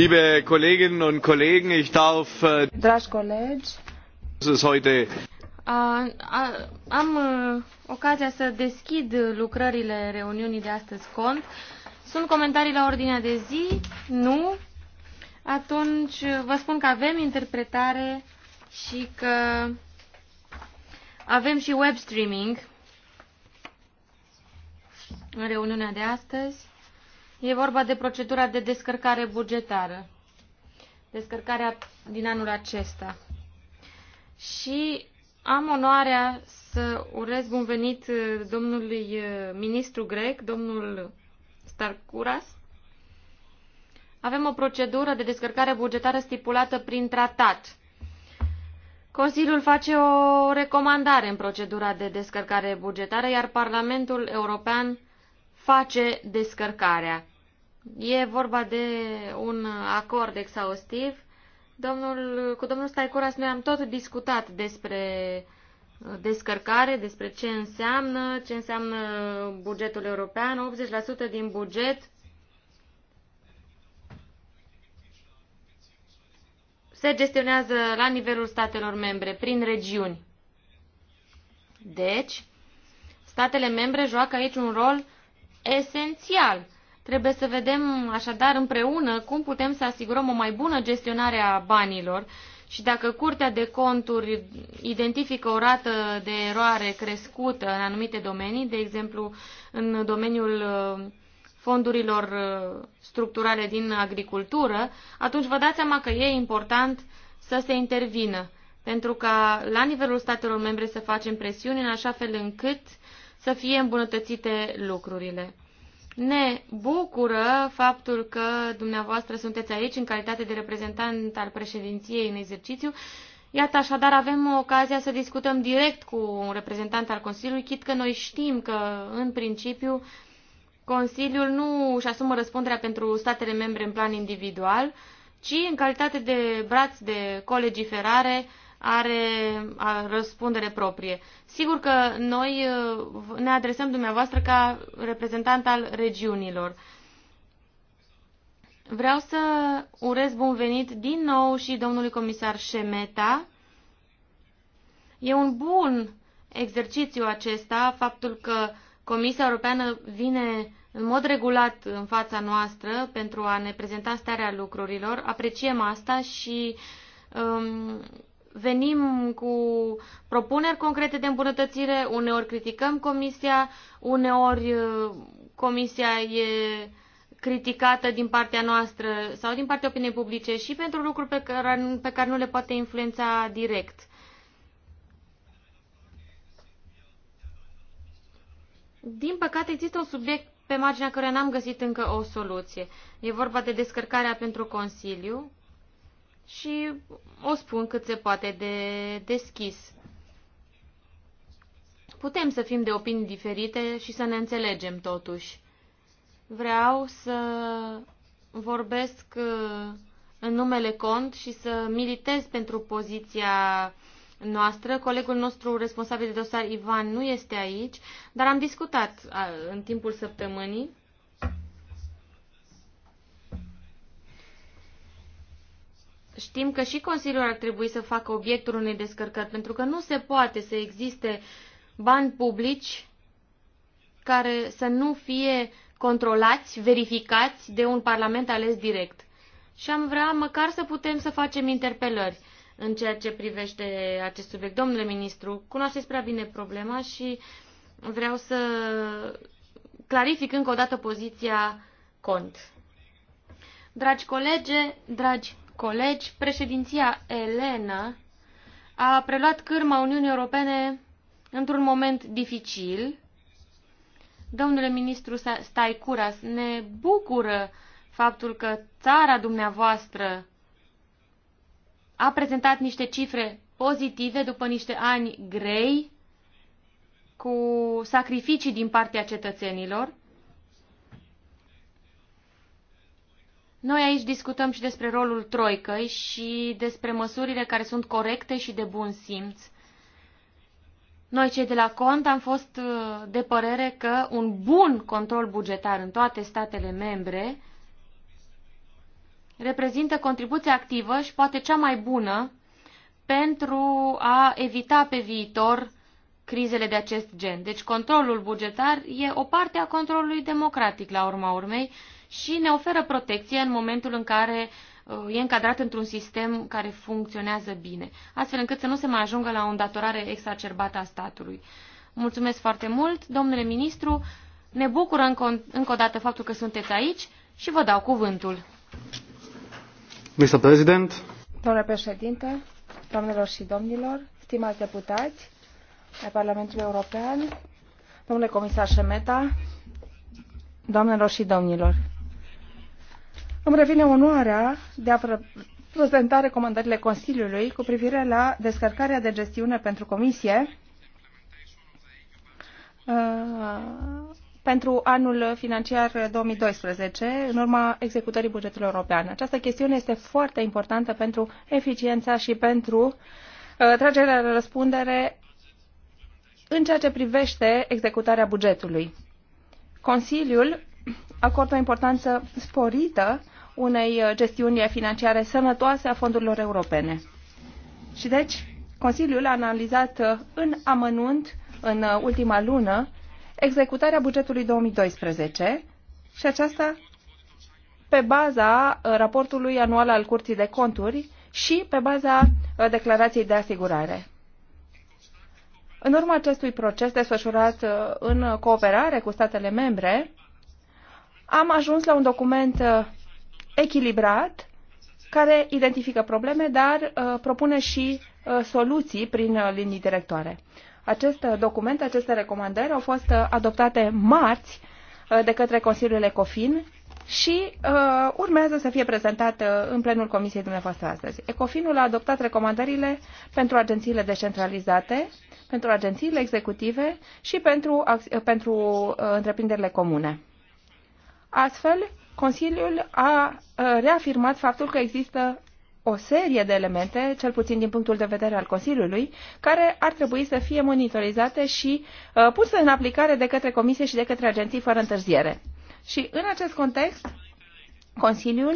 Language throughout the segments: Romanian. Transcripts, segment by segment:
liebe Kolleginnen und Kollegen, ich darf. Äh, Dragi colegi, a, a, am uh, ocazia să deschid lucrările reuniunii de astăzi cont. Sunt comentarii la ordinea de zi? Nu. Atunci uh, vă spun că avem interpretare și că avem și web streaming în reuniunea de astăzi. E vorba de procedura de descărcare bugetară. Descărcarea din anul acesta. Și am onoarea să urez bun venit uh, domnului uh, ministru grec, domnul Starcuras. Avem o procedură de descărcare bugetară stipulată prin tratat. Consiliul face o recomandare în procedura de descărcare bugetară, iar Parlamentul European face descărcarea. E vorba de un acord exhaustiv. Domnul, cu domnul Staicuras noi am tot discutat despre uh, descărcare, despre ce înseamnă, ce înseamnă bugetul european, 80% din buget se gestionează la nivelul statelor membre, prin regiuni. Deci, statele membre joacă aici un rol esențial Trebuie să vedem așadar împreună cum putem să asigurăm o mai bună gestionare a banilor și dacă Curtea de Conturi identifică o rată de eroare crescută în anumite domenii, de exemplu în domeniul uh, fondurilor uh, structurale din agricultură, atunci vă dați seama că e important să se intervină, pentru ca la nivelul statelor membre să facem presiuni în așa fel încât să fie îmbunătățite lucrurile. Ne bucură faptul că dumneavoastră sunteți aici în calitate de reprezentant al președinției în exercițiu. Iată, așadar, avem ocazia să discutăm direct cu un reprezentant al Consiliului, chit că noi știm că, în principiu, Consiliul nu își asumă răspunderea pentru statele membre în plan individual, ci, în calitate de braț de ferare are răspundere proprie. Sigur că noi uh, ne adresăm dumneavoastră ca reprezentant al regiunilor. Vreau să urez bun venit din nou și domnului comisar Șemeta. E un bun exercițiu acesta, faptul că Comisia Europeană vine în mod regulat în fața noastră pentru a ne prezenta starea lucrurilor. Apreciem asta și um, venim cu propuneri concrete de îmbunătățire, uneori criticăm comisia, uneori uh, comisia e criticată din partea noastră sau din partea opiniei publice și pentru lucruri pe care, pe care nu le poate influența direct. Din păcate există un subiect pe marginea care n-am găsit încă o soluție. E vorba de descărcarea pentru Consiliu, și o spun cât se poate de deschis. Putem să fim de opinii diferite și să ne înțelegem totuși. Vreau să vorbesc uh, în numele cont și să militez pentru poziția noastră. Colegul nostru responsabil de dosar, Ivan, nu este aici, dar am discutat uh, în timpul săptămânii Știm că și Consiliul ar trebui să facă obiectul unei descărcări, pentru că nu se poate să existe bani publici care să nu fie controlați, verificați de un parlament ales direct. Și am vrea măcar să putem să facem interpelări în ceea ce privește acest subiect. Domnule ministru, cunoașteți prea bine problema și vreau să clarific încă o dată poziția cont. Dragi colege, dragi colegi, președinția Elena a preluat cârma Uniunii Europene într-un moment dificil. Domnule ministru Staicuras, ne bucură faptul că țara dumneavoastră a prezentat niște cifre pozitive după niște ani grei, cu sacrificii din partea cetățenilor. Noi aici discutăm și despre rolul troicăi și despre măsurile care sunt corecte și de bun simț. Noi, cei de la cont, am fost uh, de părere că un bun control bugetar în toate statele membre reprezintă contribuția activă și poate cea mai bună pentru a evita pe viitor crizele de acest gen. Deci controlul bugetar e o parte a controlului democratic, la urma urmei, și ne oferă protecție în momentul în care uh, e încadrat într-un sistem care funcționează bine, astfel încât să nu se mai ajungă la o îndatorare exacerbată a statului. Mulțumesc foarte mult, domnule ministru, ne bucură încă, încă o dată faptul că sunteți aici și vă dau cuvântul. Mr. President. Domnule președinte, doamnelor și domnilor, stimați deputați ai Parlamentului European, domnule comisar Șemeta, doamnelor și domnilor, îmi revine onoarea de a prezenta recomandările Consiliului cu privire la descărcarea de gestiune pentru Comisie uh, pentru anul financiar 2012, în urma executării bugetului european. Această chestiune este foarte importantă pentru eficiența și pentru uh, tragerea la răspundere în ceea ce privește executarea bugetului. Consiliul acordă o importanță sporită unei uh, gestiuni financiare sănătoase a fondurilor europene. Și deci, Consiliul a analizat uh, în amănunt, în uh, ultima lună, executarea bugetului 2012 și aceasta pe baza raportului anual al Curții de Conturi și pe baza declarației de asigurare. În urma acestui proces desfășurat în cooperare cu statele membre, am ajuns la un document uh, echilibrat care identifică probleme, dar uh, propune și uh, soluții prin linii directoare. Acest document, aceste recomandări au fost adoptate marți de către Consiliul Ecofin și uh, urmează să fie prezentată în plenul Comisiei dumneavoastră astăzi. Ecofinul a adoptat recomandările pentru agențiile descentralizate, pentru agențiile executive și pentru, pentru uh, întreprinderile comune. Astfel, Consiliul a reafirmat faptul că există o serie de elemente, cel puțin din punctul de vedere al Consiliului, care ar trebui să fie monitorizate și puse în aplicare de către Comisie și de către agenții fără întârziere. Și în acest context, Consiliul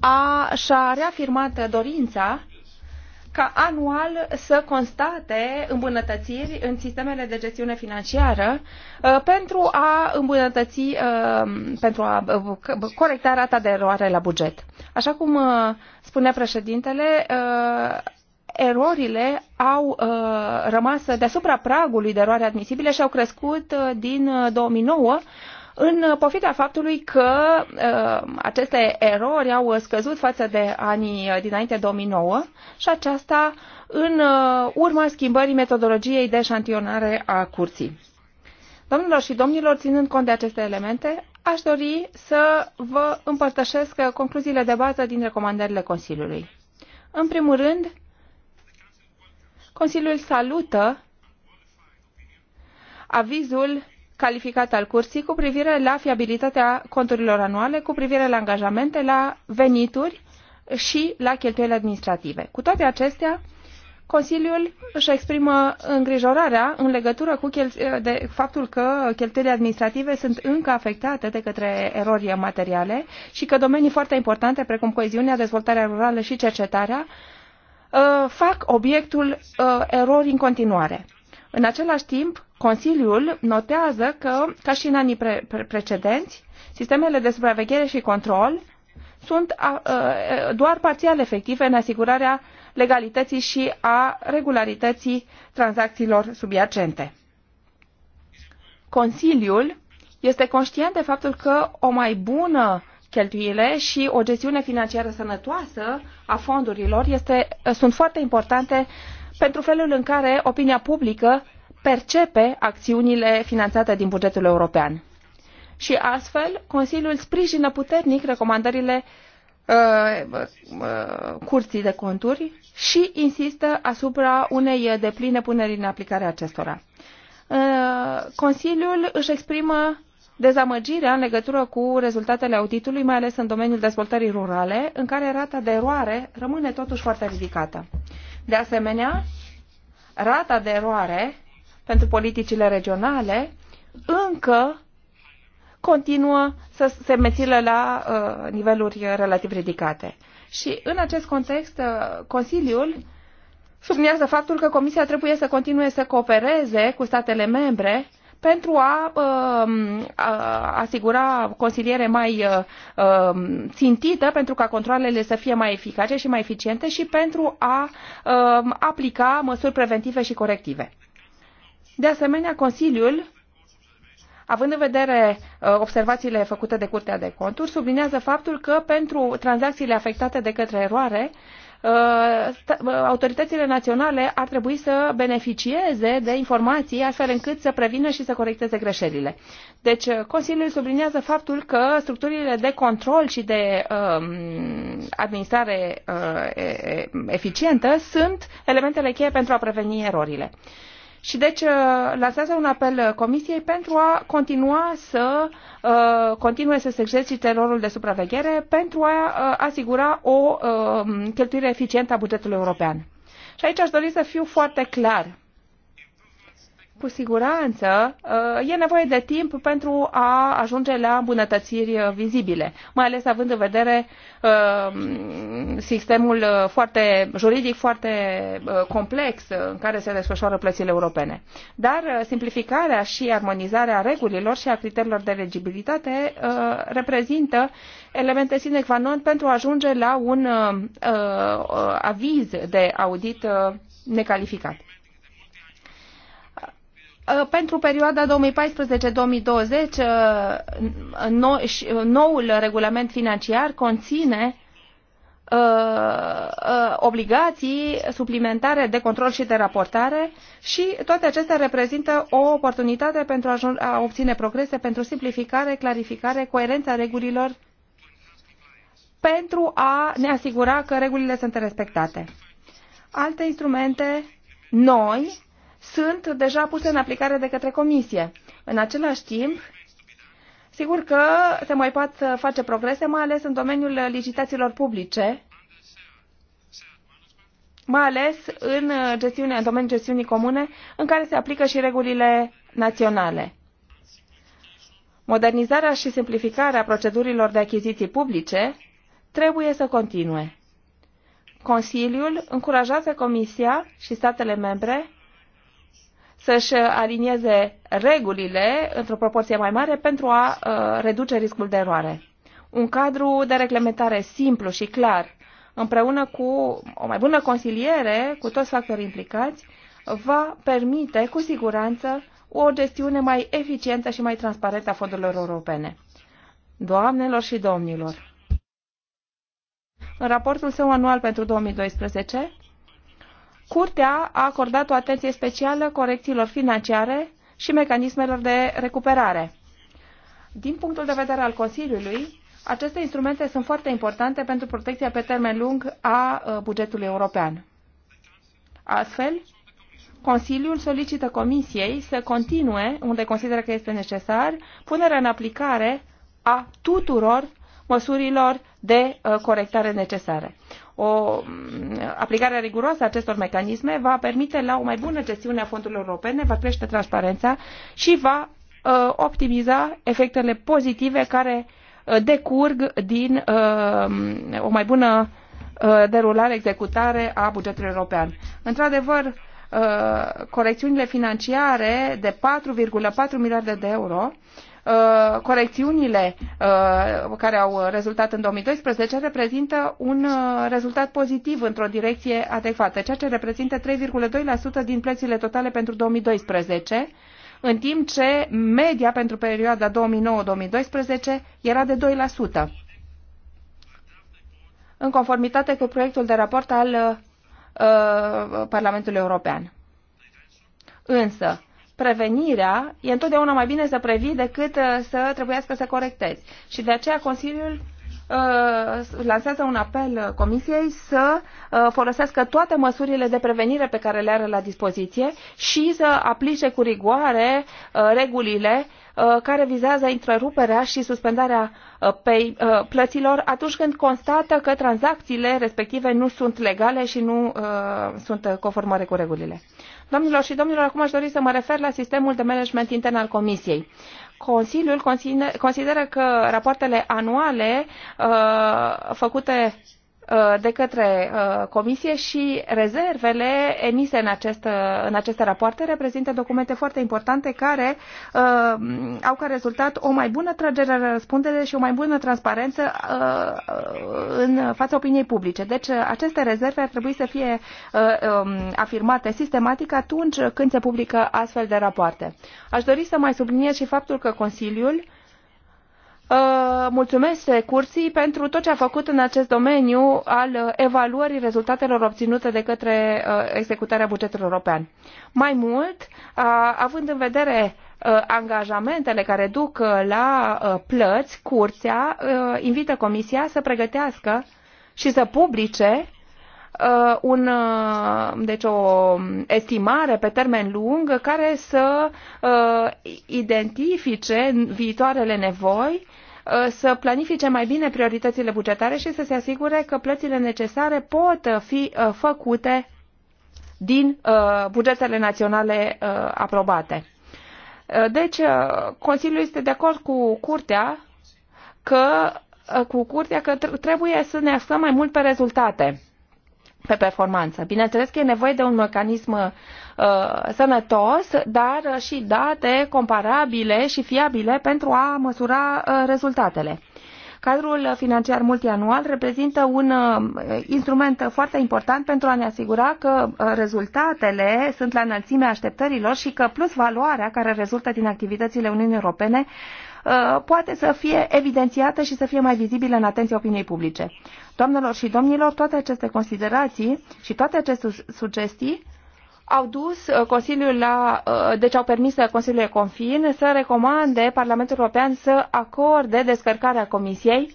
a, și-a reafirmat dorința ca anual să constate îmbunătățiri în sistemele de gestiune financiară uh, pentru a îmbunătăți, uh, pentru a uh, corecta rata de eroare la buget. Așa cum spunea președintele, erorile au rămas deasupra pragului de eroare admisibile și au crescut din 2009 în pofida faptului că uh, aceste erori au scăzut față de anii uh, dinainte 2009 și aceasta în uh, urma schimbării metodologiei de șantionare a curții. Domnilor și domnilor, ținând cont de aceste elemente, aș dori să vă împărtășesc uh, concluziile de bază din recomandările Consiliului. În primul rând, Consiliul salută avizul calificat al curții cu privire la fiabilitatea conturilor anuale, cu privire la angajamente, la venituri și la cheltuieli administrative. Cu toate acestea, Consiliul își exprimă îngrijorarea în legătură cu de faptul că cheltuielile administrative sunt încă afectate de către erori materiale și că domenii foarte importante, precum coeziunea, dezvoltarea rurală și cercetarea, uh, fac obiectul uh, erori în continuare. În același timp, Consiliul notează că, ca și în anii pre- pre- precedenți, sistemele de supraveghere și control sunt a, a, doar parțial efective în asigurarea legalității și a regularității tranzacțiilor subiacente. Consiliul este conștient de faptul că o mai bună cheltuire și o gestiune financiară sănătoasă a fondurilor este, sunt foarte importante pentru felul în care opinia publică percepe acțiunile finanțate din bugetul european. Și astfel, Consiliul sprijină puternic recomandările uh, uh, curții de conturi și insistă asupra unei depline puneri în aplicare a acestora. Uh, Consiliul își exprimă dezamăgirea în legătură cu rezultatele auditului, mai ales în domeniul dezvoltării rurale, în care rata de eroare rămâne totuși foarte ridicată. De asemenea, rata de eroare pentru politicile regionale încă continuă să se mețile la uh, niveluri relativ ridicate. Și în acest context, uh, Consiliul subliniază faptul că Comisia trebuie să continue să coopereze cu statele membre pentru a, uh, a asigura consiliere mai uh, um, țintită, pentru ca controlele să fie mai eficace și mai eficiente și pentru a uh, aplica măsuri preventive și corective. De asemenea, Consiliul Având în vedere uh, observațiile făcute de Curtea de Conturi, sublinează faptul că pentru tranzacțiile afectate de către eroare, uh, uh, autoritățile naționale ar trebui să beneficieze de informații astfel încât să prevină și să corecteze greșelile. Deci, Consiliul sublinează faptul că structurile de control și de um, administrare uh, eficientă sunt elementele cheie pentru a preveni erorile. Uh, și deci uh, lansează un apel uh, Comisiei pentru a continua să uh, continue să se exercite rolul de supraveghere pentru a uh, asigura o uh, cheltuire eficientă a bugetului european. Și aici aș dori să fiu foarte clar cu siguranță uh, e nevoie de timp pentru a ajunge la îmbunătățiri uh, vizibile, mai ales având în vedere uh, sistemul foarte juridic foarte complex în care se desfășoară plățile europene. Dar simplificarea și armonizarea regulilor și a criteriilor de legibilitate reprezintă elemente sine qua non pentru a ajunge la un aviz de audit necalificat. Uh, pentru perioada 2014-2020, uh, uh, noul regulament financiar conține obligații suplimentare de control și de raportare și toate acestea reprezintă o oportunitate pentru a obține progrese pentru simplificare, clarificare, coerența regulilor pentru a ne asigura că regulile sunt respectate. Alte instrumente noi sunt deja puse în aplicare de către Comisie. În același timp, sigur că se mai pot face progrese, mai ales în domeniul licitațiilor publice, mai ales în, gestiune, în domeniul gestiunii comune, în care se aplică și regulile naționale. Modernizarea și simplificarea procedurilor de achiziții publice trebuie să continue. Consiliul încurajează Comisia și statele membre să-și alinieze regulile într-o proporție mai mare pentru a uh, reduce riscul de eroare. Un cadru de reglementare simplu și clar, împreună cu o mai bună consiliere cu toți factorii implicați, va permite cu siguranță o gestiune mai eficientă și mai transparentă a fondurilor europene. Doamnelor și domnilor, în raportul său anual pentru 2012, Curtea a acordat o atenție specială corecțiilor financiare și mecanismelor de recuperare. Din punctul de vedere al Consiliului, aceste instrumente sunt foarte importante pentru protecția pe termen lung a uh, bugetului european. Astfel, Consiliul solicită Comisiei să continue, unde consideră că este necesar, punerea în aplicare a tuturor măsurilor de uh, corectare necesare o aplicare riguroasă a acestor mecanisme va permite la o mai bună gestiune a fondurilor europene, va crește transparența și va uh, optimiza efectele pozitive care uh, decurg din uh, o mai bună derulare, executare a bugetului european. Într-adevăr, corecțiunile financiare de 4,4 miliarde de euro Uh, corecțiunile uh, care au rezultat în 2012 reprezintă un uh, rezultat pozitiv într-o direcție adecvată, ceea ce reprezintă 3,2% din plățile totale pentru 2012, în timp ce media pentru perioada 2009-2012 era de 2%, în conformitate cu proiectul de raport al Parlamentului European. Însă, prevenirea, e întotdeauna mai bine să previi decât uh, să trebuiască să corectezi. Și de aceea Consiliul uh, lansează un apel Comisiei să uh, folosească toate măsurile de prevenire pe care le are la dispoziție și să aplice cu rigoare regulile care vizează întreruperea și suspendarea plăților atunci când constată că tranzacțiile respective nu sunt legale și nu sunt conformare cu regulile. Domnilor și domnilor, acum aș dori să mă refer la sistemul de management intern al Comisiei. Consiliul consideră că rapoartele anuale uh, făcute Uh, de către uh, Comisie și rezervele emise în, acest, uh, în aceste rapoarte reprezintă documente foarte importante care au ca rezultat o mai bună tragere a răspundere și o mai bună transparență în fața opiniei publice. Deci aceste rezerve ar trebui să fie um, afirmate sistematic atunci când se publică astfel de rapoarte. Aș dori să mai subliniez și faptul că Consiliul Ă, mulțumesc curții pentru tot ce a făcut în acest domeniu al ă, evaluării rezultatelor obținute de către ă, executarea bugetului european. Mai mult, având în vedere angajamentele care duc la plăți, curția invită Comisia să pregătească și să publice un, deci o estimare pe termen lung care să identifice viitoarele nevoi Uh, să planifice mai bine prioritățile bugetare și să se asigure că plățile necesare pot fi uh, făcute din uh, bugetele naționale aprobate. Deci, Consiliul este de acord cu curtea că cu curtea că trebuie să ne axăm mai mult pe rezultate, pe performanță. Bineînțeles că e nevoie de un mecanism Uh, sănătos, dar și date comparabile și fiabile pentru a măsura uh, rezultatele. Cadrul financiar multianual reprezintă un uh, instrument foarte important pentru a ne asigura că rezultatele sunt la înălțimea așteptărilor și că plus valoarea care rezultă din activitățile Uniunii Europene poate să fie evidențiată și să fie mai vizibilă în atenția opiniei publice. Doamnelor și domnilor, toate aceste considerații și toate aceste sugestii au dus uh, Consiliul la, uh, deci au permis Consiliului Confin să recomande Parlamentul European să acorde descărcarea Comisiei,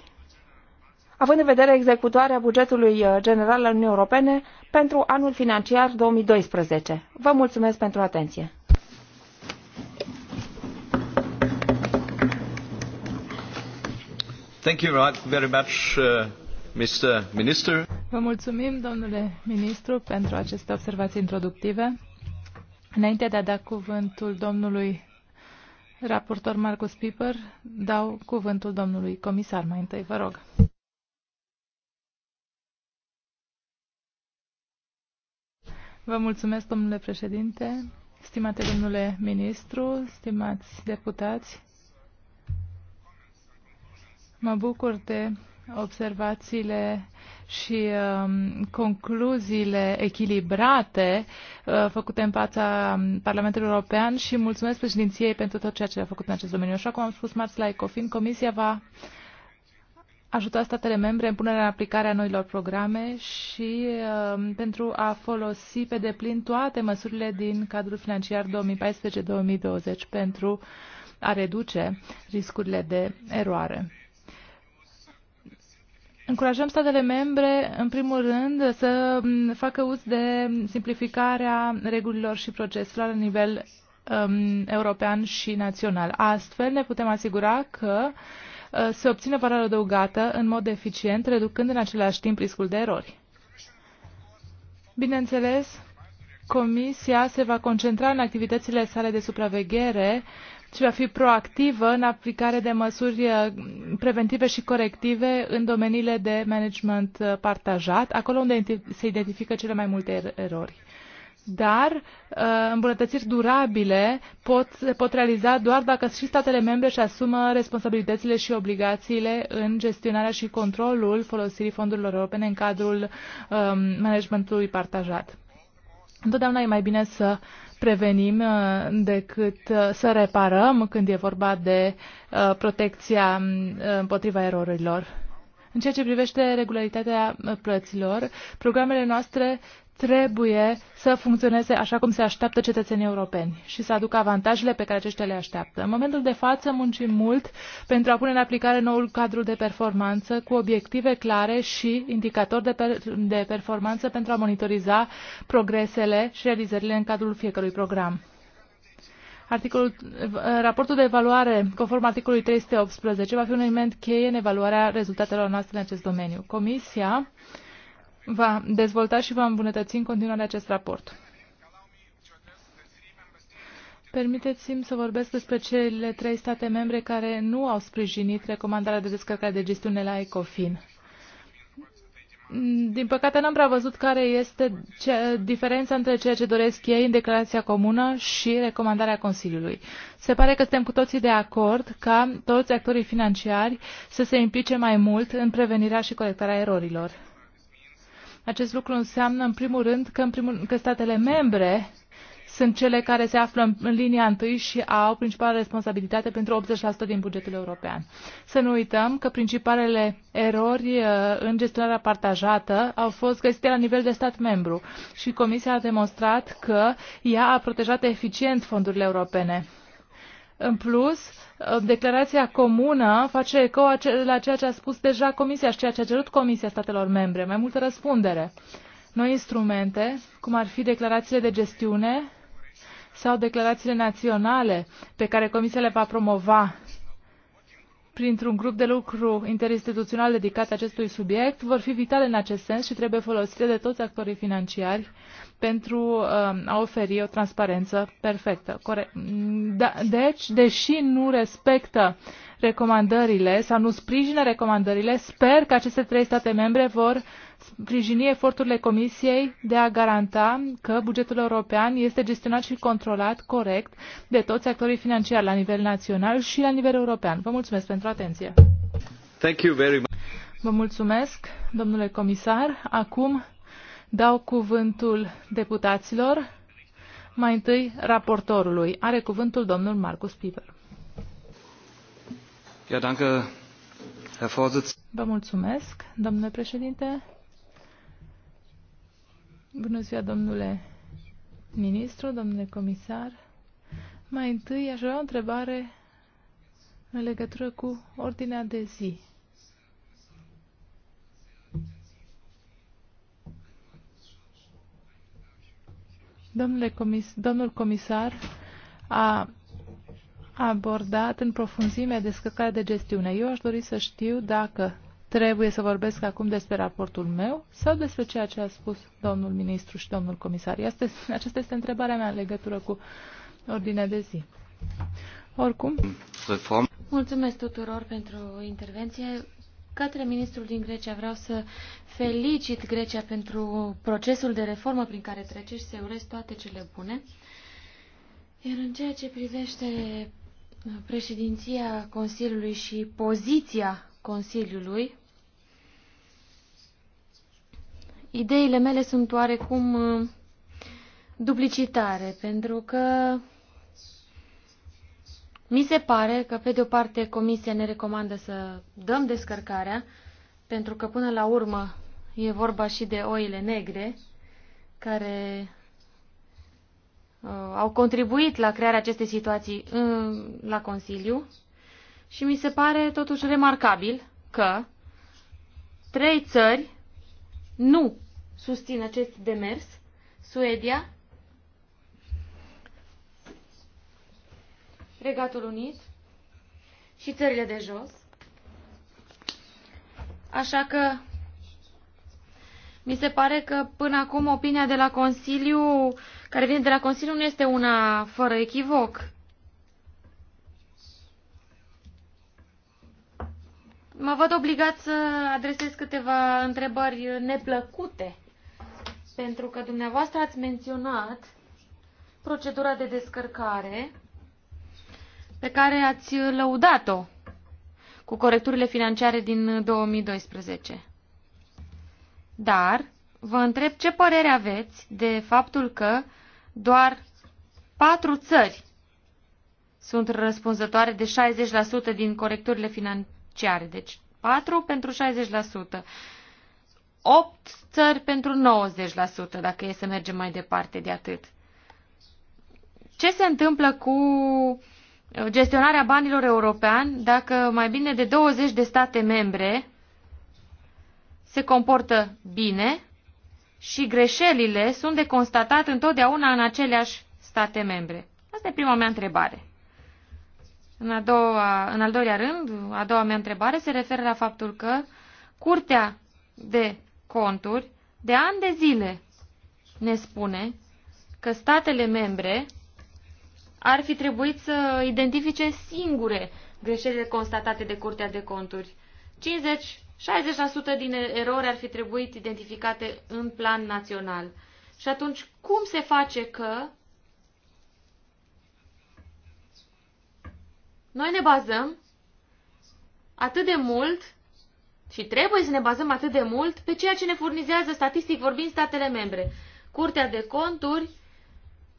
având în vedere executarea bugetului uh, general al Uniunii Europene pentru anul financiar 2012. Vă mulțumesc pentru atenție. Thank you very much. Mr. Minister. Vă mulțumim, domnule ministru, pentru aceste observații introductive. Înainte de a da cuvântul domnului raportor Marcus Piper, dau cuvântul domnului comisar mai întâi, vă rog. Vă mulțumesc, domnule președinte, stimate domnule ministru, stimați deputați. Mă bucur de observațiile și um, concluziile echilibrate uh, făcute în fața um, Parlamentului European și mulțumesc președinției pentru tot ceea ce a făcut în acest domeniu. Așa cum am spus marți la Ecofin, Comisia va ajuta statele membre în punerea în aplicare a noilor programe și uh, pentru a folosi pe deplin toate măsurile din cadrul financiar 2014-2020 pentru a reduce riscurile de eroare. Încurajăm statele membre, în primul rând, să mm, facă uz de simplificarea regulilor și proceselor la nivel um, european și național. Astfel ne putem asigura că uh, se obține valoare adăugată în mod eficient, reducând în același timp riscul de erori. Bineînțeles, Comisia se va concentra în activitățile sale de supraveghere ci va fi proactivă în aplicare de măsuri uh, preventive și corective în domeniile de management uh, partajat, acolo unde se identifică cele mai multe er-, erori dar uh, îmbunătățiri durabile pot, se pot realiza doar dacă și statele membre își asumă responsabilitățile și obligațiile în gestionarea și controlul folosirii fondurilor europene în cadrul um, managementului partajat. Întotdeauna e mai bine să prevenim uh, decât uh, să reparăm când e vorba de uh, protecția mm, împotriva erorilor. În ceea ce privește regularitatea plăților, programele noastre trebuie să funcționeze așa cum se așteaptă cetățenii europeni și să aducă avantajele pe care aceștia le așteaptă. În momentul de față muncim mult pentru a pune în aplicare noul cadru de performanță cu obiective clare și indicatori de, per de performanță pentru a monitoriza progresele și realizările în cadrul fiecărui program. Articolul, raportul de evaluare, conform articolului 318, va fi un element cheie în evaluarea rezultatelor noastre în acest domeniu. Comisia va dezvolta și va îmbunătăți în continuare acest raport. Permiteți-mi să vorbesc despre cele trei state membre care nu au sprijinit recomandarea de descărcare de gestiune la ECOFIN. Din păcate n-am prea văzut care este ce, diferența între ceea ce doresc ei în declarația comună și recomandarea Consiliului. Se pare că suntem cu toții de acord ca toți actorii financiari să se implice mai mult în prevenirea și colectarea erorilor. Acest lucru înseamnă, în primul rând, că, în primul, că statele membre sunt cele care se află în, în linia întâi și au principala responsabilitate pentru 80% din bugetul european. Să nu uităm că principalele erori uh, în gestionarea partajată au fost găsite la nivel de stat membru și Comisia a demonstrat că ea a protejat eficient fondurile europene. În plus, uh, declarația comună face eco la ceea ce a spus deja Comisia și ceea ce a cerut Comisia statelor membre, mai multă răspundere. Noi instrumente, cum ar fi declarațiile de gestiune sau declarațiile naționale pe care Comisia le va promova printr-un grup de lucru interinstituțional dedicat acestui subiect vor fi vitale în acest sens și trebuie folosite de toți actorii financiari pentru um, a oferi o transparență perfectă. Da, deci, deși nu respectă recomandările sau nu sprijină recomandările, sper că aceste trei state membre vor sprijini eforturile Comisiei de a garanta că bugetul european este gestionat și controlat corect de toți actorii financiari la nivel național și la nivel european. Vă mulțumesc pentru atenție. Thank you very much. Vă mulțumesc, domnule comisar. Acum Dau cuvântul deputaților. Mai întâi, raportorului. Are cuvântul domnul Marcus Piper. Ja, danke, Herr Vă mulțumesc, domnule președinte. Bună ziua, domnule ministru, domnule comisar. Mai întâi aș vrea o întrebare în legătură cu ordinea de zi. Domnule comis domnul comisar a abordat în profunzime descărcarea de gestiune. Eu aș dori să știu dacă trebuie să vorbesc acum despre raportul meu sau despre ceea ce a spus domnul ministru și domnul comisar. Este, aceasta este întrebarea mea în legătură cu ordinea de zi. Oricum. Mulțumesc tuturor pentru intervenție. Către ministrul din Grecia vreau să felicit Grecia pentru procesul de reformă prin care trece și să urez toate cele bune. Iar în ceea ce privește președinția Consiliului și poziția Consiliului, ideile mele sunt oarecum duplicitare, pentru că mi se pare că, pe de o parte, Comisia ne recomandă să dăm descărcarea, pentru că, până la urmă, e vorba și de oile negre, care uh, au contribuit la crearea acestei situații în, la Consiliu. Și mi se pare totuși remarcabil că trei țări nu susțin acest demers, Suedia, Regatul Unit și țările de jos. Așa că mi se pare că până acum opinia de la Consiliu, care vine de la Consiliu, nu este una fără echivoc. Mă văd obligat să adresez câteva întrebări neplăcute, pentru că dumneavoastră ați menționat procedura de descărcare pe care ați lăudat-o cu corecturile financiare din 2012. Dar vă întreb ce părere aveți de faptul că doar patru țări sunt răspunzătoare de 60% din corecturile financiare. Deci 4 pentru 60%, 8 țări pentru 90%, dacă e să mergem mai departe de atât. Ce se întâmplă cu gestionarea banilor european dacă mai bine de 20 de state membre se comportă bine și greșelile sunt de constatat întotdeauna în aceleași state membre? Asta e prima mea întrebare. În, a doua, în al doilea rând, a doua mea întrebare se referă la faptul că Curtea de Conturi de ani de zile ne spune că statele membre ar fi trebuit să identifice singure greșelile constatate de Curtea de Conturi. 50 60% din erori ar fi trebuit identificate în plan național. Și atunci, cum se face că noi ne bazăm atât de mult și trebuie să ne bazăm atât de mult pe ceea ce ne furnizează statistic vorbind statele membre? Curtea de conturi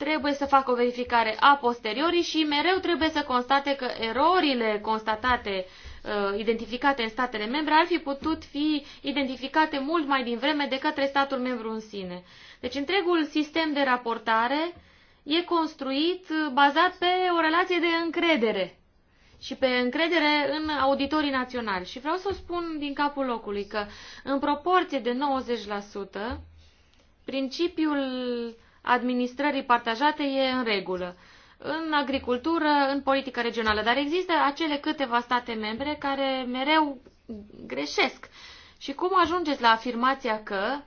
trebuie să facă o verificare a posteriori și mereu trebuie să constate că erorile constatate, uh, identificate în statele membre, ar fi putut fi identificate mult mai din vreme de către statul membru în sine. Deci întregul sistem de raportare e construit uh, bazat pe o relație de încredere și pe încredere în auditorii naționali. Și vreau să o spun din capul locului că în proporție de 90%, principiul administrării partajate e în regulă în agricultură, în politică regională, dar există acele câteva state membre care mereu greșesc. Și cum ajungeți la afirmația că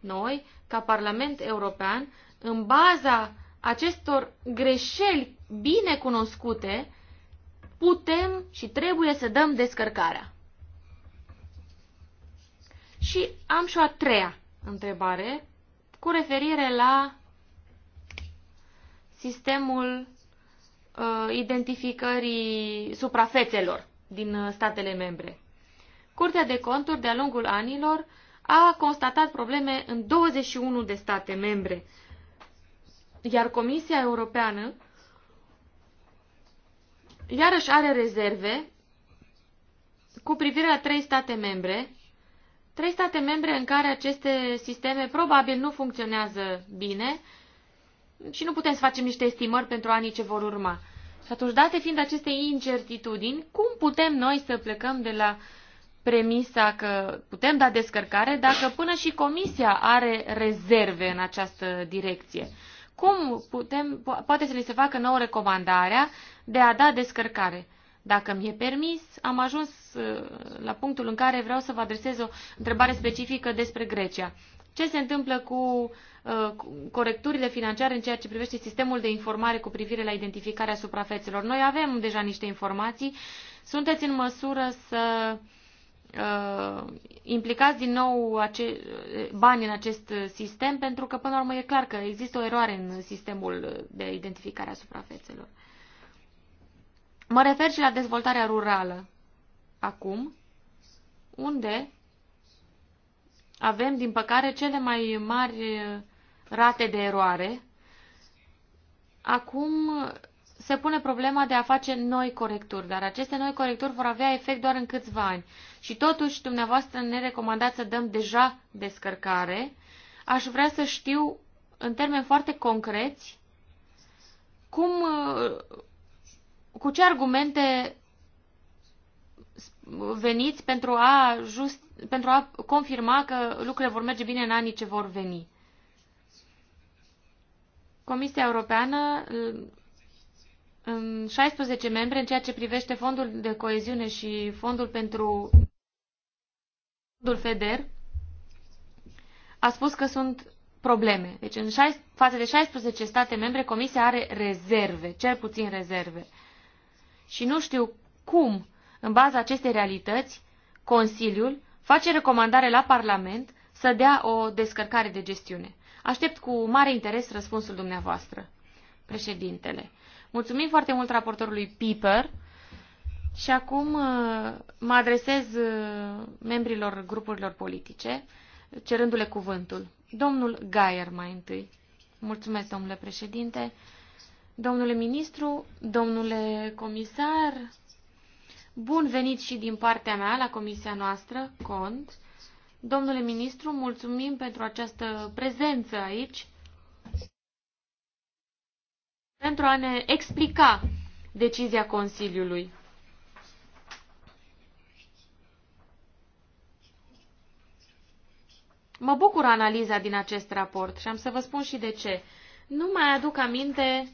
noi, ca Parlament European, în baza acestor greșeli bine cunoscute, putem și trebuie să dăm descărcarea? Și am și o a treia întrebare cu referire la sistemul uh, identificării suprafețelor din uh, statele membre. Curtea de conturi, de-a lungul anilor, a constatat probleme în 21 de state membre, iar Comisia Europeană iarăși are rezerve cu privire la trei state membre, trei state membre în care aceste sisteme probabil nu funcționează bine și nu putem să facem niște estimări pentru anii ce vor urma. Și atunci, date fiind aceste incertitudini, cum putem noi să plecăm de la premisa că putem da descărcare dacă până și Comisia are rezerve în această direcție? Cum putem, poate să li se facă nouă recomandarea de a da descărcare? Dacă mi-e permis, am ajuns uh, la punctul în care vreau să vă adresez o întrebare specifică despre Grecia. Ce se întâmplă cu uh, Uh, corecturile financiare în ceea ce privește sistemul de informare cu privire la identificarea suprafețelor. Noi avem deja niște informații. Sunteți în măsură să uh, implicați din nou ace- uh, bani în acest sistem, pentru că, până la urmă, e clar că există o eroare în sistemul de identificare a suprafețelor. Mă refer și la dezvoltarea rurală acum, unde avem, din păcare, cele mai mari uh, rate de eroare, acum se pune problema de a face noi corecturi, dar aceste noi corecturi vor avea efect doar în câțiva ani. Și totuși, dumneavoastră ne recomandați să dăm deja descărcare. Aș vrea să știu, în termeni foarte concreți, cum, cu ce argumente veniți pentru a, just, pentru a confirma că lucrurile vor merge bine în anii ce vor veni. Comisia Europeană în 16 membre în ceea ce privește fondul de coeziune și fondul pentru fondul FEDER a spus că sunt probleme. Deci în 6, față de 16 state membre Comisia are rezerve, cel puțin rezerve. Și nu știu cum, în baza acestei realități, Consiliul face recomandare la Parlament să dea o descărcare de gestiune. Aștept cu mare interes răspunsul dumneavoastră, președintele. Mulțumim foarte mult raportorului Piper și acum uh, mă adresez uh, membrilor grupurilor politice, cerându-le cuvântul. Domnul Gaier mai întâi. Mulțumesc, domnule președinte. Domnule ministru, domnule comisar, bun venit și din partea mea la comisia noastră, CONT. Domnule ministru, mulțumim pentru această prezență aici, pentru a ne explica decizia Consiliului. Mă bucur analiza din acest raport și am să vă spun și de ce. Nu mai aduc aminte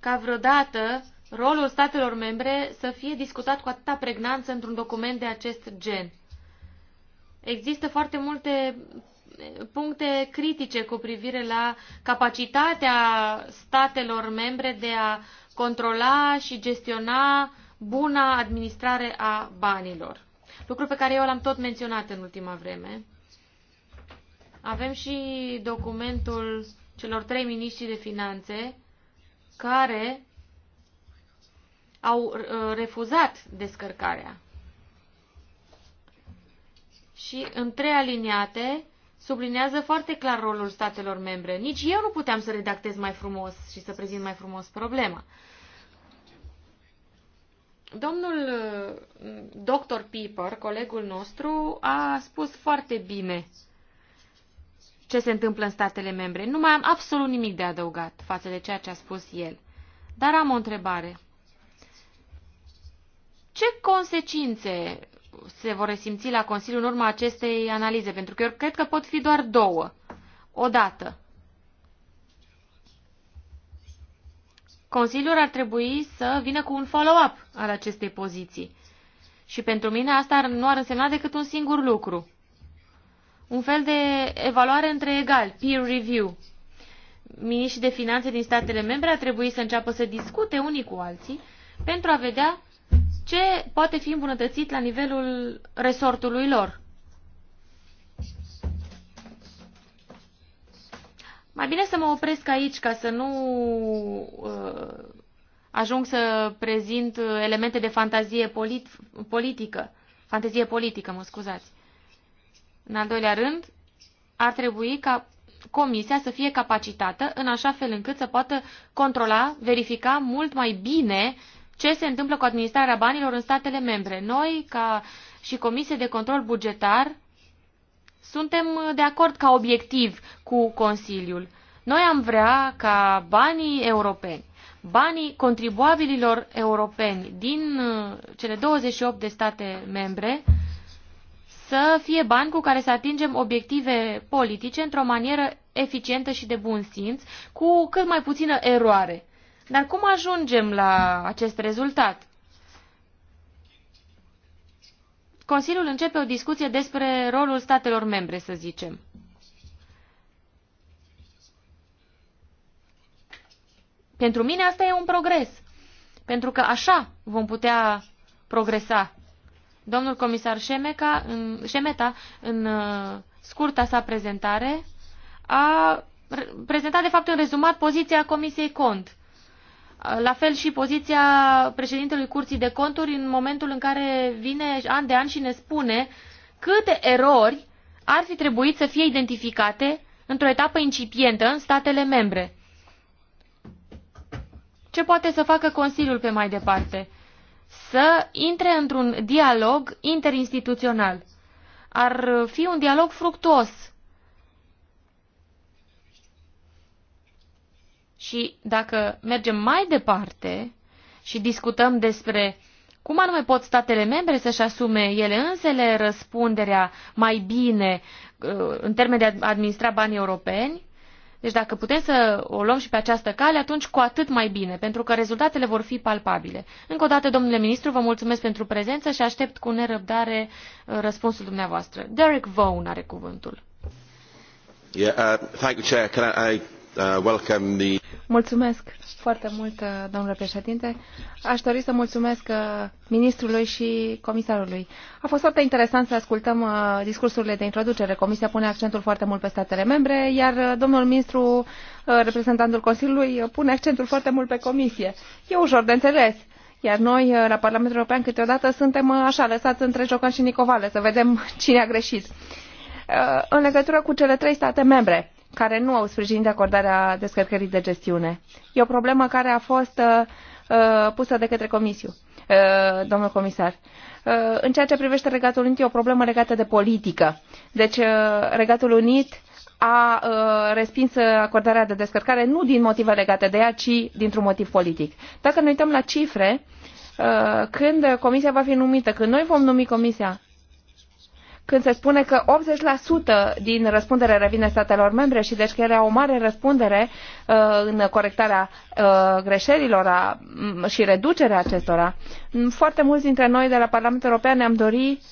ca vreodată rolul statelor membre să fie discutat cu atâta pregnanță într-un document de acest gen. Există foarte multe eh, puncte critice cu privire la capacitatea statelor membre de a controla și gestiona buna administrare a banilor. Lucru pe care eu l-am tot menționat în ultima vreme. Avem și documentul celor trei miniștri de finanțe care au eh, refuzat descărcarea și în trei aliniate sublinează foarte clar rolul statelor membre. Nici eu nu puteam să redactez mai frumos și să prezint mai frumos problema. Domnul uh, doctor Piper, colegul nostru, a spus foarte bine ce se întâmplă în statele membre. Nu mai am absolut nimic de adăugat față de ceea ce a spus el. Dar am o întrebare. Ce consecințe se vor resimți la Consiliu în urma acestei analize? Pentru că eu cred că pot fi doar două. Odată. Consiliul ar trebui să vină cu un follow-up al acestei poziții. Și pentru mine asta nu ar însemna decât un singur lucru. Un fel de evaluare între egali, peer review. Miniștrii de finanțe din statele membre ar trebui să înceapă să discute unii cu alții pentru a vedea ce poate fi îmbunătățit la nivelul resortului lor. Mai bine să mă opresc aici ca să nu uh, ajung să prezint elemente de fantazie polit politică. Fantezie politică, mă scuzați. În al doilea rând, ar trebui ca comisia să fie capacitată în așa fel încât să poată controla, verifica mult mai bine uh, ce se întâmplă cu administrarea banilor în statele membre. Noi, ca și Comisie de Control Bugetar, suntem de acord ca obiectiv cu Consiliul. Noi am vrea ca banii europeni, banii contribuabililor europeni din uh, cele 28 de state membre să fie bani cu care să atingem obiective politice într-o manieră eficientă și de bun simț, cu cât mai puțină eroare. Dar cum ajungem la acest rezultat? Consiliul începe o discuție despre rolul statelor membre, să zicem. Pentru mine asta e un progres, pentru că așa vom putea progresa. Domnul comisar Șemeca, în, Șemeta, în uh, scurta sa prezentare, a prezentat de fapt în rezumat poziția Comisiei Cont. La fel și poziția președintelui Curții de Conturi în momentul în care vine an de an și ne spune câte erori ar fi trebuit să fie identificate într-o etapă incipientă în statele membre. Ce poate să facă Consiliul pe mai departe? Să intre într-un dialog interinstituțional. Ar fi un dialog fructuos Și dacă mergem mai departe și discutăm despre cum anume pot statele membre să-și asume ele însele răspunderea mai bine uh, în termen de a administra banii europeni, deci dacă putem să o luăm și pe această cale, atunci cu atât mai bine, pentru că rezultatele vor fi palpabile. Încă o dată, domnule ministru, vă mulțumesc pentru prezență și aștept cu nerăbdare uh, răspunsul dumneavoastră. Derek Vaughan are cuvântul. Yeah, uh, thank you, Chair. Can I, I Uh, mulțumesc foarte mult, uh, domnule președinte. Aș dori să mulțumesc uh, ministrului și comisarului. A fost foarte interesant să ascultăm discursurile de introducere. Comisia pune accentul foarte mult pe statele membre, iar domnul ministru, reprezentantul Consiliului, pune accentul foarte mult pe comisie. E ușor de înțeles. Iar noi, la Parlamentul European, câteodată suntem așa lăsați între jocan și nicovale, să vedem cine a greșit. În legătură cu cele trei state membre, care nu au sprijinit acordarea descărcării de gestiune. E o problemă care a fost uh, uh, pusă de către comisiu, uh, domnul comisar. Uh, în ceea ce privește Regatul Unit, e o problemă legată de politică. Deci, uh, Regatul Unit a uh, respins acordarea de descărcare nu din motive legate de ea, ci dintr-un motiv politic. Dacă ne uităm la cifre, uh, când comisia va fi numită, când noi vom numi comisia, când se spune că 80% din răspundere revine statelor membre și deci că era o mare răspundere uh, în corectarea uh, greșelilor și reducerea acestora. Foarte mulți dintre noi de la Parlamentul European ne-am dorit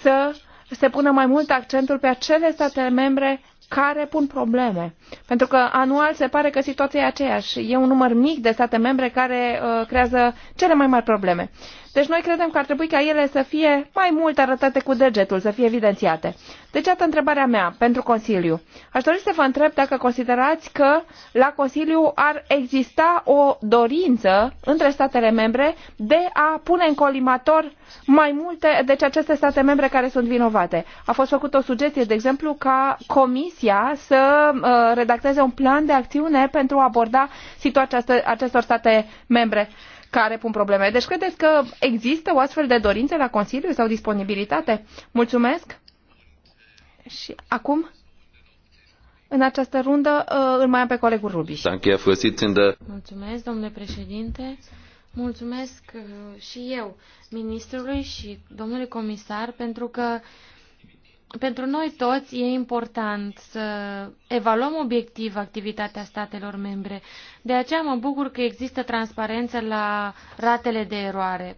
să se pună mai mult accentul pe acele state membre care pun probleme. Pentru că anual se pare că situația e aceeași. E un număr mic de state membre care uh, creează cele mai mari probleme. Deci noi credem că ar trebui ca ele să fie mai mult arătate cu degetul, să fie evidențiate. Deci atât întrebarea mea pentru Consiliu. Aș dori să vă întreb dacă considerați că la Consiliu ar exista o dorință între statele membre de a pune în colimator mai multe, deci aceste state membre care sunt vinovate. A fost făcută o sugestie, de exemplu, ca Comisia să uh, redacteze un plan de acțiune pentru a aborda situația acestor state membre care pun probleme. Deci credeți că există o astfel de dorință la Consiliu sau disponibilitate? Mulțumesc! Și acum, în această rundă, uh, îl mai am pe colegul Rubi. Mulțumesc, domnule președinte. Mulțumesc uh, și eu, ministrului și domnului comisar, pentru că pentru noi toți e important să evaluăm obiectiv activitatea statelor membre. De aceea mă bucur că există transparență la ratele de eroare.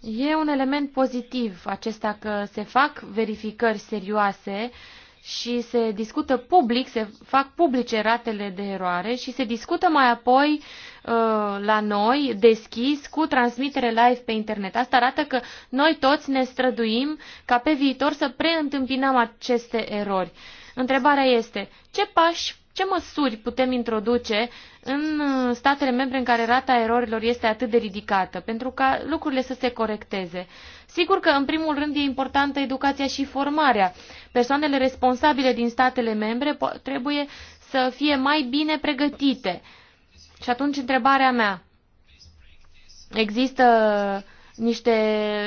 E un element pozitiv acesta că se fac verificări serioase uh, și se discută public, se fac publice ratele de eroare și se discută mai apoi uh, la noi, deschis, cu transmitere live pe internet. Asta arată că noi toți ne străduim ca pe viitor să preîntâmpinăm aceste erori. Întrebarea este, ce pași ce măsuri putem introduce în uh, statele membre în care rata erorilor este atât de ridicată, pentru ca lucrurile să se corecteze? Sigur că, în primul rând, e importantă educația și formarea. Persoanele responsabile din statele membre trebuie să fie mai bine pregătite. Și atunci, întrebarea mea, există niște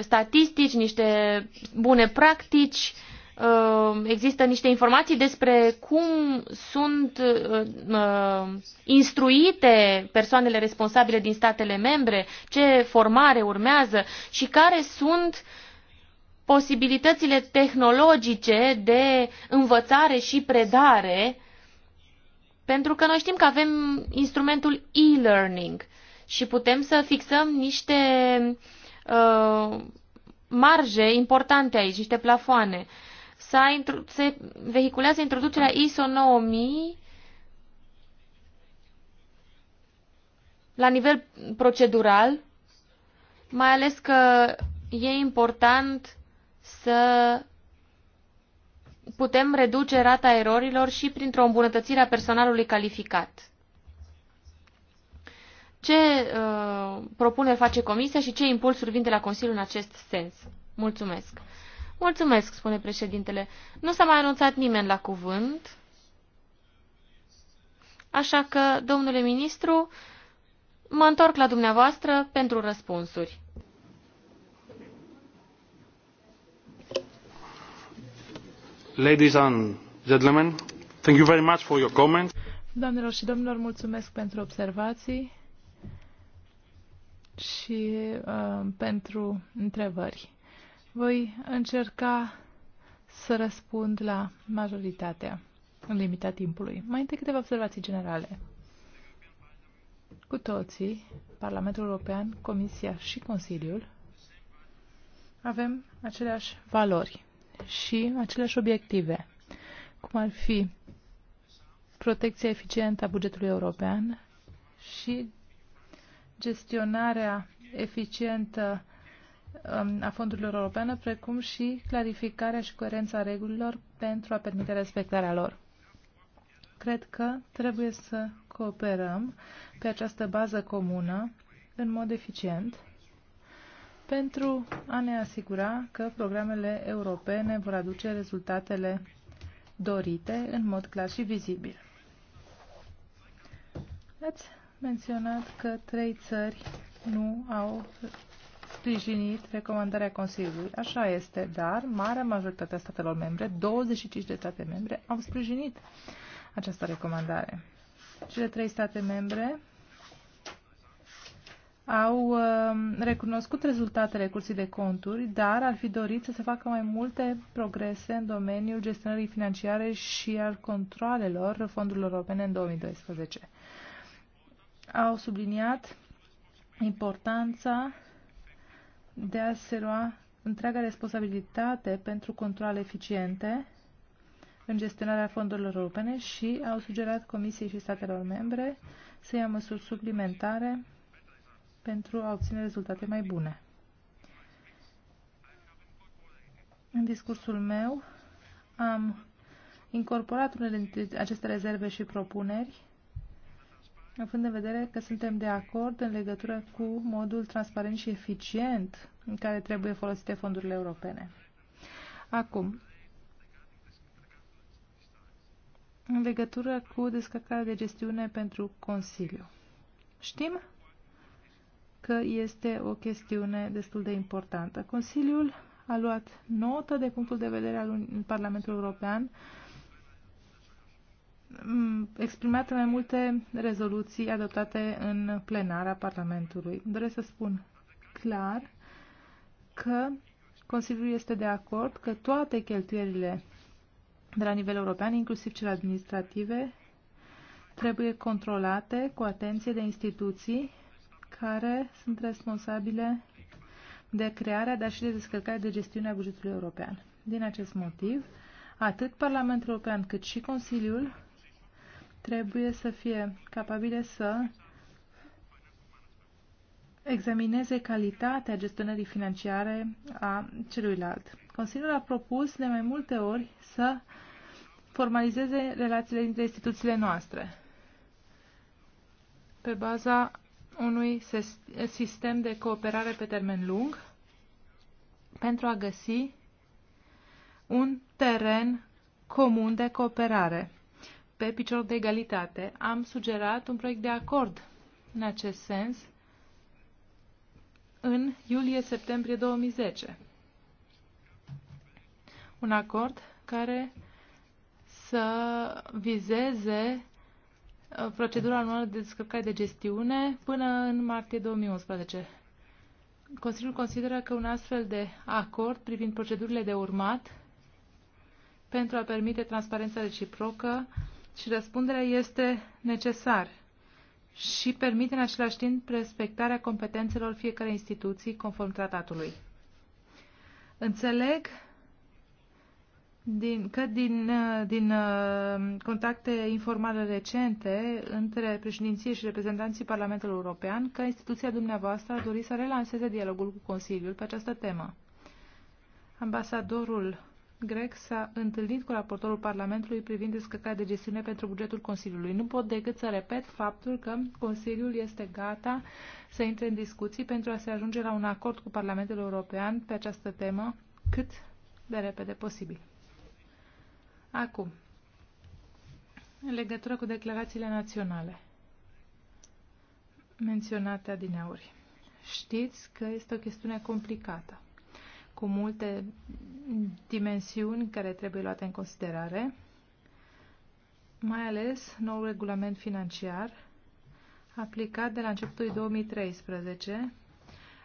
statistici, niște bune practici uh, Uh, există niște informații despre cum sunt uh, uh, instruite persoanele responsabile din statele membre, ce formare urmează și care sunt posibilitățile tehnologice de învățare și predare, pentru că noi știm că avem instrumentul e-learning și putem să fixăm niște uh, marje importante aici, niște plafoane. Uh, s-a se vehiculează introducerea ISO 9000 la nivel procedural, mai ales că e important să putem reduce rata erorilor și printr-o îmbunătățire a personalului calificat. Ce uh, propuneri face Comisia și ce impulsuri vin de la Consiliu în acest sens? Mulțumesc! Mulțumesc, spune președintele. Nu s-a mai anunțat nimeni la cuvânt. Așa că, domnule ministru, mă întorc la dumneavoastră pentru răspunsuri. Ladies and gentlemen, thank you very much for your comments. Doamnelor și domnilor, mulțumesc pentru observații și uh, pentru întrebări. Voi încerca să răspund la majoritatea în limita timpului. Mai întâi câteva observații generale. Cu toții, Parlamentul European, Comisia și Consiliul, avem aceleași valori și aceleași obiective, cum ar fi protecția eficientă a bugetului european și gestionarea eficientă Um, a fondurilor europene, precum și clarificarea și coerența regulilor pentru a permite respectarea lor. Cred că trebuie să cooperăm pe această bază comună în mod eficient pentru a ne asigura că programele europene vor aduce rezultatele dorite în mod clar și vizibil. Ați menționat că trei țări nu au sprijinit recomandarea Consiliului. Așa este, dar marea majoritate a statelor membre, 25 de state membre, au sprijinit această recomandare. Cele trei state membre au um, recunoscut rezultatele cursii de conturi, dar ar fi dorit să se facă mai multe progrese în domeniul gestionării financiare și al controalelor fondurilor europene în 2012. Au subliniat importanța de a se lua întreaga responsabilitate pentru controle eficiente în gestionarea fondurilor europene și au sugerat Comisiei și statelor membre să ia măsuri suplimentare pentru a obține rezultate mai bune. În discursul meu am incorporat unele dintre aceste rezerve și propuneri având în vedere că suntem de acord în legătură cu modul transparent și eficient în care trebuie folosite fondurile europene. Acum, în legătură cu descărcarea de gestiune pentru Consiliu. Știm că este o chestiune destul de importantă. Consiliul a luat notă de punctul de vedere al Parlamentului European Mm, exprimate mai multe rezoluții adoptate în plenara Parlamentului. Doresc să spun clar că Consiliul este de acord că toate cheltuielile de la nivel european, inclusiv cele administrative, trebuie controlate cu atenție de instituții care sunt responsabile de crearea, dar și de descărcarea de gestiunea bugetului european. Din acest motiv, atât Parlamentul European cât și Consiliul trebuie să fie capabile să examineze calitatea gestionării financiare a celuilalt. Consiliul a propus de mai multe ori să formalizeze relațiile dintre instituțiile noastre pe baza unui sistem de cooperare pe termen lung pentru a găsi un teren comun de cooperare pe picior de egalitate. Am sugerat un proiect de acord în acest sens în iulie-septembrie 2010. Un acord care să vizeze uh, procedura anuală de descărcare de gestiune până în martie 2011. Consiliul consideră că un astfel de acord privind procedurile de urmat pentru a permite transparența reciprocă și răspunderea este necesar și permite în același timp respectarea competențelor fiecărei instituții conform tratatului. Înțeleg din, că din, din uh, contacte informale recente între președinție și reprezentanții Parlamentului European că instituția dumneavoastră a dorit să relanseze dialogul cu Consiliul pe această temă. Ambasadorul grec s-a întâlnit cu raportorul Parlamentului privind descărcarea de gestiune pentru bugetul Consiliului. Nu pot decât să repet faptul că Consiliul este gata să intre în discuții pentru a se ajunge la un acord cu Parlamentul European pe această temă cât de repede posibil. Acum, în legătură cu declarațiile naționale menționate adineauri. Știți că este o chestiune complicată cu multe dimensiuni care trebuie luate în considerare, mai ales nou regulament financiar aplicat de la începutul 2013.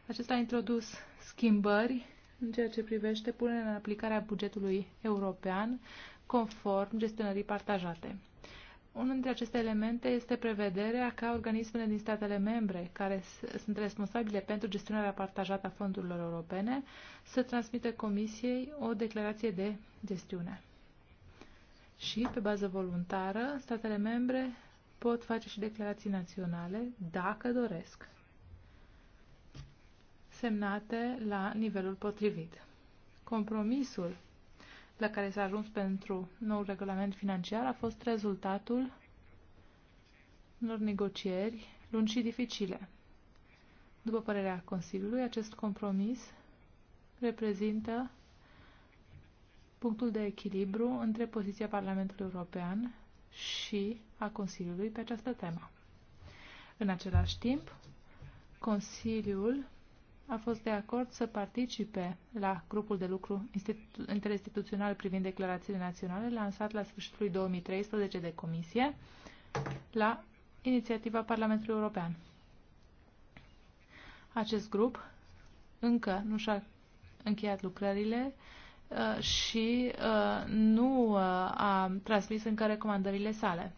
Acesta a introdus schimbări în ceea ce privește punerea în aplicare a bugetului european conform gestionării partajate. Unul dintre aceste elemente este prevederea ca organismele din statele membre, care sunt responsabile pentru gestionarea partajată a fondurilor europene, să transmită Comisiei o declarație de gestiune. Și, pe bază voluntară, statele membre pot face și declarații naționale, dacă doresc, semnate la nivelul potrivit. Compromisul la care s-a ajuns pentru nou regulament financiar a fost rezultatul unor negocieri lungi și dificile. După părerea Consiliului, acest compromis reprezintă punctul de echilibru între poziția Parlamentului European și a Consiliului pe această temă. În același timp, Consiliul a fost de acord să participe la grupul de lucru interinstituțional privind declarațiile naționale lansat la sfârșitul lui 2013 de Comisie la inițiativa Parlamentului European. Acest grup încă nu și-a încheiat lucrările uh, și uh, nu uh, a transmis încă recomandările sale.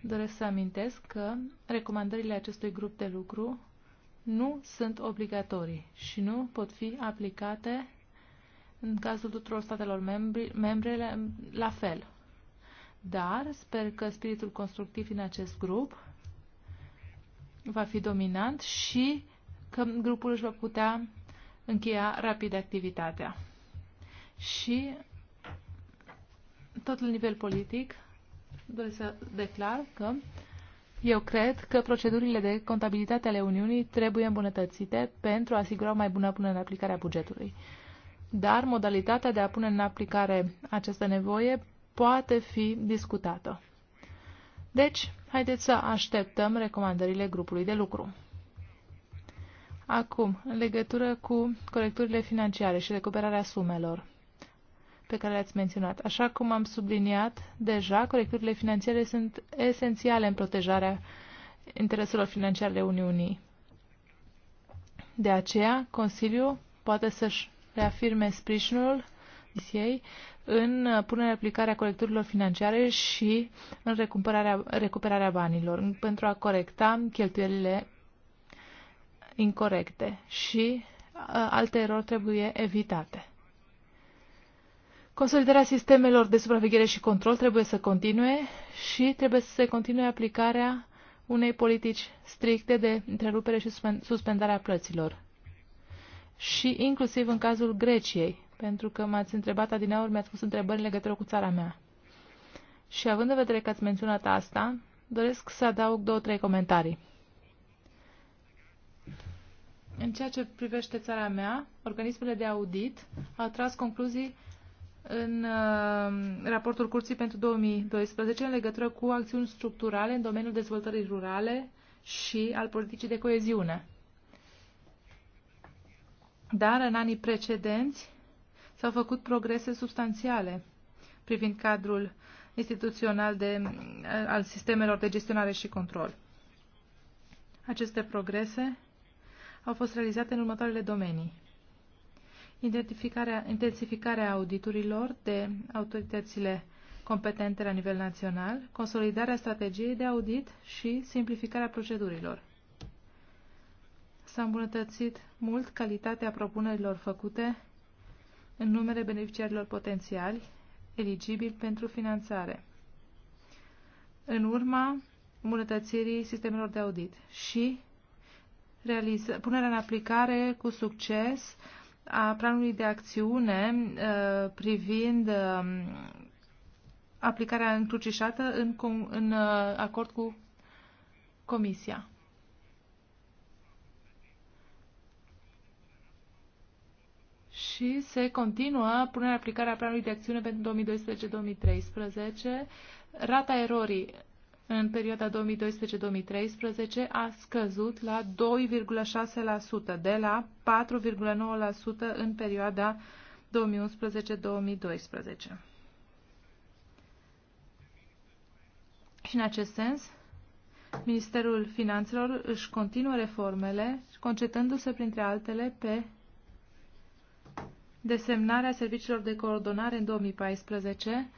Doresc să amintesc că recomandările acestui grup de lucru nu sunt obligatorii și nu pot fi aplicate în cazul tuturor statelor membre la fel. Dar sper că spiritul constructiv în acest grup va fi dominant și că grupul își va putea încheia rapid activitatea. Și tot la nivel politic doresc să declar că eu cred că procedurile de contabilitate ale Uniunii trebuie îmbunătățite pentru a asigura o mai bună punere în aplicare a bugetului. Dar modalitatea de a pune în aplicare această nevoie poate fi discutată. Deci, haideți să așteptăm recomandările grupului de lucru. Acum, în legătură cu corecturile financiare și recuperarea sumelor pe care le-ați menționat. Așa cum am subliniat deja, corecturile financiare sunt esențiale în protejarea intereselor financiare ale Uniunii. De aceea, Consiliul poate să-și reafirme sprijinul ei în punerea aplicarea corecturilor financiare și în recuperarea, recuperarea banilor pentru a corecta cheltuielile incorrecte și uh, alte erori trebuie evitate. Consolidarea sistemelor de supraveghere și control trebuie să continue și trebuie să se continue aplicarea unei politici stricte de întrerupere și suspendarea plăților. Și inclusiv în cazul Greciei, pentru că m-ați întrebat adineauri, mi-ați pus întrebări în legătură cu țara mea. Și având în vedere că ați menționat asta, doresc să adaug două, trei comentarii. În ceea ce privește țara mea, organismele de audit au tras concluzii în uh, raportul Curții pentru 2012 în legătură cu acțiuni structurale în domeniul dezvoltării rurale și al politicii de coeziune. Dar în anii precedenți s-au făcut progrese substanțiale privind cadrul instituțional de, uh, al sistemelor de gestionare și control. Aceste progrese au fost realizate în următoarele domenii identificarea, intensificarea auditurilor de autoritățile competente la nivel național, consolidarea strategiei de audit și simplificarea procedurilor. S-a îmbunătățit mult calitatea propunerilor făcute în numele beneficiarilor potențiali eligibili pentru finanțare, în urma îmbunătățirii sistemelor de audit și punerea în aplicare cu succes a planului de acțiune uh, privind um, aplicarea încrucișată în, în uh, acord cu Comisia. și se continuă punerea aplicarea planului de acțiune pentru 2012-2013. Rata erorii în perioada 2012-2013 a scăzut la 2,6% de la 4,9% în perioada 2011-2012. Și în acest sens, Ministerul Finanțelor își continuă reformele, concentrându se printre altele pe desemnarea serviciilor de coordonare în 2014,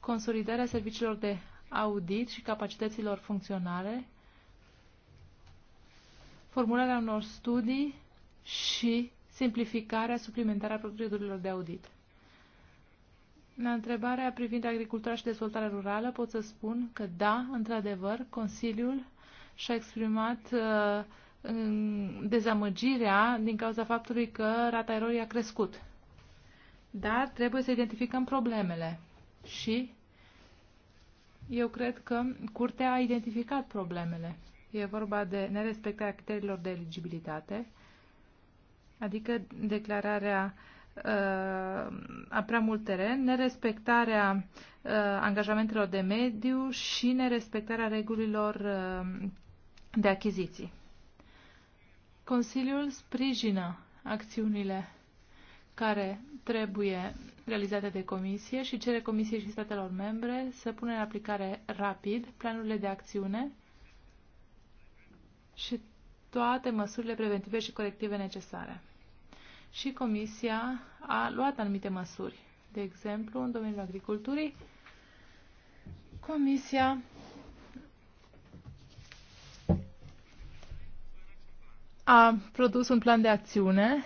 consolidarea serviciilor de audit și capacităților funcționale, formularea unor studii și simplificarea suplimentară a procedurilor de audit. La întrebarea privind agricultura și dezvoltarea rurală pot să spun că da, într-adevăr, Consiliul și-a exprimat uh, dezamăgirea din cauza faptului că rata erorii a crescut. Dar trebuie să identificăm problemele și eu cred că Curtea a identificat problemele. E vorba de nerespectarea criteriilor de eligibilitate, adică declararea uh, a prea mult teren, nerespectarea uh, angajamentelor de mediu și nerespectarea regulilor uh, de achiziții. Consiliul sprijină acțiunile care trebuie realizate de Comisie și cere Comisiei și statelor membre să pună în aplicare rapid planurile de acțiune și toate măsurile preventive și corective necesare. Și Comisia a luat anumite măsuri. De exemplu, în domeniul agriculturii, Comisia a produs un plan de acțiune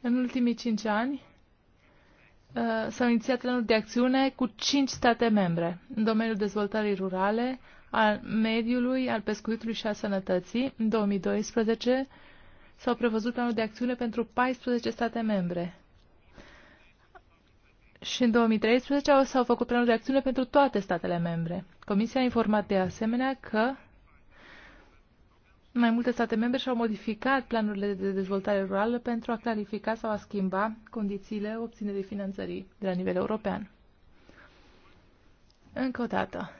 în ultimii cinci ani Uh, s-au inițiat planuri de acțiune cu cinci state membre în domeniul dezvoltării rurale, al mediului, al pescuitului și al sănătății. În 2012 s-au prevăzut planuri de acțiune pentru 14 state membre. Și în 2013 s-au făcut planuri de acțiune pentru toate statele membre. Comisia a informat de asemenea că mai multe state membre și-au modificat planurile de dezvoltare rurală pentru a clarifica sau a schimba condițiile obținerii finanțării de la nivel european. Încă o dată,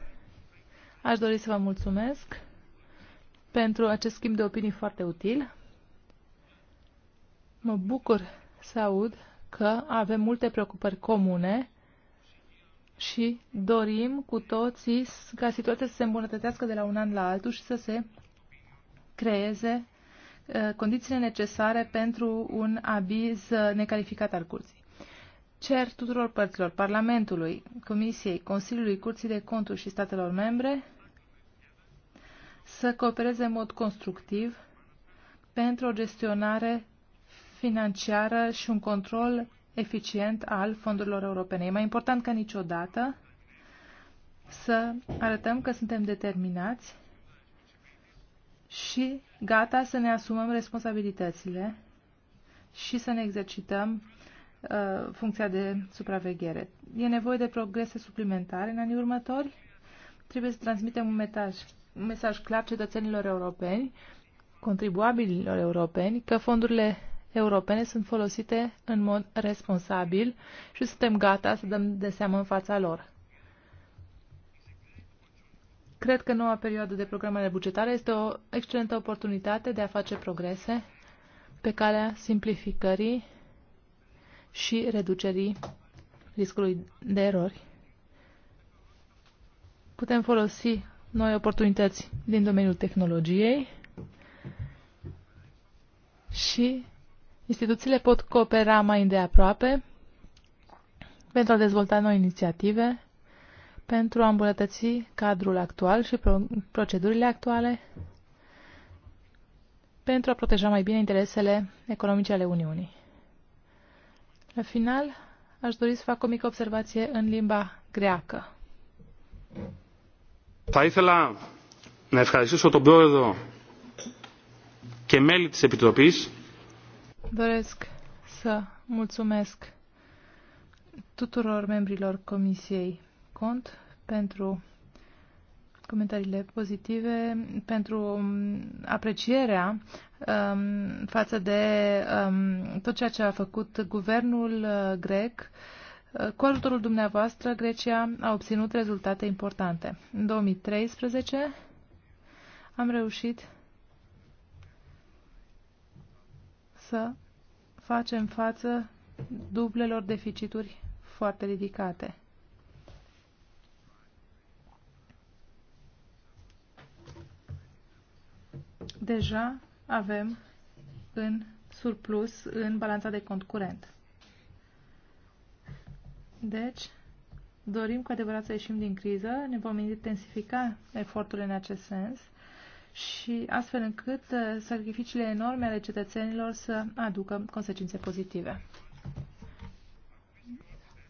aș dori să vă mulțumesc pentru acest schimb de opinii foarte util. Mă bucur să aud că avem multe preocupări comune și dorim cu toții ca situația să se îmbunătățească de la un an la altul și să se creeze uh, condițiile necesare pentru un abiz uh, necalificat al curții. Cer tuturor părților, Parlamentului, Comisiei, Consiliului Curții de Conturi și statelor membre să coopereze în mod constructiv pentru o gestionare financiară și un control eficient al fondurilor europene. E mai important ca niciodată să arătăm că suntem determinați și gata să ne asumăm responsabilitățile și să ne exercităm uh, funcția de supraveghere. E nevoie de progrese suplimentare în anii următori. Trebuie să transmitem un, mesaj, un mesaj clar cetățenilor europeni, contribuabililor europeni, că fondurile europene sunt folosite în mod responsabil și suntem gata să dăm de seamă în fața lor. Cred că noua perioadă de programare bugetară este o excelentă oportunitate de a face progrese pe calea simplificării și reducerii riscului de erori. Putem folosi noi oportunități din domeniul tehnologiei și instituțiile pot coopera mai îndeaproape pentru a dezvolta noi inițiative pentru a îmbunătăți cadrul actual și procedurile actuale pentru a proteja mai bine interesele economice ale Uniunii. La final, aș dori să fac o mică observație în limba greacă. Θα ήθελα να ευχαριστήσω τον πρόεδρο και μέλη της Επιτροπής. Doresc să mulțumesc tuturor membrilor Comisiei cont pentru comentariile pozitive, pentru um, aprecierea um, față de um, tot ceea ce a făcut guvernul uh, grec. Uh, cu ajutorul dumneavoastră, Grecia a obținut rezultate importante. În 2013 am reușit să facem față dublelor deficituri foarte ridicate. deja avem în surplus în balanța de cont curent. Deci, dorim cu adevărat să ieșim din criză, ne vom intensifica eforturile în acest sens și astfel încât uh, sacrificiile enorme ale cetățenilor să aducă consecințe pozitive.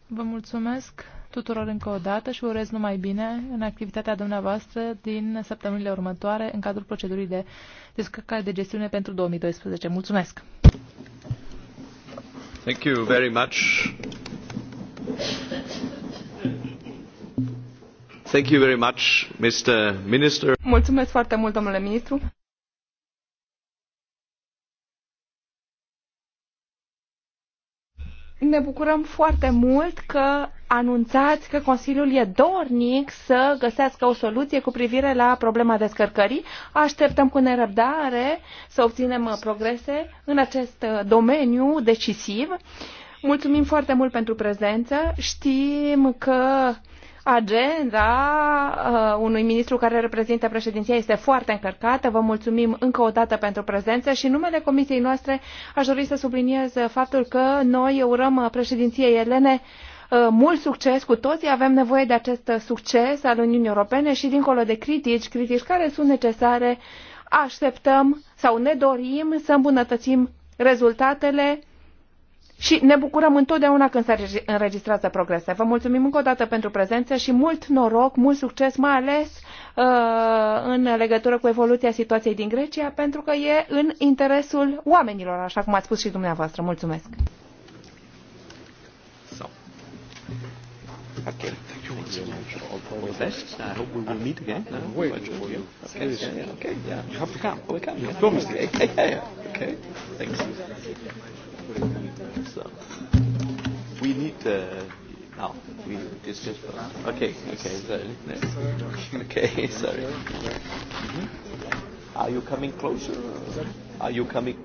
Vă mulțumesc! tuturor încă o dată și urez numai bine în activitatea dumneavoastră din săptămânile următoare în cadrul procedurii de descărcare de gestiune pentru 2012. Mulțumesc! Thank you very much. Thank you very much, Mr. Minister. Mulțumesc foarte mult, domnule ministru. ne bucurăm foarte mult că anunțați că Consiliul e dornic să găsească o soluție cu privire la problema descărcării. Așteptăm cu nerăbdare să obținem progrese în acest uh, domeniu decisiv. Mulțumim foarte mult pentru prezență. Știm că Agenda uh, unui ministru care reprezintă președinția este foarte încărcată. Vă mulțumim încă o dată pentru prezență și în numele comisiei noastre aș dori să subliniez faptul că noi urăm președinției Elene uh, mult succes cu toții, avem nevoie de acest succes al Uniunii Europene și dincolo de critici, critici care sunt necesare, așteptăm sau ne dorim să îmbunătățim rezultatele și ne bucurăm întotdeauna când se înregistrează progrese. Vă mulțumim încă o dată pentru prezență și mult noroc, mult succes, mai ales uh, în legătură cu evoluția situației din Grecia, pentru că e în interesul oamenilor, așa cum ați spus și dumneavoastră. Mulțumesc! So. Okay. Thank you once again. All the best. I hope we will meet again. No? Wait, for Okay. Okay. Yeah, yeah, okay. Yeah. You have to come. Okay. come. You promised. Yeah, yeah, yeah. Okay. Thanks we need to. No, we just. Okay, okay, sorry. Okay, sorry. Mm-hmm. Are you coming closer? Are you coming?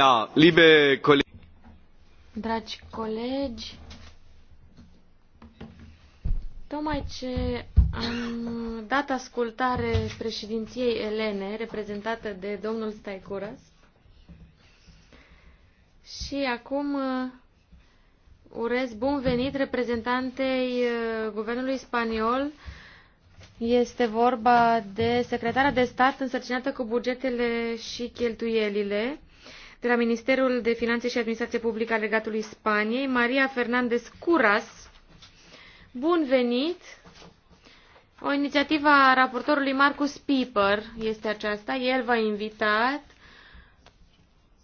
Ja, da, liebe Kollegen. Dragi colegi, tocmai ce am dat ascultare președinției Elene, reprezentată de domnul Staicuras, și acum uh, urez bun venit reprezentantei uh, guvernului spaniol. Este vorba de secretara de stat însărcinată cu bugetele și cheltuielile de la Ministerul de Finanțe și Administrație Publică al Regatului Spaniei, Maria Fernandez Curas. Bun venit! O inițiativă a raportorului Marcus Piper este aceasta. El v-a invitat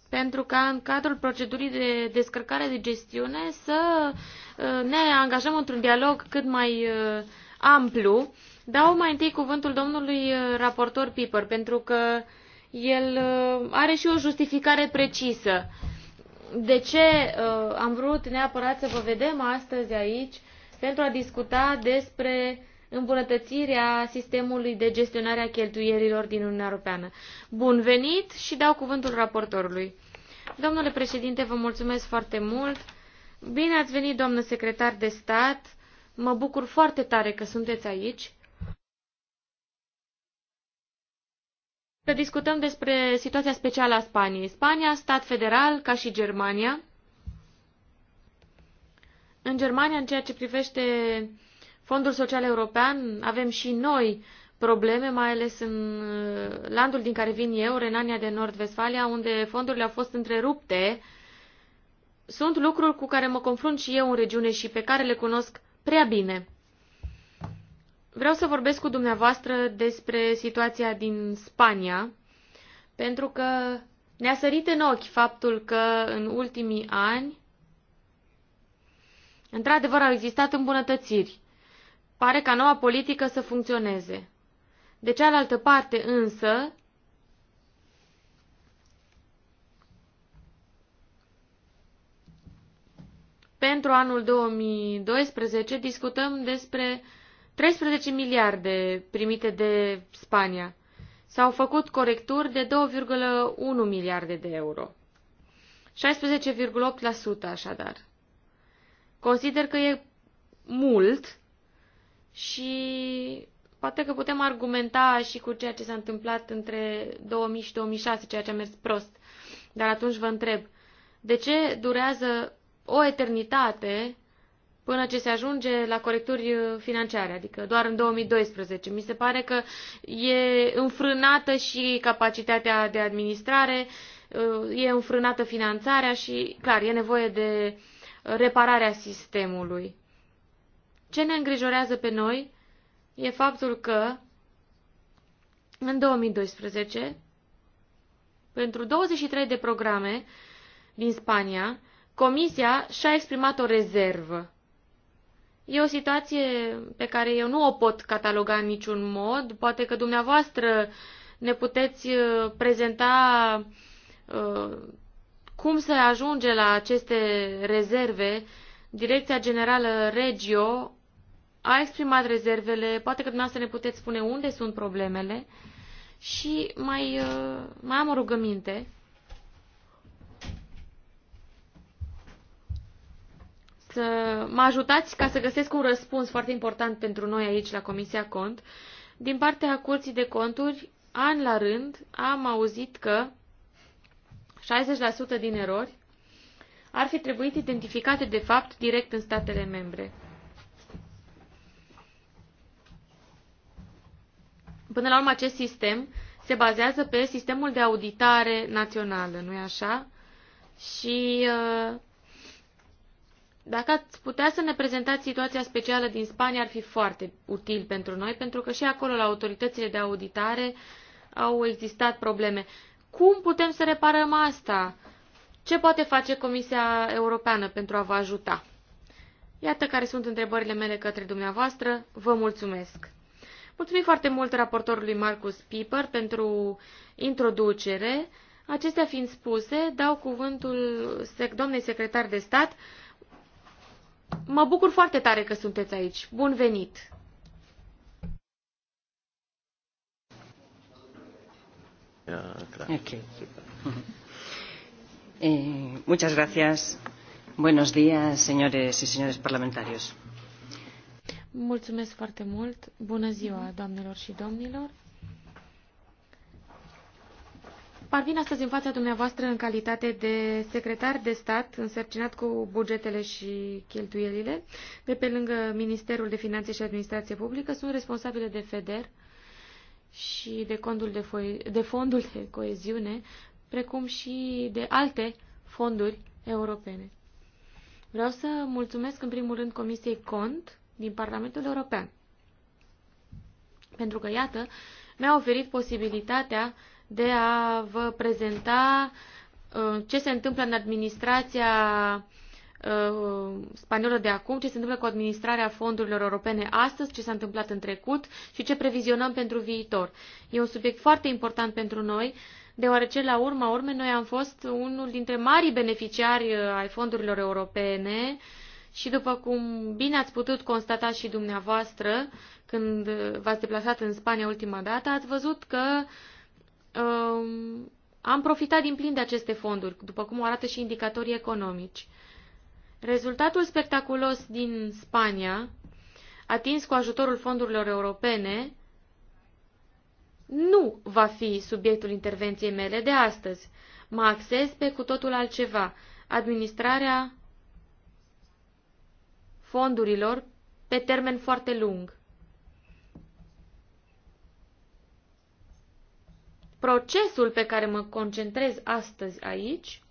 pentru ca în cadrul procedurii de descărcare de gestiune să uh, ne angajăm într-un dialog cât mai uh, amplu. Dau mai întâi cuvântul domnului uh, raportor Piper, pentru că uh, el uh, are și o justificare precisă. De ce uh, am vrut neapărat să vă vedem astăzi aici pentru a discuta despre îmbunătățirea sistemului de gestionare a cheltuierilor din Uniunea Europeană. Bun venit și dau cuvântul raportorului. Domnule președinte, vă mulțumesc foarte mult. Bine ați venit, doamnă secretar de stat. Mă bucur foarte tare că sunteți aici. să discutăm despre situația specială a Spaniei. Spania, stat federal, ca și Germania. În Germania, în ceea ce privește Fondul Social European, avem și noi probleme, mai ales în uh, landul din care vin eu, Renania de Nord-Vestfalia, unde fondurile au fost întrerupte. Sunt lucruri cu care mă confrunt și eu în regiune și pe care le cunosc prea bine. Vreau să vorbesc cu dumneavoastră despre situația din Spania, pentru că ne-a sărit în ochi faptul că în ultimii ani, într-adevăr, au existat îmbunătățiri. Pare ca noua politică să funcționeze. De cealaltă parte, însă, pentru anul 2012 discutăm despre 13 miliarde primite de Spania. S-au făcut corecturi de 2,1 miliarde de euro. 16,8% așadar. Consider că e mult și poate că putem argumenta și cu ceea ce s-a întâmplat între 2000 și 2006, ceea ce a mers prost. Dar atunci vă întreb, de ce durează o eternitate până ce se ajunge la corecturi uh, financiare, adică doar în 2012. Mi se pare că e înfrânată și capacitatea de administrare, uh, e înfrânată finanțarea și, clar, e nevoie de repararea sistemului. Ce ne îngrijorează pe noi e faptul că în 2012, pentru 23 de programe din Spania, Comisia și-a exprimat o rezervă E o situație pe care eu nu o pot cataloga în niciun mod. Poate că dumneavoastră ne puteți uh, prezenta uh, cum se ajunge la aceste rezerve. Direcția Generală Regio a exprimat rezervele, poate că dumneavoastră ne puteți spune unde sunt problemele. Și mai, uh, mai am o rugăminte. să mă ajutați ca să găsesc un răspuns foarte important pentru noi aici la Comisia Cont. Din partea Curții de Conturi, an la rând, am auzit că 60% din erori ar fi trebuit identificate de fapt direct în statele membre. Până la urmă, acest sistem se bazează pe sistemul de auditare națională, nu-i așa? Și uh, dacă ați putea să ne prezentați situația specială din Spania, ar fi foarte util pentru noi, pentru că și acolo, la autoritățile de auditare, au existat probleme. Cum putem să reparăm asta? Ce poate face Comisia Europeană pentru a vă ajuta? Iată care sunt întrebările mele către dumneavoastră. Vă mulțumesc! Mulțumim foarte mult raportorului Marcus Piper pentru introducere. Acestea fiind spuse, dau cuvântul doamnei secretar de stat, Mă bucur foarte tare că sunteți aici. Bun venit! Okay. Eh, muchas gracias. Buenos días, señores y señores parlamentarios. Mulțumesc foarte mult. Bună ziua, doamnelor și domnilor. Parvin astăzi în fața dumneavoastră în calitate de secretar de stat însărcinat cu bugetele și cheltuielile. De pe lângă Ministerul de Finanțe și Administrație Publică sunt responsabile de FEDER și de, condul de, foi- de fondul de coeziune, precum și de alte fonduri europene. Vreau să mulțumesc în primul rând Comisiei CONT din Parlamentul European, pentru că, iată, mi-a oferit posibilitatea de a vă prezenta uh, ce se întâmplă în administrația uh, spaniolă de acum, ce se întâmplă cu administrarea fondurilor europene astăzi, ce s-a întâmplat în trecut și ce previzionăm pentru viitor. E un subiect foarte important pentru noi, deoarece la urma urme noi am fost unul dintre marii beneficiari uh, ai fondurilor europene și după cum bine ați putut constata și dumneavoastră când v-ați deplasat în Spania ultima dată, ați văzut că uh, am profitat din plin de aceste fonduri, după cum arată și indicatorii economici. Rezultatul spectaculos din Spania, atins cu ajutorul fondurilor europene, nu va fi subiectul intervenției mele de astăzi. Mă axez pe cu totul altceva, administrarea fondurilor pe termen foarte lung. procesul pe care mă concentrez astăzi aici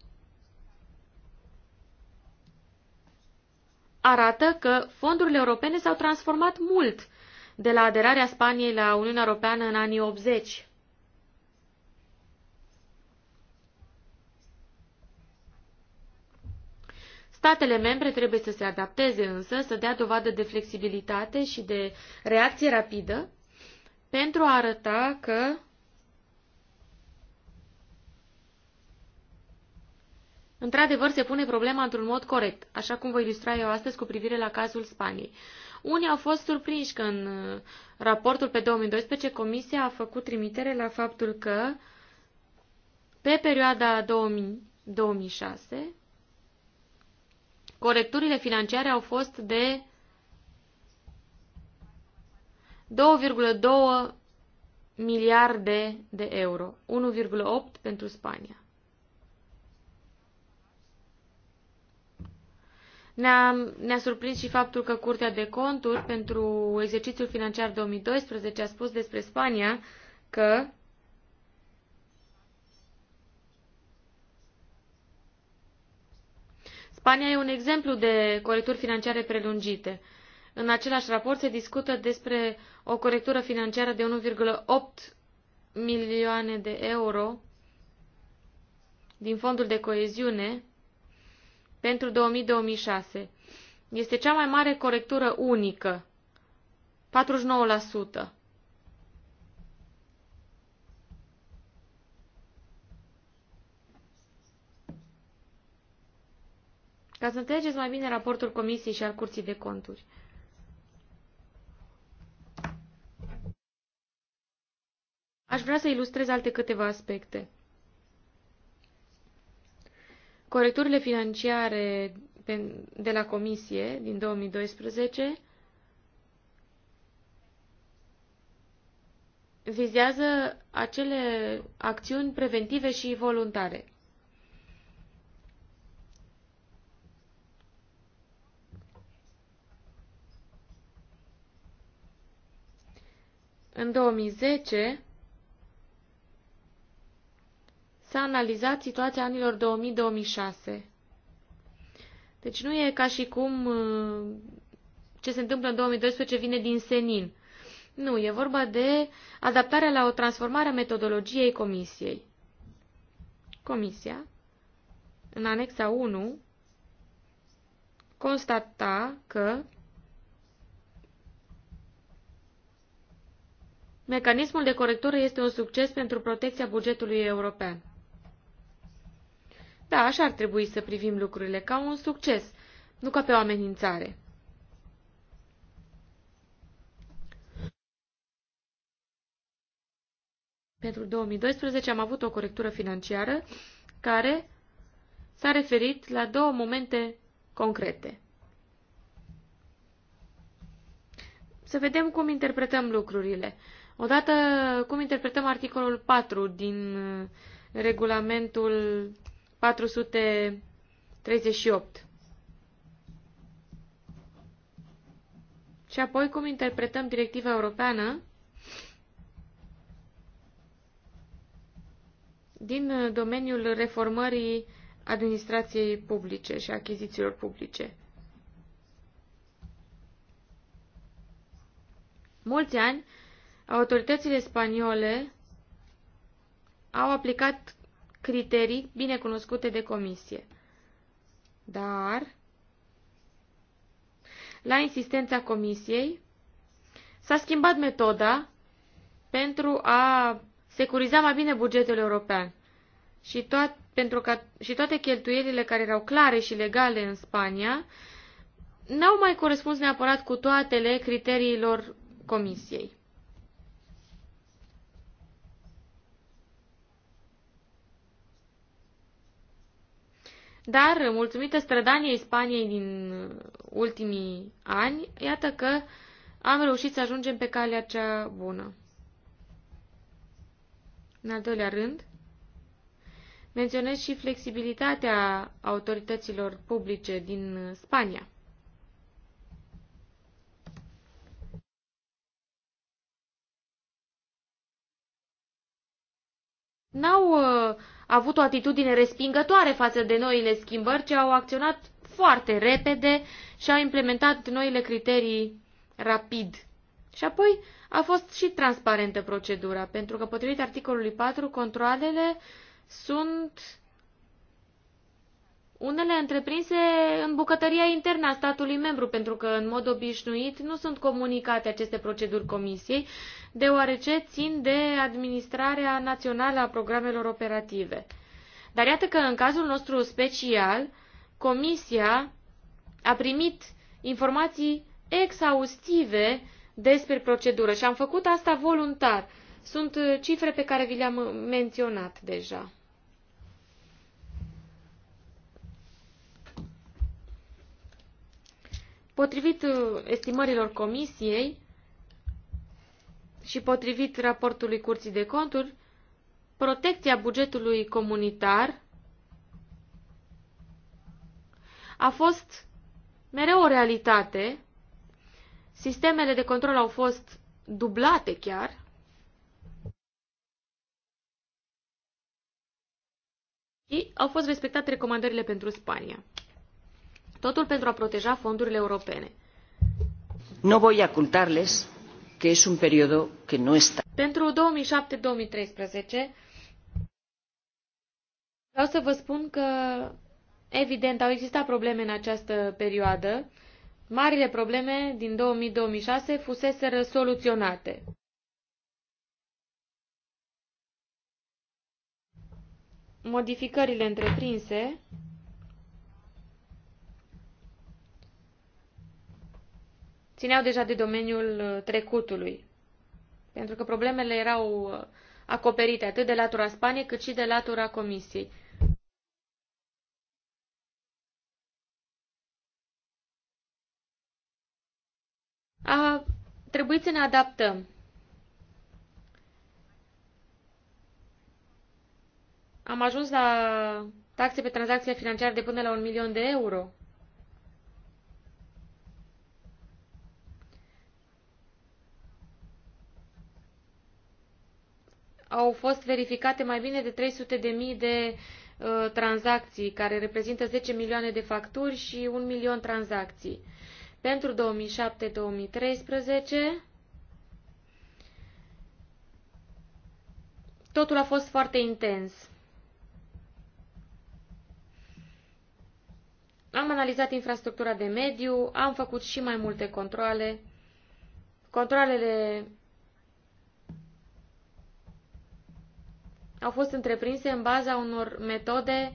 arată că fondurile europene s-au transformat mult de la aderarea Spaniei la Uniunea Europeană în anii 80. Statele membre trebuie să se adapteze însă, să dea dovadă de flexibilitate și de reacție rapidă pentru a arăta că Într-adevăr, se pune problema într-un mod corect, așa cum voi ilustra eu astăzi cu privire la cazul Spaniei. Unii au fost surprinși că în uh, raportul pe 2012 Comisia a făcut trimitere la faptul că pe perioada 2000, 2006 corecturile financiare au fost de 2,2 miliarde de euro, 1,8 pentru Spania. Ne-a, ne surprins și faptul că Curtea de Conturi pentru exercițiul financiar 2012 a spus despre Spania că Spania e un exemplu de corecturi financiare prelungite. În același raport se discută despre o corectură financiară de 1,8 milioane de euro din fondul de coeziune pentru 2000-2006. Este cea mai mare corectură unică, 49%. Ca să înțelegeți mai bine raportul Comisiei și al Curții de Conturi. Aș vrea să ilustrez alte câteva aspecte. Corecturile financiare de la Comisie din 2012 vizează acele acțiuni preventive și voluntare. În 2010, s-a analizat situația anilor 2000-2006. Deci nu e ca și cum uh, ce se întâmplă în 2012 vine din senin. Nu, e vorba de adaptarea la o transformare a metodologiei comisiei. Comisia, în anexa 1, constata că mecanismul de corectură este un succes pentru protecția bugetului european. Da, așa ar trebui să privim lucrurile, ca un succes, nu ca pe o amenințare. Pentru 2012 am avut o corectură financiară care s-a referit la două momente concrete. Să vedem cum interpretăm lucrurile. Odată cum interpretăm articolul 4 din regulamentul 438. Și apoi cum interpretăm directiva europeană din uh, domeniul reformării administrației publice și achizițiilor publice. Mulți ani, autoritățile spaniole au aplicat criterii bine cunoscute de comisie. Dar, la insistența comisiei, s-a schimbat metoda pentru a securiza mai bine bugetul european și, toat, pentru ca, și toate cheltuielile care erau clare și legale în Spania n-au mai corespuns neapărat cu toatele criteriilor comisiei. Dar, mulțumită strădaniei Spaniei din ultimii ani, iată că am reușit să ajungem pe calea cea bună. În al doilea rând, menționez și flexibilitatea autorităților publice din Spania. N-au uh, a avut o atitudine respingătoare față de noile schimbări, ce au acționat foarte repede și au implementat noile criterii rapid. Și apoi a fost și transparentă procedura, pentru că potrivit articolului 4, controlele sunt unele întreprinse în bucătăria internă a statului membru, pentru că, în mod obișnuit, nu sunt comunicate aceste proceduri comisiei, deoarece țin de administrarea națională a programelor operative. Dar iată că, în cazul nostru special, comisia a primit informații exhaustive despre procedură și am făcut asta voluntar. Sunt cifre pe care vi le-am menționat deja. Potrivit uh, estimărilor comisiei și potrivit raportului Curții de Conturi, protecția bugetului comunitar a fost mereu o realitate. Sistemele de control au fost dublate chiar. Și au fost respectate recomandările pentru Spania totul pentru a proteja fondurile europene. Nu voi a ocultarles că este un periodo care nu este. Pentru 2007-2013 vreau să vă spun că evident au existat probleme în această perioadă. Marile probleme din 2000-2006 fuseseră soluționate. Modificările întreprinse țineau deja de domeniul uh, trecutului, pentru că problemele erau uh, acoperite atât de latura Spaniei cât și de latura Comisiei. A trebuit să ne adaptăm. Am ajuns la taxe pe tranzacțiile financiare de până la un milion de euro. au fost verificate mai bine de 300.000 de uh, tranzacții, care reprezintă 10 milioane de facturi și 1 milion tranzacții. Pentru 2007-2013, totul a fost foarte intens. Am analizat infrastructura de mediu, am făcut și mai multe controle. Controlele au fost întreprinse în baza unor metode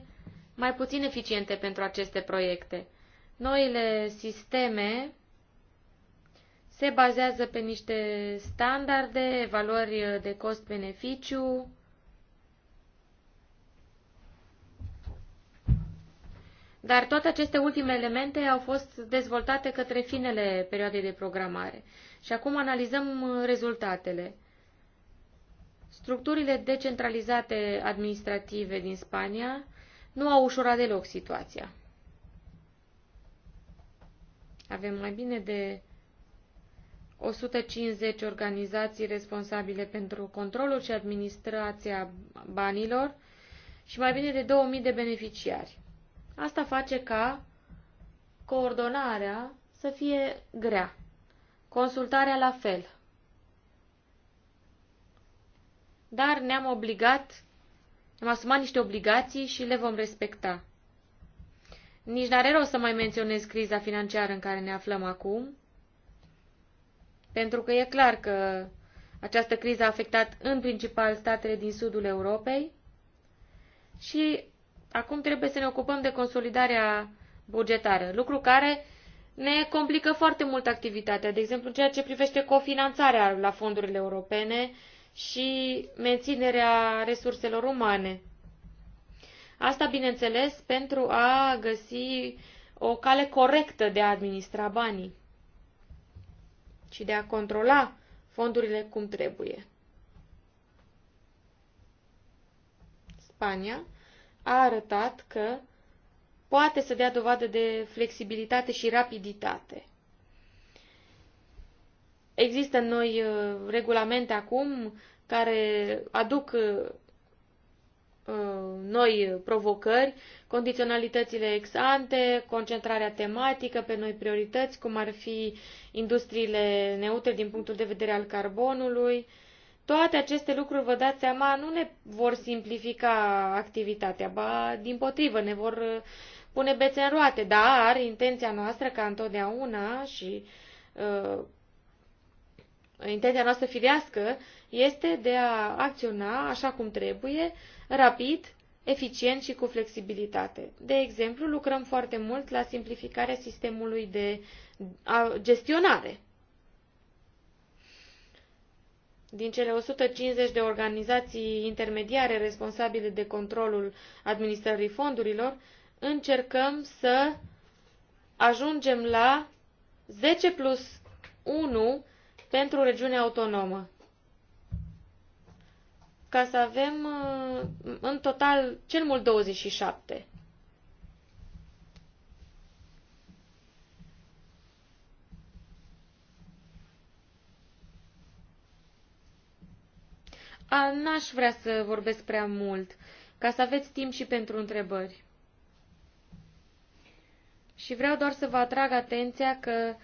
mai puțin eficiente pentru aceste proiecte. Noile sisteme se bazează pe niște standarde, valori de cost-beneficiu, dar toate aceste ultime elemente au fost dezvoltate către finele perioadei de programare. Și acum analizăm rezultatele. Structurile decentralizate administrative din Spania nu au ușurat deloc situația. Avem mai bine de 150 organizații responsabile pentru controlul și administrația banilor și mai bine de 2000 de beneficiari. Asta face ca coordonarea să fie grea, consultarea la fel – dar ne-am obligat, ne-am asumat niște obligații și le vom respecta. Nici n-are rost să mai menționez criza financiară în care ne aflăm acum, pentru că e clar că această criză a afectat în principal statele din sudul Europei și acum trebuie să ne ocupăm de consolidarea bugetară, lucru care ne complică foarte mult activitatea, de exemplu ceea ce privește cofinanțarea la fondurile europene, și menținerea resurselor umane. Asta, bineînțeles, pentru a găsi o cale corectă de a administra banii și de a controla fondurile cum trebuie. Spania a arătat că poate să dea dovadă de flexibilitate și rapiditate. Există noi uh, regulamente acum care aduc uh, uh, noi provocări, condiționalitățile ex ante, concentrarea tematică pe noi priorități, cum ar fi industriile neutre din punctul de vedere al carbonului. Toate aceste lucruri, vă dați seama, nu ne vor simplifica activitatea, ba din potrivă, ne vor pune bețe în roate, dar intenția noastră, ca întotdeauna și uh, intenția noastră firească este de a acționa așa cum trebuie, rapid, eficient și cu flexibilitate. De exemplu, lucrăm foarte mult la simplificarea sistemului de gestionare. Din cele 150 de organizații intermediare responsabile de controlul administrării fondurilor, încercăm să ajungem la 10 plus 1 pentru regiune autonomă. Ca să avem uh, în total cel mult 27. A, n-aș vrea să vorbesc prea mult, ca să aveți timp și pentru întrebări. Și vreau doar să vă atrag atenția că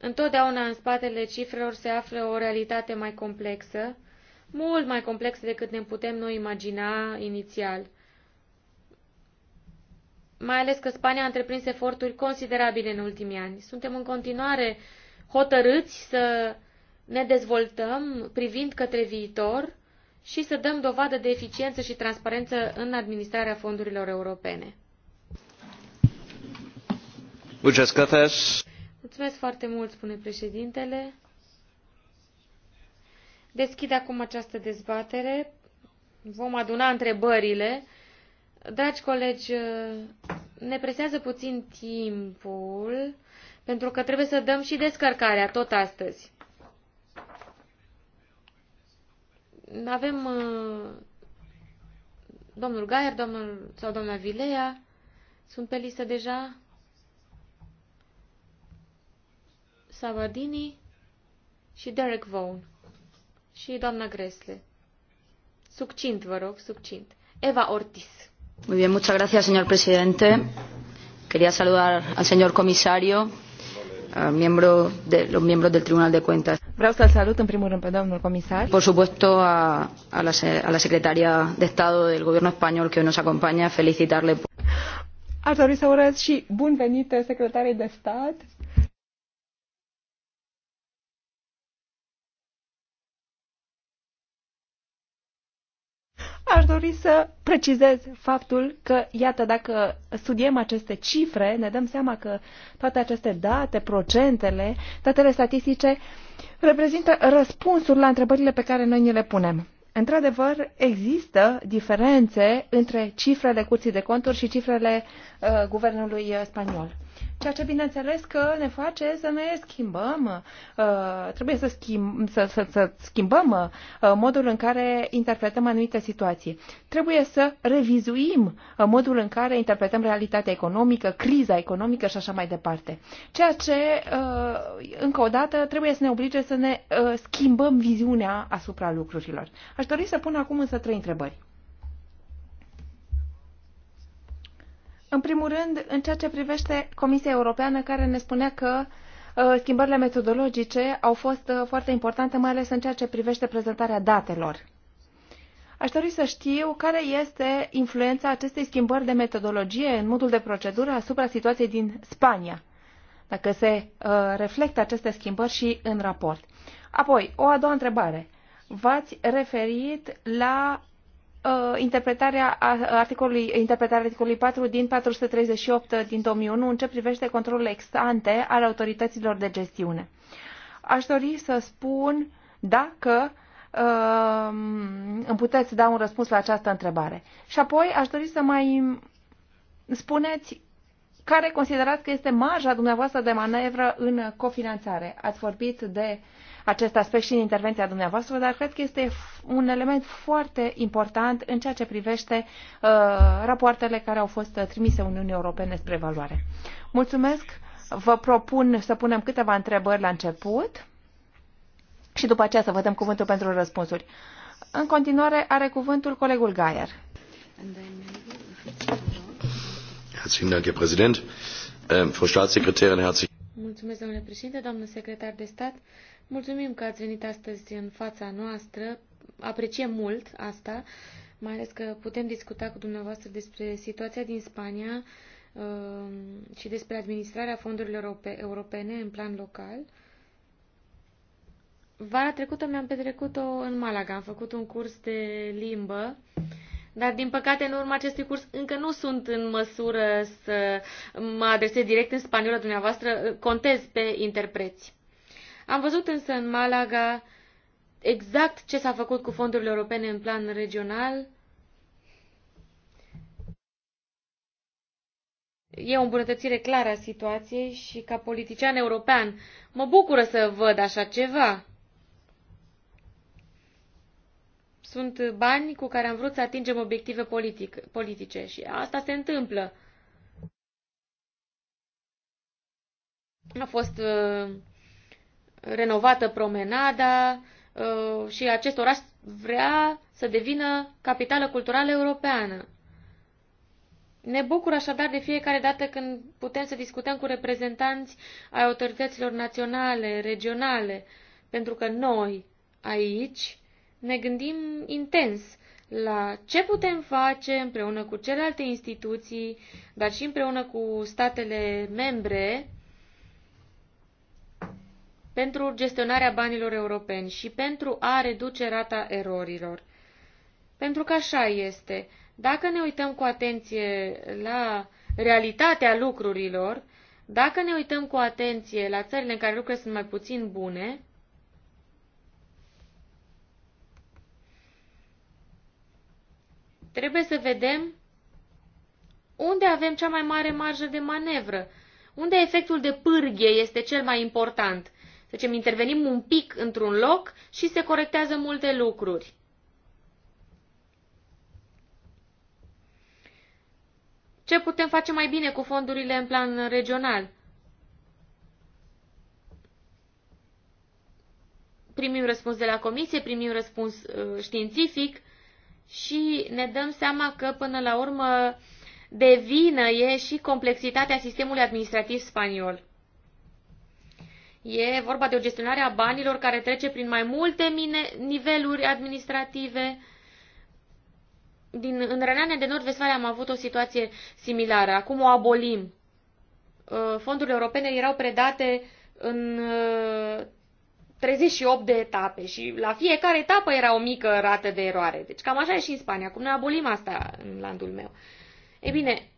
Întotdeauna în spatele cifrelor se află o realitate mai complexă, mult mai complexă decât ne putem noi imagina inițial. Mai ales că Spania a întreprins eforturi considerabile în ultimii ani. Suntem în continuare hotărâți să ne dezvoltăm privind către viitor și să dăm dovadă de eficiență și transparență în administrarea fondurilor europene. Muchas gracias. Mulțumesc foarte mult, spune președintele. Deschid acum această dezbatere. Vom aduna întrebările. Dragi colegi, ne presează puțin timpul, pentru că trebuie să dăm și descărcarea tot astăzi. Avem uh, domnul Gaier, domnul sau doamna Vilea, sunt pe listă deja. Savadini și Derek Vaughan și doamna Gresle. Succint, vă rog, succint. Eva Ortiz. Muy bien, muchas gracias, señor presidente. Quería saludar al señor comisario, al miembro de, los miembros del Tribunal de Cuentas. Vreau să salut în primul rând pe domnul comisar. Por supuesto a, a, la, a la secretaria de Estado del Gobierno español que hoy nos acompaña, felicitarle. Aș dori să urez și bun venit secretarei de stat Aș dori să precizez faptul că, iată, dacă studiem aceste cifre, ne dăm seama că toate aceste date, procentele, datele statistice, reprezintă răspunsuri la întrebările pe care noi ni le punem. Într-adevăr, există diferențe între cifrele curții de conturi și cifrele uh, guvernului spaniol. Ceea ce bineînțeles că ne face să ne schimbăm, uh, trebuie să, schimb, să, să, să schimbăm uh, modul în care interpretăm anumite situații. Trebuie să revizuim uh, modul în care interpretăm realitatea economică, criza economică și așa mai departe. Ceea ce, uh, încă o dată, trebuie să ne oblige să ne uh, schimbăm viziunea asupra lucrurilor. Aș dori să pun acum însă trei întrebări. În primul rând, în ceea ce privește Comisia Europeană, care ne spunea că uh, schimbările metodologice au fost uh, foarte importante, mai ales în ceea ce privește prezentarea datelor. Aș dori să știu care este influența acestei schimbări de metodologie în modul de procedură asupra situației din Spania, dacă se uh, reflectă aceste schimbări și în raport. Apoi, o a doua întrebare. V-ați referit la Uh, interpretarea articolului, interpretarea articolului opt din două din unu în ce privește controlul ex ante al autorităților de gestiune. Aș dori să spun dacă uh, îmi puteți da un răspuns la această întrebare. Și apoi aș dori să mai spuneți care considerați că este marja dumneavoastră de manevră în cofinanțare. Ați vorbit de acest aspect și în intervenția dumneavoastră, dar cred că este un element foarte important în ceea ce privește uh, rapoartele care au fost trimise Uniunii Europene spre evaluare. Mulțumesc! Vă propun să punem câteva întrebări la început și după aceea să vă dăm cuvântul pentru răspunsuri. În continuare are cuvântul colegul Gaier. And then... Herzlichen Dank, Herr Präsident. Ähm, Frau Staatssekretärin, herzlich. Mulțumesc, domnule președinte, doamnă secretar de stat. Mulțumim că ați venit astăzi în fața noastră. Apreciem mult asta, mai ales că putem discuta cu dumneavoastră despre situația din Spania um, și despre administrarea fondurilor europene în plan local. Vara trecută mi-am petrecut-o în Malaga. Am făcut un curs de limbă dar, din păcate, în urma acestui curs încă nu sunt în măsură să mă adresez direct în spaniolă dumneavoastră, contez pe interpreți. Am văzut însă în Malaga exact ce s-a făcut cu fondurile europene în plan regional. E o îmbunătățire clară a situației și, ca politician european, mă bucură să văd așa ceva. Sunt bani cu care am vrut să atingem obiective politic, politice și asta se întâmplă. A fost uh, renovată promenada uh, și acest oraș vrea să devină capitală culturală europeană. Ne bucur așadar de fiecare dată când putem să discutăm cu reprezentanți ai autorităților naționale, regionale, pentru că noi, aici, ne gândim intens la ce putem face împreună cu celelalte instituții, dar și împreună cu statele membre pentru gestionarea banilor europeni și pentru a reduce rata erorilor. Pentru că așa este. Dacă ne uităm cu atenție la realitatea lucrurilor, dacă ne uităm cu atenție la țările în care lucrurile sunt mai puțin bune, Trebuie să vedem unde avem cea mai mare marjă de manevră, unde efectul de pârghie este cel mai important. Să zicem, intervenim un pic într-un loc și se corectează multe lucruri. Ce putem face mai bine cu fondurile în plan regional? Primim răspuns de la comisie, primim răspuns uh, științific, și ne dăm seama că, până la urmă, de vină e și complexitatea sistemului administrativ spaniol. E vorba de o gestionare a banilor care trece prin mai multe niveluri administrative. Din, în Renania de Nord-Vestfalia am avut o situație similară. Acum o abolim. Uh, fondurile europene erau predate în uh, 38 de etape și la fiecare etapă era o mică rată de eroare. Deci cam așa e și în Spania. Acum noi abolim asta în landul meu. E bine,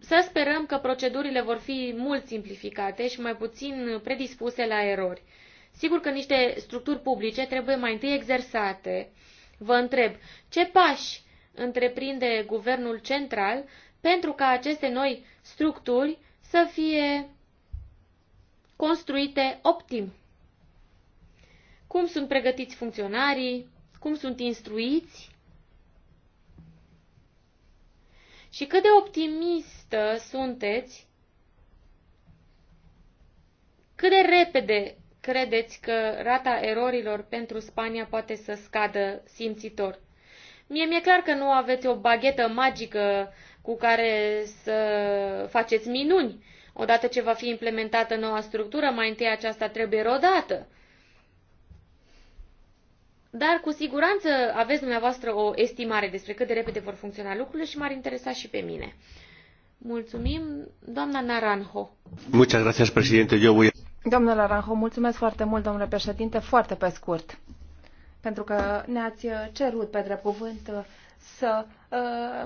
să sperăm că procedurile vor fi mult simplificate și mai puțin predispuse la erori. Sigur că niște structuri publice trebuie mai întâi exersate. Vă întreb, ce pași întreprinde guvernul central pentru ca aceste noi structuri să fie construite optim? cum sunt pregătiți funcționarii, cum sunt instruiți și cât de optimistă sunteți, cât de repede credeți că rata erorilor pentru Spania poate să scadă simțitor. Mie mi-e clar că nu aveți o baghetă magică cu care să faceți minuni. Odată ce va fi implementată noua structură, mai întâi aceasta trebuie rodată. Dar cu siguranță aveți dumneavoastră o estimare despre cât de repede vor funcționa lucrurile și m-ar interesa și pe mine. Mulțumim, doamna Naranjo. Muchas gracias, presidente. Yo voy... Domnule Naranjo, mulțumesc foarte mult, domnule președinte, foarte pe scurt. Pentru că ne-ați cerut pe drept cuvânt uh, să uh,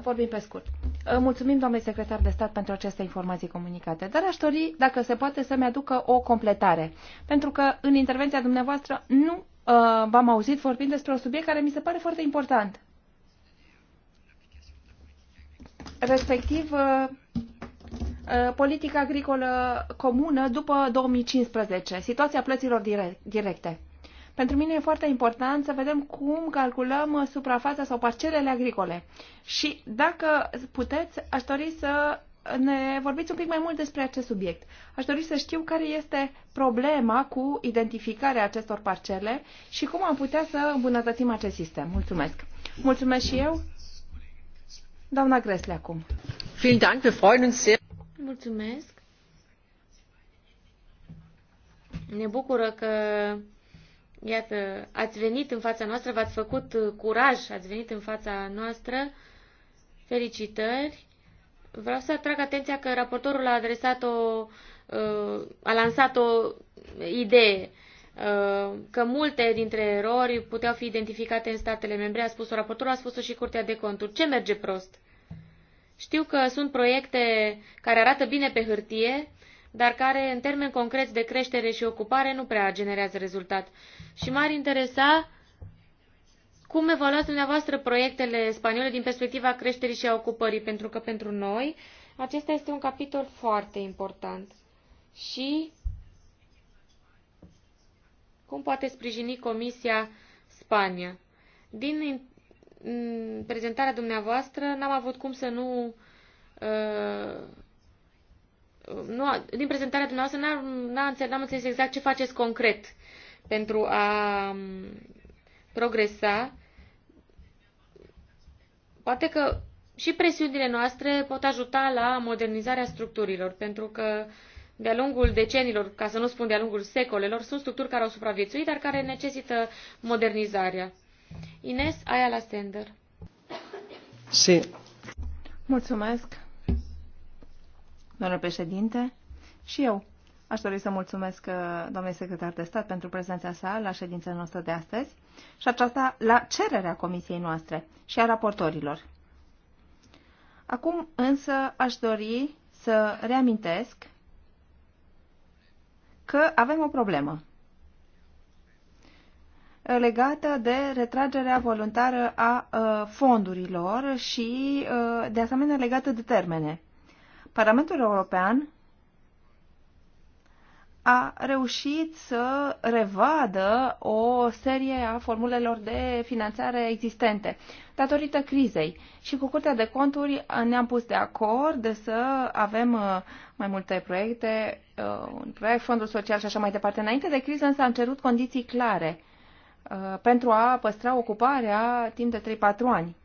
vorbim pe scurt. Uh, mulțumim, domnule secretar de stat, pentru aceste informații comunicate, dar aș dori, dacă se poate, să-mi aducă o completare. Pentru că în intervenția dumneavoastră nu Uh, v-am auzit vorbind despre un subiect care mi se pare foarte important. Respectiv, uh, uh, politica agricolă comună după 2015, situația plăților directe. Pentru mine e foarte important să vedem cum calculăm suprafața sau parcelele agricole. Și dacă puteți, aș dori să ne vorbiți un pic mai mult despre acest subiect. Aș dori să știu care este problema cu identificarea acestor parcele și cum am putea să îmbunătățim acest sistem. Mulțumesc. Mulțumesc și eu. Doamna Gresle acum. Mulțumesc. Ne bucură că iată, ați venit în fața noastră, v-ați făcut curaj, ați venit în fața noastră. Felicitări Vreau să atrag atenția că raportorul a adresat o, uh, a lansat o idee uh, că multe dintre erori puteau fi identificate în statele membre, a spus-o raportorul, a spus-o și Curtea de Conturi. Ce merge prost? Știu că sunt proiecte care arată bine pe hârtie, dar care, în termeni concreți de creștere și ocupare, nu prea generează rezultat. Și m-ar interesa cum evaluați dumneavoastră proiectele spaniole din perspectiva creșterii și a ocupării? Pentru că pentru noi acesta este un capitol foarte important. Și cum poate sprijini Comisia Spania? Din mm, prezentarea dumneavoastră n-am avut cum să nu... Uh, nu din prezentarea dumneavoastră n-am, n înțeles exact ce faceți concret pentru a mm, progresa Poate că și presiunile noastre pot ajuta la modernizarea structurilor, pentru că de-a lungul decenilor, ca să nu spun de-a lungul secolelor, sunt structuri care au supraviețuit, dar care necesită modernizarea. Ines Ayala Sender. Și. Sí. Mulțumesc, doamnă președinte. Și eu Aș dori să mulțumesc uh, domnului secretar de stat pentru prezența sa la ședința noastră de astăzi și aceasta la cererea comisiei noastre și a raportorilor. Acum însă aș dori să reamintesc că avem o problemă legată de retragerea voluntară a uh, fondurilor și, uh, de asemenea, legată de termene. Parlamentul European a reușit să revadă o serie a formulelor de finanțare existente datorită crizei. Și cu Curtea de Conturi uh, ne-am pus de acord să avem uh, mai multe proiecte, uh, un proiect, fondul social și așa mai departe. Înainte de criză însă am cerut condiții clare pentru a păstra ocuparea timp de 3-4 ani.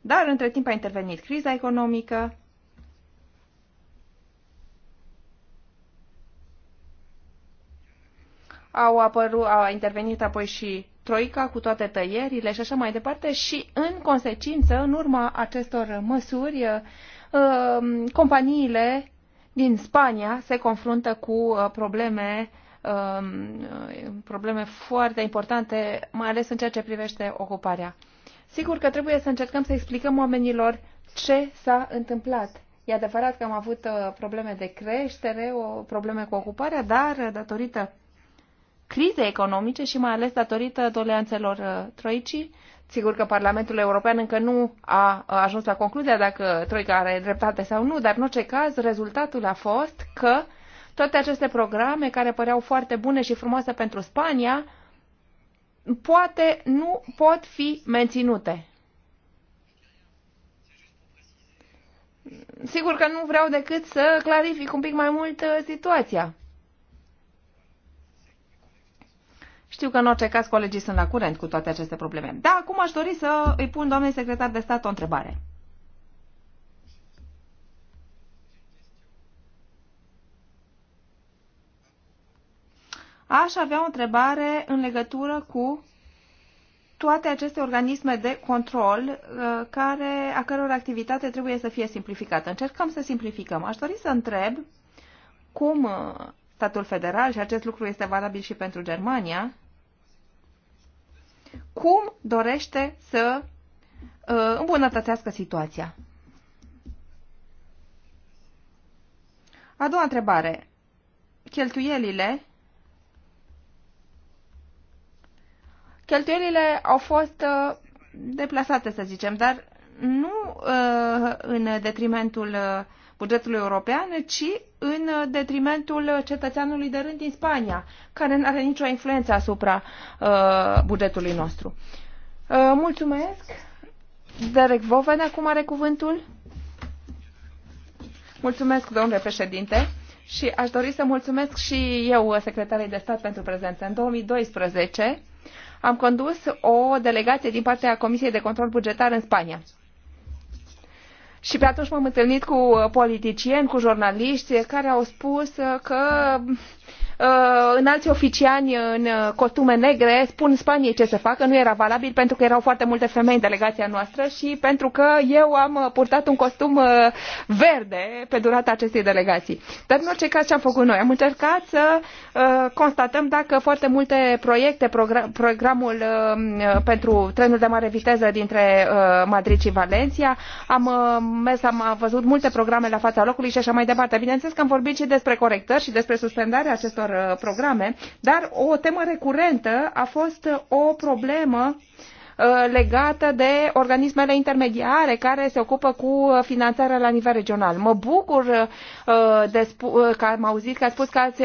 Dar între timp a intervenit criza economică, au apărut, a intervenit apoi și Troica cu toate tăierile și așa mai departe și, în consecință, în urma acestor măsuri, uh, um, companiile din Spania se confruntă cu uh, probleme um, probleme foarte importante, mai ales în ceea ce privește ocuparea. Sigur că trebuie să încercăm să explicăm oamenilor ce s-a întâmplat. E adevărat că am avut uh, probleme de creștere, o probleme cu ocuparea, dar datorită crize economice și mai ales datorită doleanțelor uh, troicii. Sigur că Parlamentul European încă nu a uh, ajuns la concluzia dacă Troica are dreptate sau nu, dar în orice caz rezultatul a fost că toate aceste programe care păreau foarte bune și frumoase pentru Spania, poate nu pot fi menținute. Sigur că nu vreau decât să clarific un pic mai mult uh, situația. Știu că în orice caz colegii sunt la curent cu toate aceste probleme. Da, acum aș dori să îi pun doamnei secretar de stat o întrebare. Aș avea o întrebare în legătură cu toate aceste organisme de control uh, care, a căror activitate trebuie să fie simplificată. Încercăm să simplificăm. Aș dori să întreb cum uh, statul federal și acest lucru este valabil și pentru Germania, cum dorește să uh, îmbunătățească situația. A doua întrebare. Cheltuielile Cheltuielile au fost uh, deplasate, să zicem, dar nu uh, în detrimentul uh, bugetului european, ci în uh, detrimentul uh, cetățeanului de rând din Spania, care nu are nicio influență asupra uh, bugetului nostru. Uh, mulțumesc! Derek Voven acum are cuvântul. Mulțumesc, domnule președinte, și aș dori să mulțumesc și eu, uh, secretarii de stat, pentru prezență. În 2012 am condus o delegație din partea Comisiei de Control Bugetar în Spania. Și pe atunci m-am întâlnit cu uh, politicieni, cu jurnaliști care au spus uh, că Uh, înalți oficiani în uh, costume negre spun Spaniei ce să facă, nu era valabil pentru că erau foarte multe femei în delegația noastră și pentru că eu am uh, purtat un costum verde pe durata acestei delegații. Dar în orice caz ce am făcut noi? Am încercat să constatăm dacă foarte multe proiecte, programul pentru trenul de mare viteză dintre Madrid și Valencia, am mers, am văzut multe programe la fața locului și așa mai departe. Bineînțeles că am vorbit și despre corectări și despre suspendarea acestor uh, programe, dar o temă recurentă a fost uh, o problemă uh, legată de organismele intermediare care se ocupă cu finanțarea la nivel regional. Mă bucur de că am auzit că ați spus că ați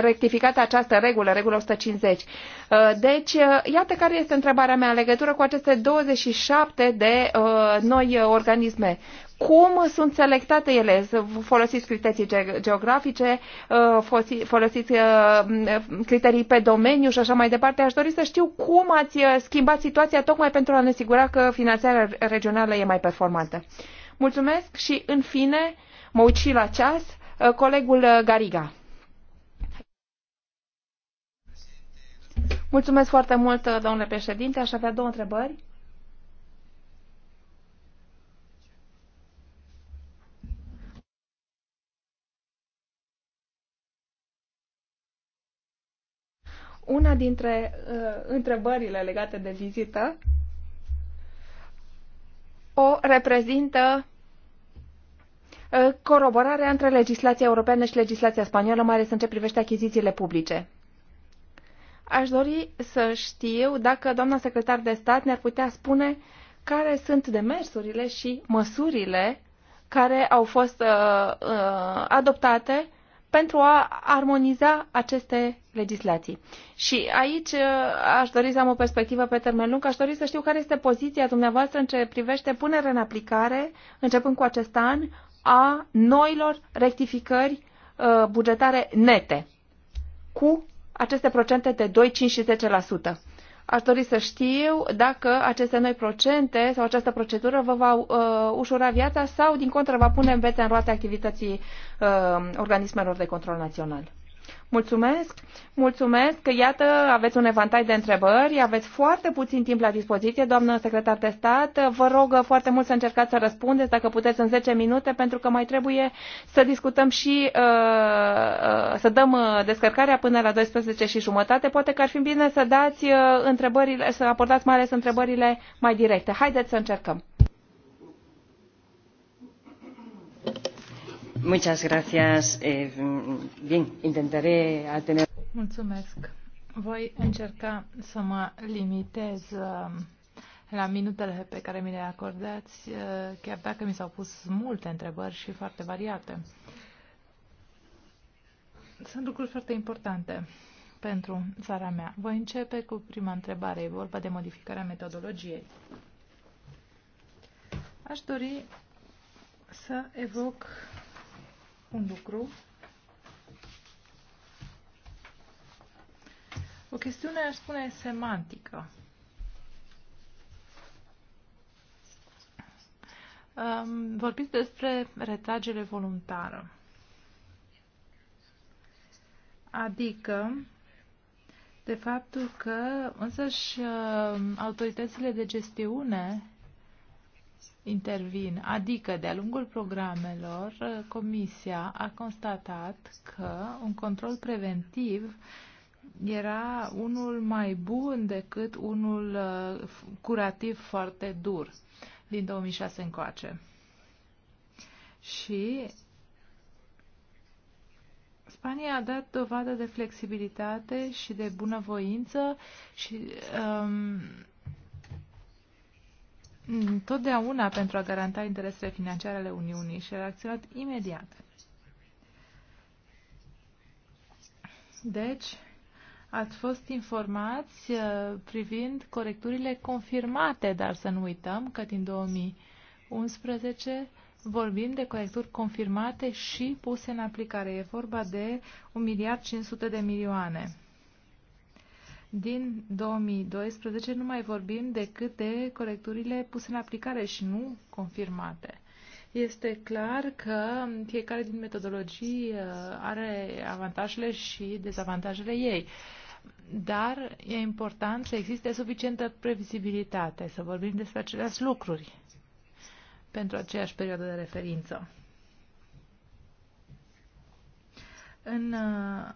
rectificat această regulă, regulă 150. Deci, iată care este întrebarea mea în legătură cu aceste 27 de noi organisme cum sunt selectate ele? Folosiți criterii geografice, uh, folosiți uh, mm, criterii pe domeniu și așa mai departe. Aș dori să știu cum ați uh, schimbat situația tocmai pentru a ne asigura că finanțarea regională e mai performantă. Mulțumesc și, în fine, mă uit și la ceas, colegul Gariga. Mulțumesc foarte mult, domnule președinte. Aș avea două întrebări. Una dintre uh, întrebările legate de vizită o reprezintă uh, coroborarea între legislația europeană și legislația spaniolă, mai ales în ce privește achizițiile publice. Aș dori să știu dacă doamna secretar de stat ne-ar putea spune care sunt demersurile și măsurile care au fost uh, uh, adoptate pentru a armoniza aceste legislații. Și aici uh, aș dori să am o perspectivă pe termen lung, aș dori să știu care este poziția dumneavoastră în ce privește punerea în aplicare, începând cu acest an, a noilor rectificări uh, bugetare nete cu aceste procente de 2, 5 și 10%. Aș dori să știu dacă aceste noi procente sau această procedură vă va uh, ușura viața sau, din contră, va pune în bețe în roate activității uh, organismelor de control național. Mulțumesc, mulțumesc că iată aveți un evantai de întrebări, aveți foarte puțin timp la dispoziție, doamnă secretar de stat. Vă rog foarte mult să încercați să răspundeți, dacă puteți, în 10 minute, pentru că mai trebuie să discutăm și uh, uh să dăm uh, descărcarea până la 12 și jumătate. Poate că ar fi bine să dați uh, întrebările, să aportați mai ales întrebările mai directe. Haideți să încercăm. Eh, Voi încerca să mă limitez uh, la minutele pe care mi le acordați, uh, chiar dacă mi s-au pus multe întrebări și foarte variate. Sunt lucruri foarte importante pentru țara mea. Voi începe cu prima întrebare. E vorba de modificarea metodologiei. Aș dori să evoc un lucru. O chestiune, aș spune, semantică. Um, vorbiți despre retragere voluntară. Adică, de faptul că însăși uh, autoritățile de gestiune intervin. Adică, de-a lungul programelor, Comisia a constatat că un control preventiv era unul mai bun decât unul uh, curativ foarte dur din 2006 încoace. Și Spania a dat dovadă de flexibilitate și de bunăvoință și um, Totdeauna pentru a garanta interesele financiare ale Uniunii și a reacționat imediat. Deci, ați fost informați uh, privind corecturile confirmate, dar să nu uităm că din 2011 vorbim de corecturi confirmate și puse în aplicare. E vorba de 1 miliard 500 de milioane din 2012 nu mai vorbim decât de corecturile puse în aplicare și nu confirmate. Este clar că fiecare din metodologii uh, are avantajele și dezavantajele ei dar e important să existe suficientă previzibilitate, să vorbim despre aceleași lucruri pentru aceeași perioadă de referință. În uh,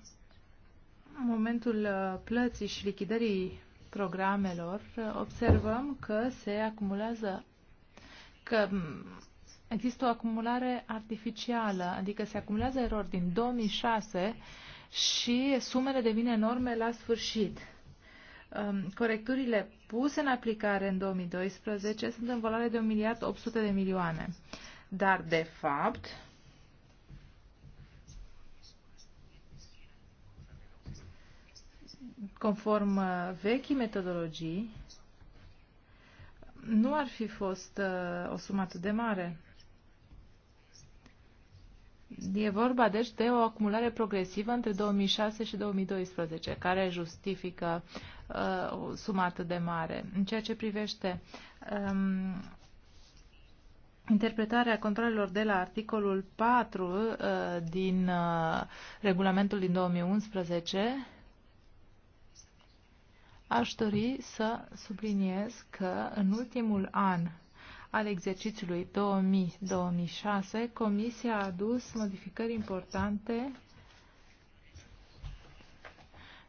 momentul uh, plății și lichidării programelor, uh, observăm că se acumulează, că mm, există o acumulare artificială, adică se acumulează erori din 2006 și sumele devin enorme la sfârșit. Um, corecturile puse în aplicare în 2012 sunt în valoare de 1 miliard 800 de milioane. Dar, de fapt, conform uh, vechii metodologii, nu ar fi fost uh, o sumă atât de mare. E vorba, deci, de o acumulare progresivă între 2006 și 2012, care justifică uh, o sumă atât de mare. În ceea ce privește um, interpretarea controlelor de la articolul 4 uh, din uh, regulamentul din 2011, Aș dori să subliniez că în ultimul an al exercițiului 2000-2006, Comisia a adus modificări importante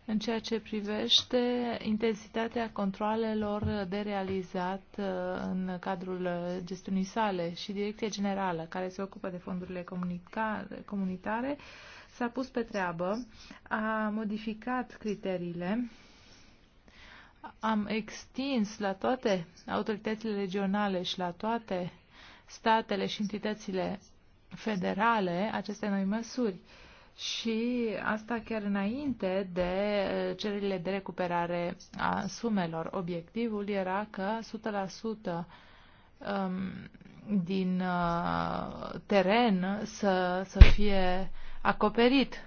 în ceea ce privește intensitatea controalelor de realizat uh, în cadrul gestiunii sale și Direcția Generală, care se ocupă de fondurile comunitare, s-a pus pe treabă, a modificat criteriile am extins la toate autoritățile regionale și la toate statele și entitățile federale aceste noi măsuri. Și asta chiar înainte de eh, cererile de recuperare a sumelor. Obiectivul era că 100% um, din eh, teren să, să fie acoperit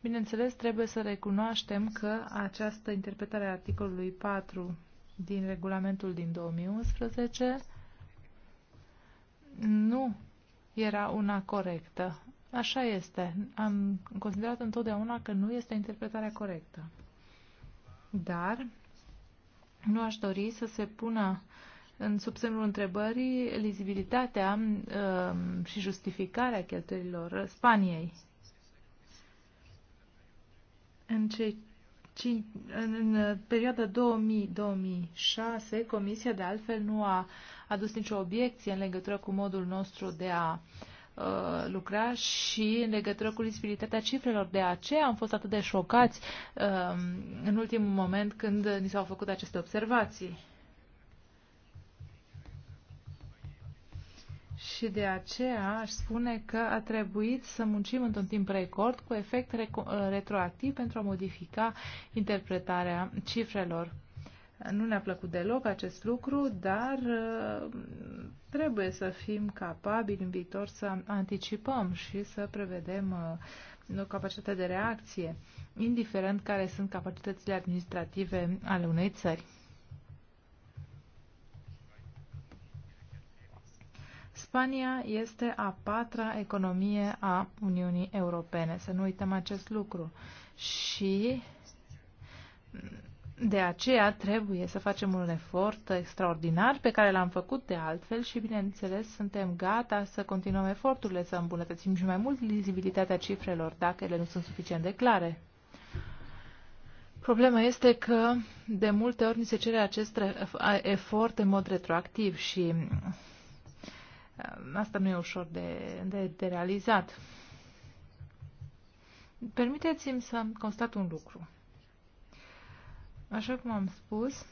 Bineînțeles, trebuie să recunoaștem că această interpretare a articolului 4 din regulamentul din 2011 nu era una corectă. Așa este. Am considerat întotdeauna că nu este interpretarea corectă. Dar nu aș dori să se pună în subsemnul întrebării lizibilitatea uh, și justificarea cheltuielilor Spaniei în, ce, în, în uh, perioada 2000-2006, Comisia de altfel nu a adus nicio obiecție în legătură cu modul nostru de a uh, lucra și în legătură cu lisibilitatea cifrelor. De aceea am fost atât de șocați uh, în ultimul moment când ni s-au făcut aceste observații. și de aceea aș spune că a trebuit să muncim într-un timp record cu efect retroactiv pentru a modifica interpretarea cifrelor. Nu ne-a plăcut deloc acest lucru, dar uh, trebuie să fim capabili în viitor să anticipăm și să prevedem uh, o capacitate de reacție, indiferent care sunt capacitățile administrative ale unei țări. Spania este a patra economie a Uniunii Europene, să nu uităm acest lucru. Și de aceea trebuie să facem un efort extraordinar pe care l-am făcut de altfel și, bineînțeles, suntem gata să continuăm eforturile, să îmbunătățim și mai mult vizibilitatea cifrelor dacă ele nu sunt suficient de clare. Problema este că de multe ori ni se cere acest efort în mod retroactiv și Ehm, asta nu e ușor de, de, de realizat. Permiteți-mi să constat un lucru. Așa cum am spus,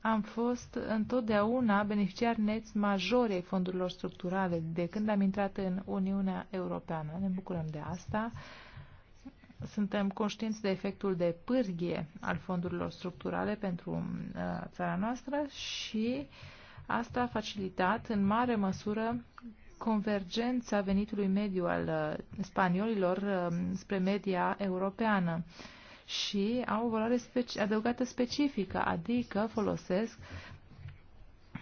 am fost întotdeauna beneficiar net majori ai fondurilor structurale de când am intrat în Uniunea Europeană. Ne bucurăm de asta. Suntem conștienți de efectul de pârghie al fondurilor structurale pentru uh, țara noastră și uh, Asta a facilitat în mare măsură convergența venitului mediu al uh, spaniolilor uh, spre media europeană și au o valoare speci adăugată specifică, adică folosesc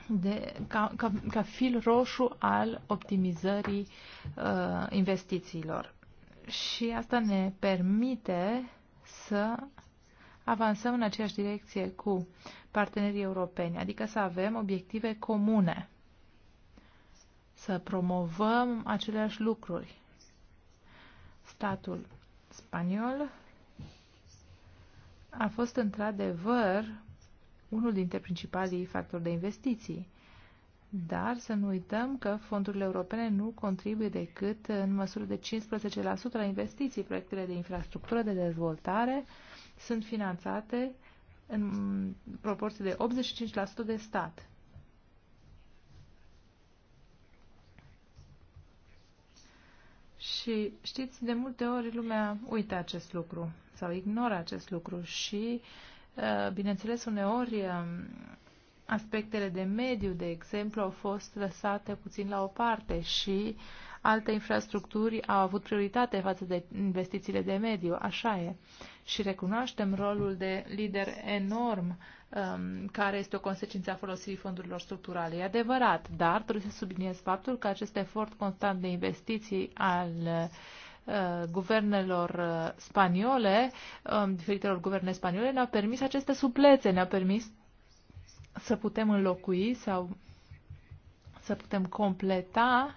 de, ca, ca, ca fil roșu al optimizării uh, investițiilor. Și asta ne permite să avansăm în aceeași direcție cu partenerii europeni, adică să avem obiective comune, să promovăm aceleași lucruri. Statul spaniol a fost într-adevăr unul dintre principalii factori de investiții. Dar să nu uităm că fondurile europene nu contribuie decât în măsură de 15% la investiții, proiectele de infrastructură, de dezvoltare sunt finanțate în proporție de 85% de stat. Și știți, de multe ori lumea uită acest lucru sau ignoră acest lucru și, uh, bineînțeles, uneori uh, aspectele de mediu, de exemplu, au fost lăsate puțin la o parte și uh, alte infrastructuri au avut prioritate față de investițiile de mediu, așa e. Și recunoaștem rolul de lider enorm um, care este o consecință a folosirii fondurilor structurale. E adevărat, dar trebuie să subliniez faptul că acest efort constant de investiții al uh, guvernelor uh, spaniole, um, diferitelor guverne spaniole, ne-au permis aceste suplețe, ne-au permis să putem înlocui sau să putem completa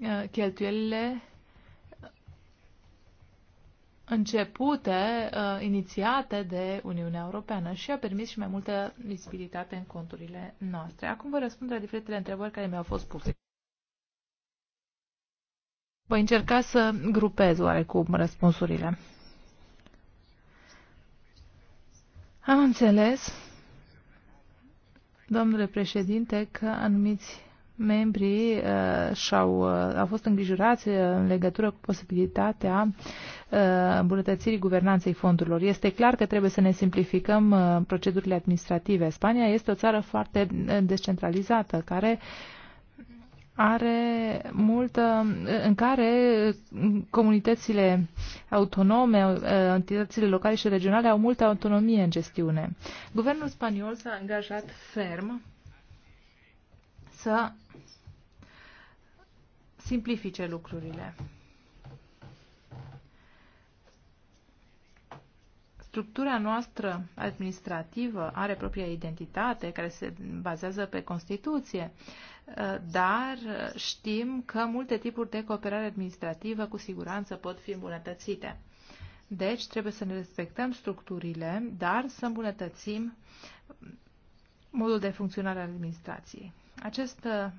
Uh, cheltuielile începute, uh, inițiate de Uniunea Europeană și a permis și mai multă vizibilitate în conturile noastre. Acum voi răspunde la diferitele întrebări care mi-au fost puse. Voi încerca să grupez oarecum răspunsurile. Am înțeles, domnule președinte, că anumiți membrii uh, au uh, au fost îngrijorați uh, în legătură cu posibilitatea uh, îmbunătățirii guvernanței fondurilor. Este clar că trebuie să ne simplificăm uh, procedurile administrative. Spania este o țară foarte uh, descentralizată, care are multă, în care uh, comunitățile autonome, uh, entitățile locale și regionale au multă autonomie în gestiune. Guvernul spaniol s-a angajat ferm să simplifice lucrurile. Structura noastră administrativă are propria identitate care se bazează pe Constituție, uh, dar știm că multe tipuri de cooperare administrativă cu siguranță pot fi îmbunătățite. Deci trebuie să ne respectăm structurile, dar să îmbunătățim modul de funcționare al administrației. Acest uh,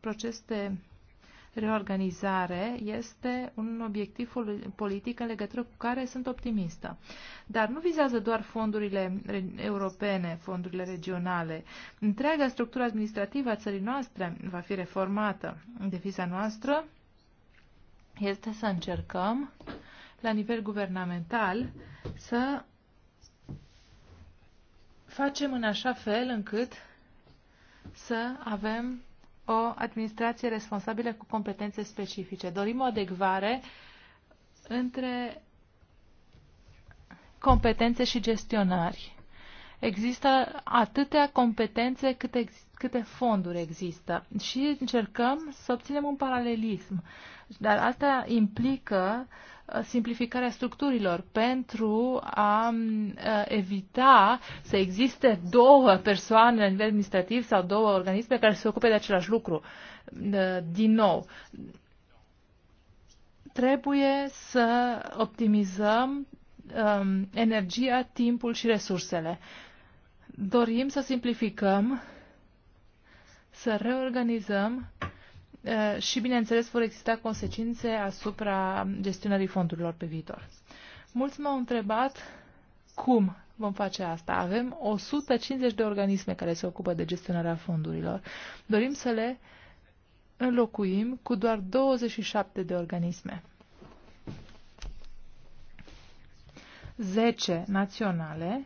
proces de reorganizare este un obiectiv politic în legătură cu care sunt optimistă. Dar nu vizează doar fondurile europene, fondurile regionale. Întreaga structură administrativă a țării noastre va fi reformată. Defisa noastră este să încercăm la nivel guvernamental să facem în așa fel încât să avem o administrație responsabilă cu competențe specifice. Dorim o adecvare între competențe și gestionari. Există atâtea competențe cât ex- câte fonduri există și încercăm să obținem un paralelism. Dar asta implică simplificarea structurilor pentru a evita să existe două persoane la nivel administrativ sau două organisme care se ocupe de același lucru. Din nou, trebuie să optimizăm um, energia, timpul și resursele. Dorim să simplificăm, să reorganizăm și, bineînțeles, vor exista consecințe asupra gestionării fondurilor pe viitor. Mulți m-au întrebat cum vom face asta. Avem 150 de organisme care se ocupă de gestionarea fondurilor. Dorim să le înlocuim cu doar 27 de organisme. 10 naționale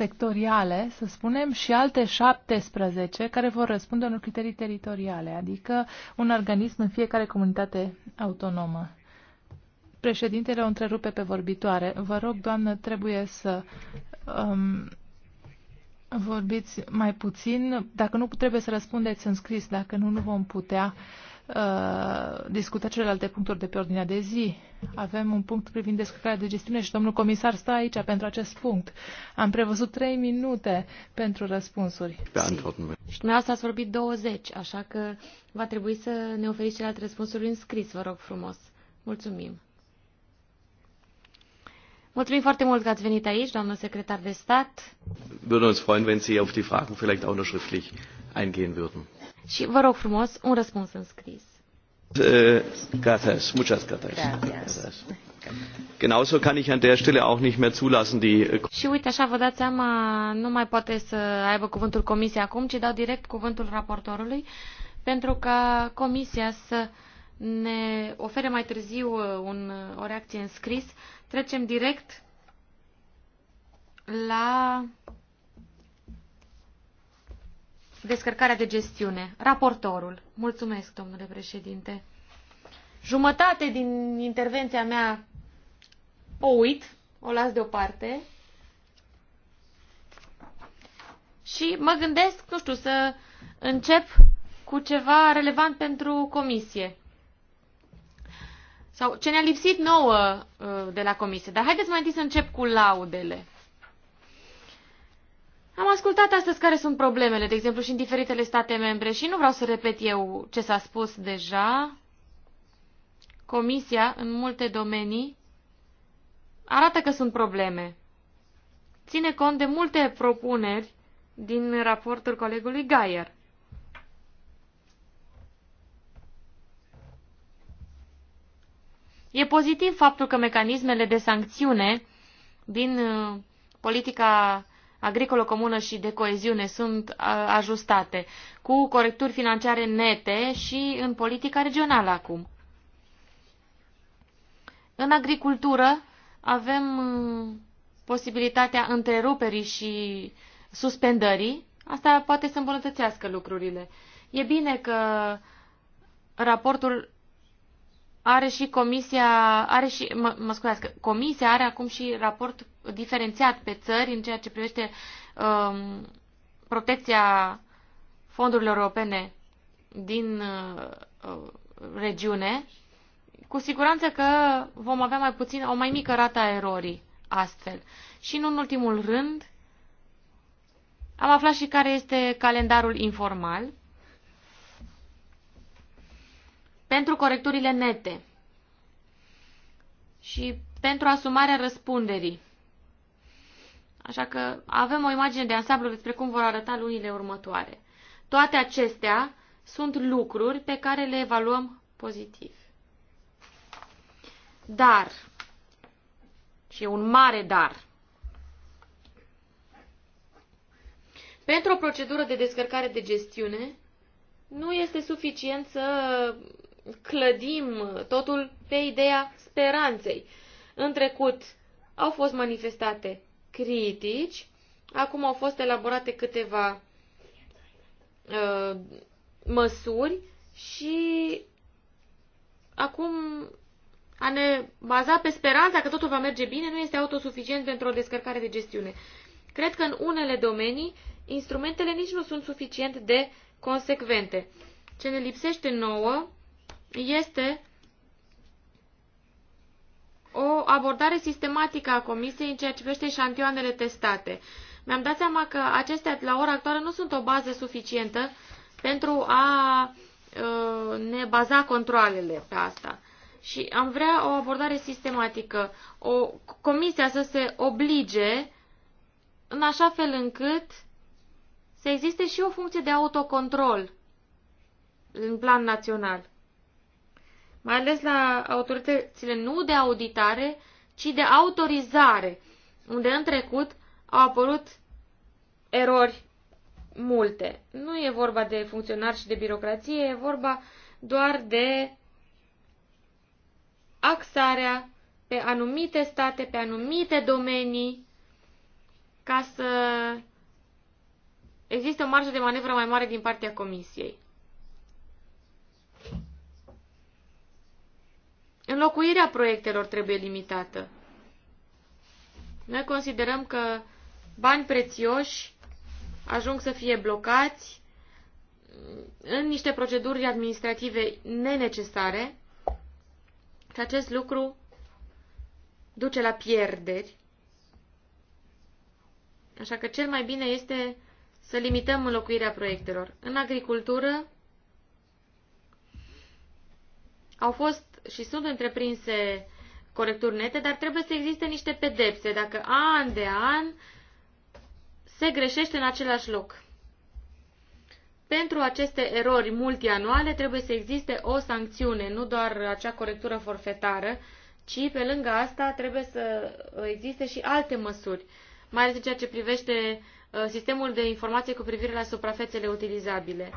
sectoriale, să spunem, și alte 17 care vor răspunde unor criterii teritoriale, adică un organism în fiecare comunitate autonomă. Președintele o întrerupe pe vorbitoare. Vă rog, doamnă, trebuie să um, vorbiți mai puțin. Dacă nu, trebuie să răspundeți în scris. Dacă nu, nu vom putea uh, uh, discuta celelalte puncturi de pe ordinea de zi. Avem un punct privind descărcarea de gestiune și domnul comisar stă aici pentru acest punct. Am prevăzut trei minute pentru răspunsuri. Și dumneavoastră ați vorbit 20, așa că va trebui să ne oferiți celelalte răspunsuri în scris, vă rog frumos. Mulțumim. Mulțumim foarte mult că ați venit aici, doamnă secretar de stat. Würde uns freuen, wenn Sie auf die Fragen vielleicht auch noch schriftlich eingehen würden. Și vă rog frumos un răspuns în scris. Eh, Gathers, muchas Gathers. Genauso kann ich an der Stelle auch nicht mehr zulassen die äh, Și uite așa vă dați seama, nu mai poate să aibă cuvântul comisia acum, ci dau direct cuvântul raportorului pentru ca comisia să ne ofere mai târziu uh, un, o reacție în scris. Trecem direct la descărcarea de gestiune. Raportorul. Mulțumesc, domnule președinte. Jumătate din intervenția mea o uit, o las deoparte și mă gândesc, nu știu, să încep cu ceva relevant pentru comisie. Sau ce ne-a lipsit nouă uh, de la comisie. Dar haideți mai întâi să încep cu laudele. Am ascultat astăzi care sunt problemele, de exemplu, și în diferitele state membre și nu vreau să repet eu ce s-a spus deja. Comisia, în multe domenii, arată că sunt probleme. Ține cont de multe propuneri din raportul colegului Gaier. E pozitiv faptul că mecanismele de sancțiune din uh, politica agricolă comună și de coeziune sunt ajustate, cu corecturi financiare nete și în politica regională acum. În agricultură avem uh, posibilitatea întreruperii și suspendării. Asta poate să îmbunătățească lucrurile. E bine că raportul are și comisia, are și, mă, mă scuzați, comisia are acum și raport diferențiat pe țări în ceea ce privește um, protecția fondurilor europene din uh, uh regiune, cu siguranță că vom avea mai puțin, o mai mică rată a erorii astfel. Și în ultimul rând, am aflat și care este calendarul informal. pentru corecturile nete și pentru asumarea răspunderii. Așa că avem o imagine de ansamblu despre cum vor arăta lunile următoare. Toate acestea sunt lucruri pe care le evaluăm pozitiv. Dar, și e un mare dar, pentru o procedură de descărcare de gestiune, nu este suficient să clădim totul pe ideea speranței. În trecut au fost manifestate critici, acum au fost elaborate câteva uh, măsuri și acum a ne baza pe speranța că totul va merge bine nu este autosuficient pentru o descărcare de gestiune. Cred că în unele domenii instrumentele nici nu sunt suficient de consecvente. Ce ne lipsește nouă este o abordare sistematică a Comisiei în ceea ce privește șantioanele testate. Mi-am dat seama că acestea, la ora actuală, nu sunt o bază suficientă pentru a ă, ne baza controlele pe asta. Și am vrea o abordare sistematică, o comisia să se oblige în așa fel încât să existe și o funcție de autocontrol în plan național mai ales la autoritățile nu de auditare, ci de autorizare, unde în trecut au apărut erori multe. Nu e vorba de funcționari și de birocrație, e vorba doar de axarea pe anumite state, pe anumite domenii, ca să existe o marjă de manevră mai mare din partea Comisiei. Înlocuirea proiectelor trebuie limitată. Noi considerăm că bani prețioși ajung să fie blocați în niște proceduri administrative nenecesare și acest lucru duce la pierderi. Așa că cel mai bine este să limităm înlocuirea proiectelor. În agricultură au fost și sunt întreprinse corecturi nete, dar trebuie să existe niște pedepse dacă an de an se greșește în același loc. Pentru aceste erori multianuale trebuie să existe o sancțiune, nu doar acea corectură forfetară, ci pe lângă asta trebuie să existe și alte măsuri, mai ales în ceea ce privește uh, sistemul de informație cu privire la suprafețele utilizabile.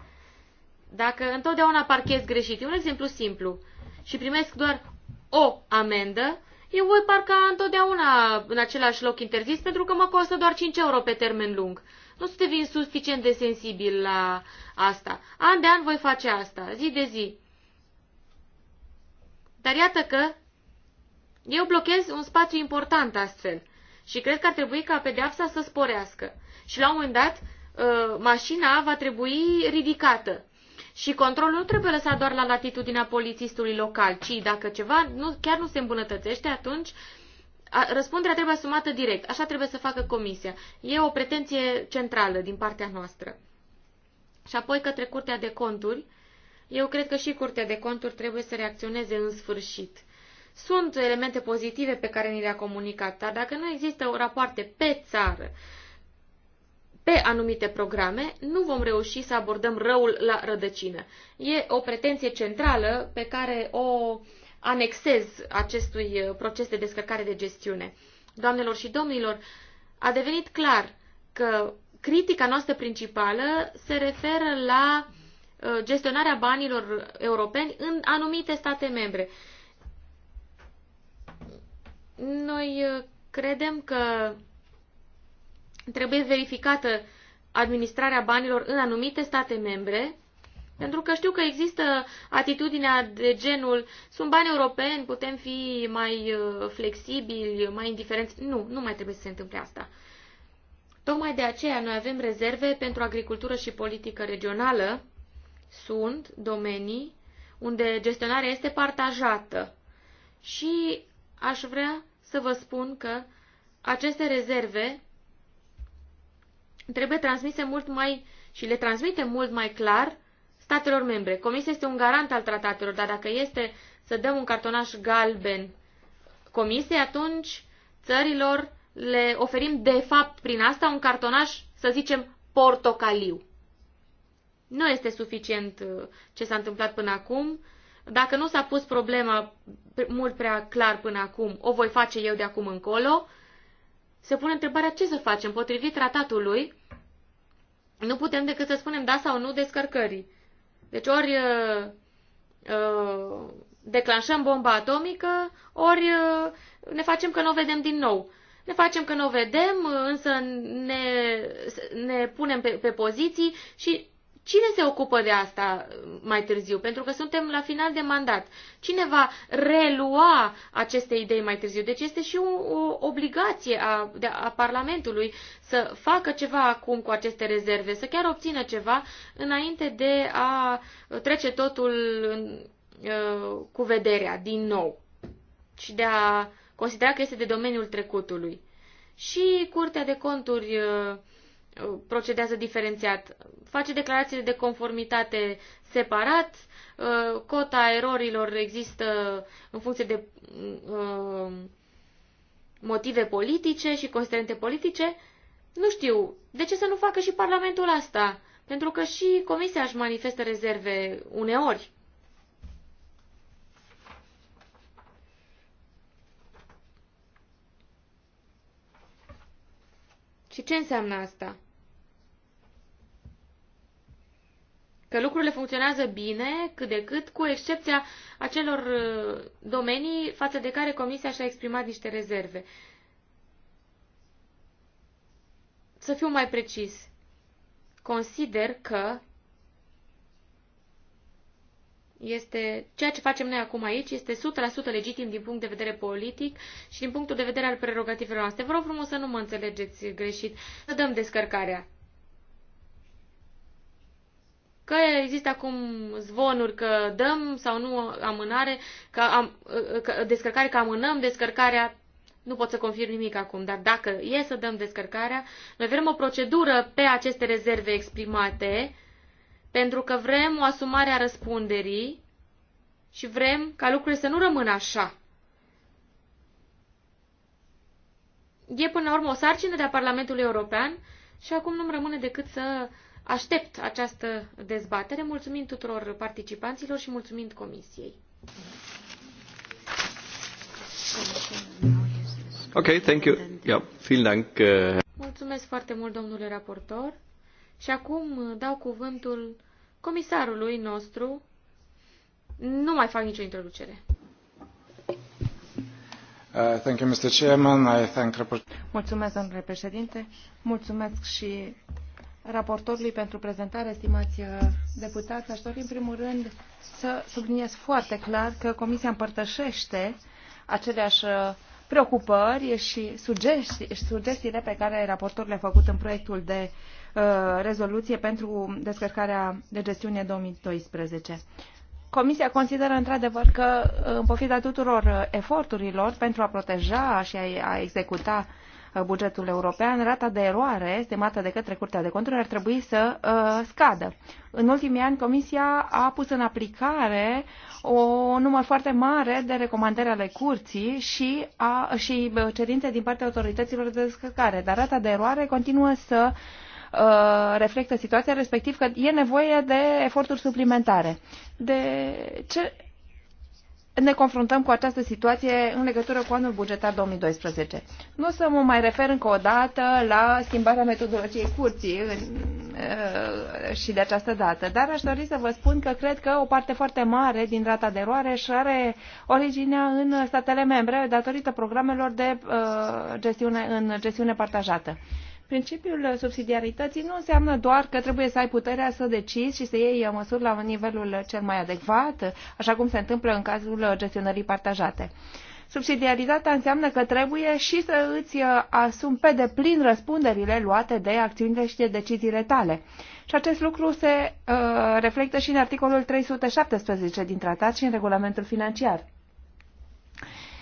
Dacă întotdeauna parchezi greșit, e un exemplu simplu, și primesc doar o amendă, eu voi parca întotdeauna în același loc interzis pentru că mă costă doar 5 euro pe termen lung. Nu să devin suficient de sensibil la asta. An de an voi face asta, zi de zi. Dar iată că eu blochez un spațiu important astfel și cred că ar trebui ca pedeapsa să sporească. Și la un moment dat, uh, mașina va trebui ridicată. Și controlul nu trebuie lăsat doar la latitudinea polițistului local, ci dacă ceva nu, chiar nu se îmbunătățește, atunci a, răspunderea trebuie asumată direct. Așa trebuie să facă comisia. E o pretenție centrală din partea noastră. Și apoi către Curtea de Conturi, eu cred că și Curtea de Conturi trebuie să reacționeze în sfârșit. Sunt elemente pozitive pe care ni le-a comunicat, dar dacă nu există o rapoarte pe țară, pe anumite programe, nu vom reuși să abordăm răul la rădăcină. E o pretenție centrală pe care o anexez acestui uh, proces de descărcare de gestiune. Doamnelor și domnilor, a devenit clar că critica noastră principală se referă la uh, gestionarea banilor europeni în anumite state membre. Noi uh, credem că trebuie verificată administrarea banilor în anumite state membre, pentru că știu că există atitudinea de genul, sunt bani europeni, putem fi mai uh, flexibili, mai indiferenți. Nu, nu mai trebuie să se întâmple asta. Tocmai de aceea noi avem rezerve pentru agricultură și politică regională. Sunt domenii unde gestionarea este partajată. Și aș vrea să vă spun că aceste rezerve trebuie transmise mult mai și le transmite mult mai clar statelor membre. Comisia este un garant al tratatelor, dar dacă este să dăm un cartonaș galben comisiei, atunci țărilor le oferim de fapt prin asta un cartonaș, să zicem, portocaliu. Nu este suficient uh, ce s-a întâmplat până acum. Dacă nu s-a pus problema mult prea clar până acum, o voi face eu de acum încolo se pune întrebarea ce să facem. Potrivit tratatului, nu putem decât să spunem da sau nu descărcării. Deci ori uh, uh, declanșăm bomba atomică, ori uh, ne facem că nu o vedem din nou. Ne facem că nu o vedem, însă ne, ne punem pe, pe poziții și Cine se ocupă de asta uh, mai târziu? Pentru că suntem la final de mandat. Cine va relua aceste idei mai târziu? Deci este și o, o obligație a, de, a Parlamentului să facă ceva acum cu aceste rezerve, să chiar obțină ceva înainte de a uh, trece totul în, uh, cu vederea din nou și de a considera că este de domeniul trecutului. Și Curtea de Conturi procedează diferențiat. Face declarațiile de conformitate separat, uh, cota erorilor există în funcție de uh, motive politice și considerente politice. Nu știu, de ce să nu facă și Parlamentul asta? Pentru că și Comisia își manifestă rezerve uneori. Și ce înseamnă asta? că lucrurile funcționează bine, cât de cât, cu excepția acelor uh, domenii față de care Comisia și-a exprimat niște rezerve. Să fiu mai precis, consider că este, ceea ce facem noi acum aici este 100% legitim din punct de vedere politic și din punctul de vedere al prerogativelor noastre. Vă rog frumos să nu mă înțelegeți greșit. Să dăm descărcarea. Că există acum zvonuri că dăm sau nu amânare, că, am, că descărcare, că amânăm descărcarea, nu pot să confirm nimic acum, dar dacă e să dăm descărcarea, noi vrem o procedură pe aceste rezerve exprimate, pentru că vrem o asumare a răspunderii și vrem ca lucrurile să nu rămână așa. E până la urmă o sarcină de-a Parlamentului European și acum nu-mi rămâne decât să Aștept această dezbatere, mulțumind tuturor participanților și mulțumind comisiei. Ok, thank you. Yeah, vielen Dank. Uh, Mulțumesc foarte mult, domnule raportor. Și acum dau cuvântul comisarului nostru. Nu mai fac nicio introducere. Uh, thank you, Mr. Chairman. I thank... Mulțumesc, domnule președinte. Mulțumesc și raportorului pentru prezentare, stimați uh, deputați. Aș dori în primul rând să subliniez foarte clar că Comisia împărtășește aceleași uh, preocupări și sugestii, sugestiile pe care raportorul le-a făcut în proiectul de uh, rezoluție pentru descărcarea de gestiune 2012. Comisia consideră într-adevăr că, uh, în pofida tuturor eforturilor pentru a proteja și a, a executa uh, bugetul european, rata de eroare estimată de către Curtea de Conturi ar trebui să uh, scadă. În ultimii ani, Comisia a pus în aplicare o număr foarte mare de recomandări ale curții și, a, și uh, cerințe din partea autorităților de descărcare, dar rata de eroare continuă să uh, reflectă situația, respectiv că e nevoie de eforturi suplimentare. De ce ne confruntăm cu această situație în legătură cu anul bugetar 2012. Nu să mă mai refer încă o dată la schimbarea metodologiei curții uh, și de această dată, dar aș dori să vă spun că cred că o parte foarte mare din rata de eroare și are originea în statele membre datorită programelor de uh, gestiune, în gestiune partajată. Principiul subsidiarității nu înseamnă doar că trebuie să ai puterea să decizi și să iei măsuri la nivelul cel mai adecvat, așa cum se întâmplă în cazul gestionării partajate. Subsidiaritatea înseamnă că trebuie și să îți asumi pe deplin răspunderile luate de acțiunile și de deciziile tale. Și acest lucru se uh, reflectă și în articolul 317 din tratat și în regulamentul financiar.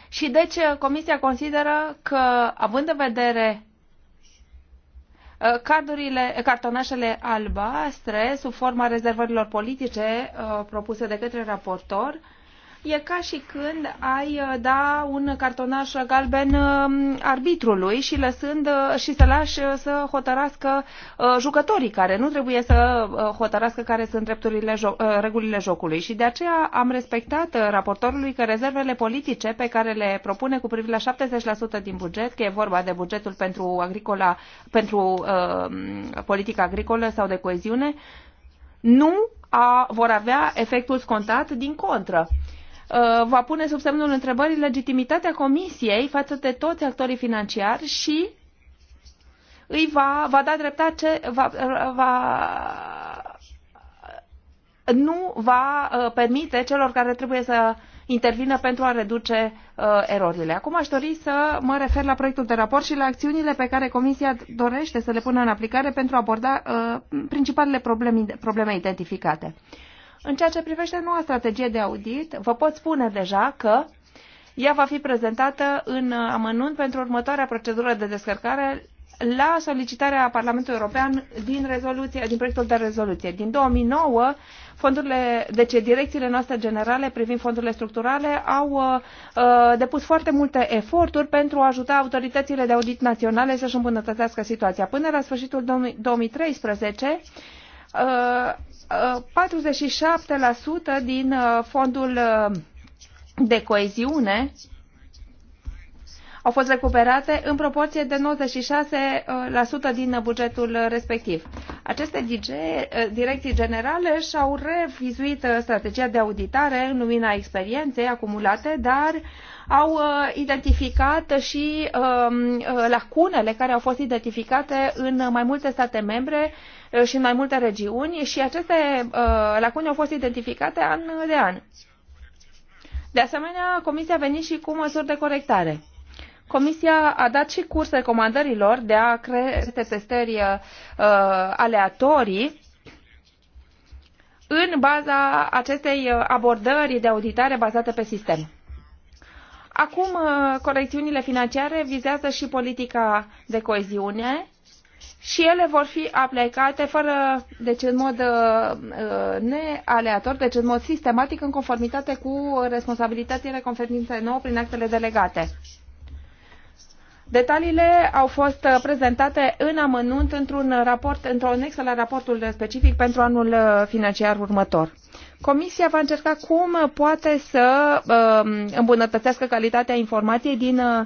Și deci uh, Comisia consideră că, având în vedere Uh, cardurile, cartonașele albastre, sub forma rezervărilor politice uh, propuse de către raportor, E ca și când ai uh, da un cartonaș galben um, arbitrului și lăsând uh, și să lași uh, să hotărască jucătorii care nu trebuie să hotărască care sunt drepturile regulile jocului și de aceea am respectat raportorului că rezervele politice pe care le propune cu privire la 70% din buget, că e vorba de bugetul pentru agricola pentru uh, politica agricolă sau de coeziune, nu a, vor avea efectul scontat din contră. Uh, va pune sub semnul întrebării legitimitatea Comisiei față de toți actorii financiari și îi va, va da dreptate, va, va, nu va uh, permite celor care trebuie să intervină pentru a reduce uh, erorile. Acum aș dori să mă refer la proiectul de raport și la acțiunile pe care Comisia dorește să le pună în aplicare pentru a aborda uh, principalele probleme, probleme identificate. Uh, în ceea ce privește noua strategie de audit, vă pot spune deja că ea va fi prezentată în amănunt pentru următoarea procedură de descărcare la solicitarea Parlamentului European din, rezoluție, din proiectul de rezoluție. Din 2009, fondurile, deci direcțiile noastre generale privind fondurile structurale au uh, uh, depus foarte multe eforturi pentru a ajuta autoritățile de audit naționale să-și îmbunătățească situația. Până la sfârșitul 2013, uh, 47% uh, din uh, fondul uh, de coeziune au fost recuperate în proporție de 96% din bugetul respectiv. Aceste DG, direcții generale și-au revizuit strategia de auditare în lumina experienței acumulate, dar au identificat și um, lacunele care au fost identificate în mai multe state membre, Uh, și în mai multe regiuni și aceste uh, lacune au fost identificate an de an. De asemenea, Comisia a venit și cu măsuri de corectare. Comisia a dat și curs recomandărilor de a crește aceste testări uh, aleatorii în baza acestei uh, abordări de auditare bazate pe sistem. Acum, corecțiunile financiare vizează și politica de coeziune și ele vor fi aplicate fără, deci în mod uh, nealeator, deci în mod sistematic, în conformitate cu responsabilitățile conferințe nouă prin actele delegate. Detaliile au fost uh, prezentate în amănunt într-un raport, într-o anexă la raportul specific pentru anul uh, financiar următor. Comisia va încerca cum poate să uh, îmbunătățească calitatea informației din uh,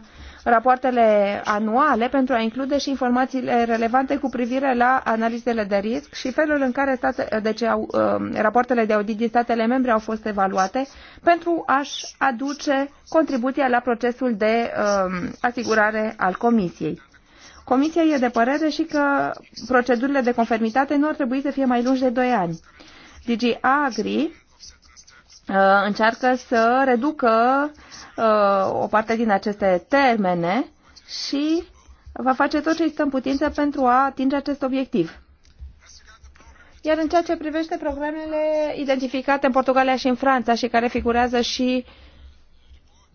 rapoartele anuale pentru a include și informațiile relevante cu privire la analizele de risc și felul în care state, deci, au, ă, rapoartele de audit din statele membre au fost evaluate pentru a-și aduce contribuția la procesul de um, asigurare al Comisiei. Comisia e de părere și că procedurile de conformitate nu ar trebui să fie mai lungi de 2 ani. DG Agri ă, încearcă să reducă Uh, o parte din aceste termene și va face tot ce este în putință pentru a atinge acest obiectiv. Iar în ceea ce privește programele identificate în Portugalia și în Franța și care figurează și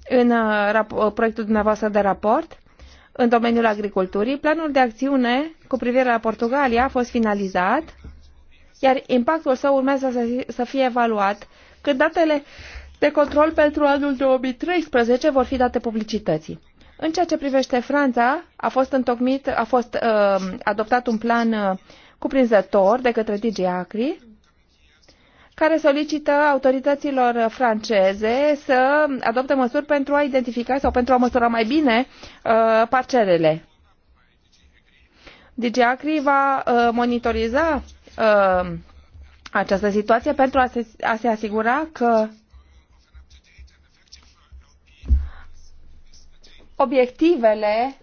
în uh, uh, proiectul dumneavoastră de raport, în domeniul agriculturii, planul de acțiune cu privire la Portugalia a fost finalizat, iar impactul său urmează să fie evaluat când datele de control pentru anul 2013 vor fi date publicității. În ceea ce privește Franța, a fost întocmit, a fost uh, adoptat un plan uh, cuprinzător de către DG Acri, care solicită autorităților franceze să adopte măsuri pentru a identifica sau pentru a măsura mai bine uh, parcelele. DG Acri va uh, monitoriza uh, această situație pentru a se, a se asigura că obiectivele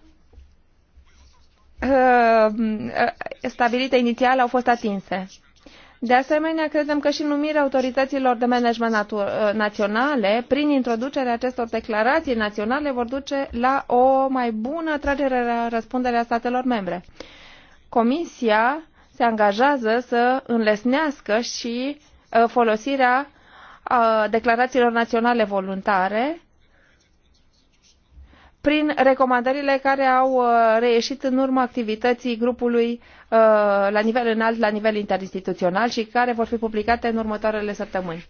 uh, stabilite inițial au fost atinse. De asemenea, credem că și numirea autorităților de management uh, naționale, prin introducerea acestor declarații naționale, vor duce la o mai bună tragere la răspunderea statelor membre. Comisia se angajează să înlesnească și uh, folosirea declarațiilor naționale voluntare prin recomandările care au uh, reieșit în urma activității grupului uh, la nivel înalt, la nivel interinstituțional și care vor fi publicate în următoarele săptămâni.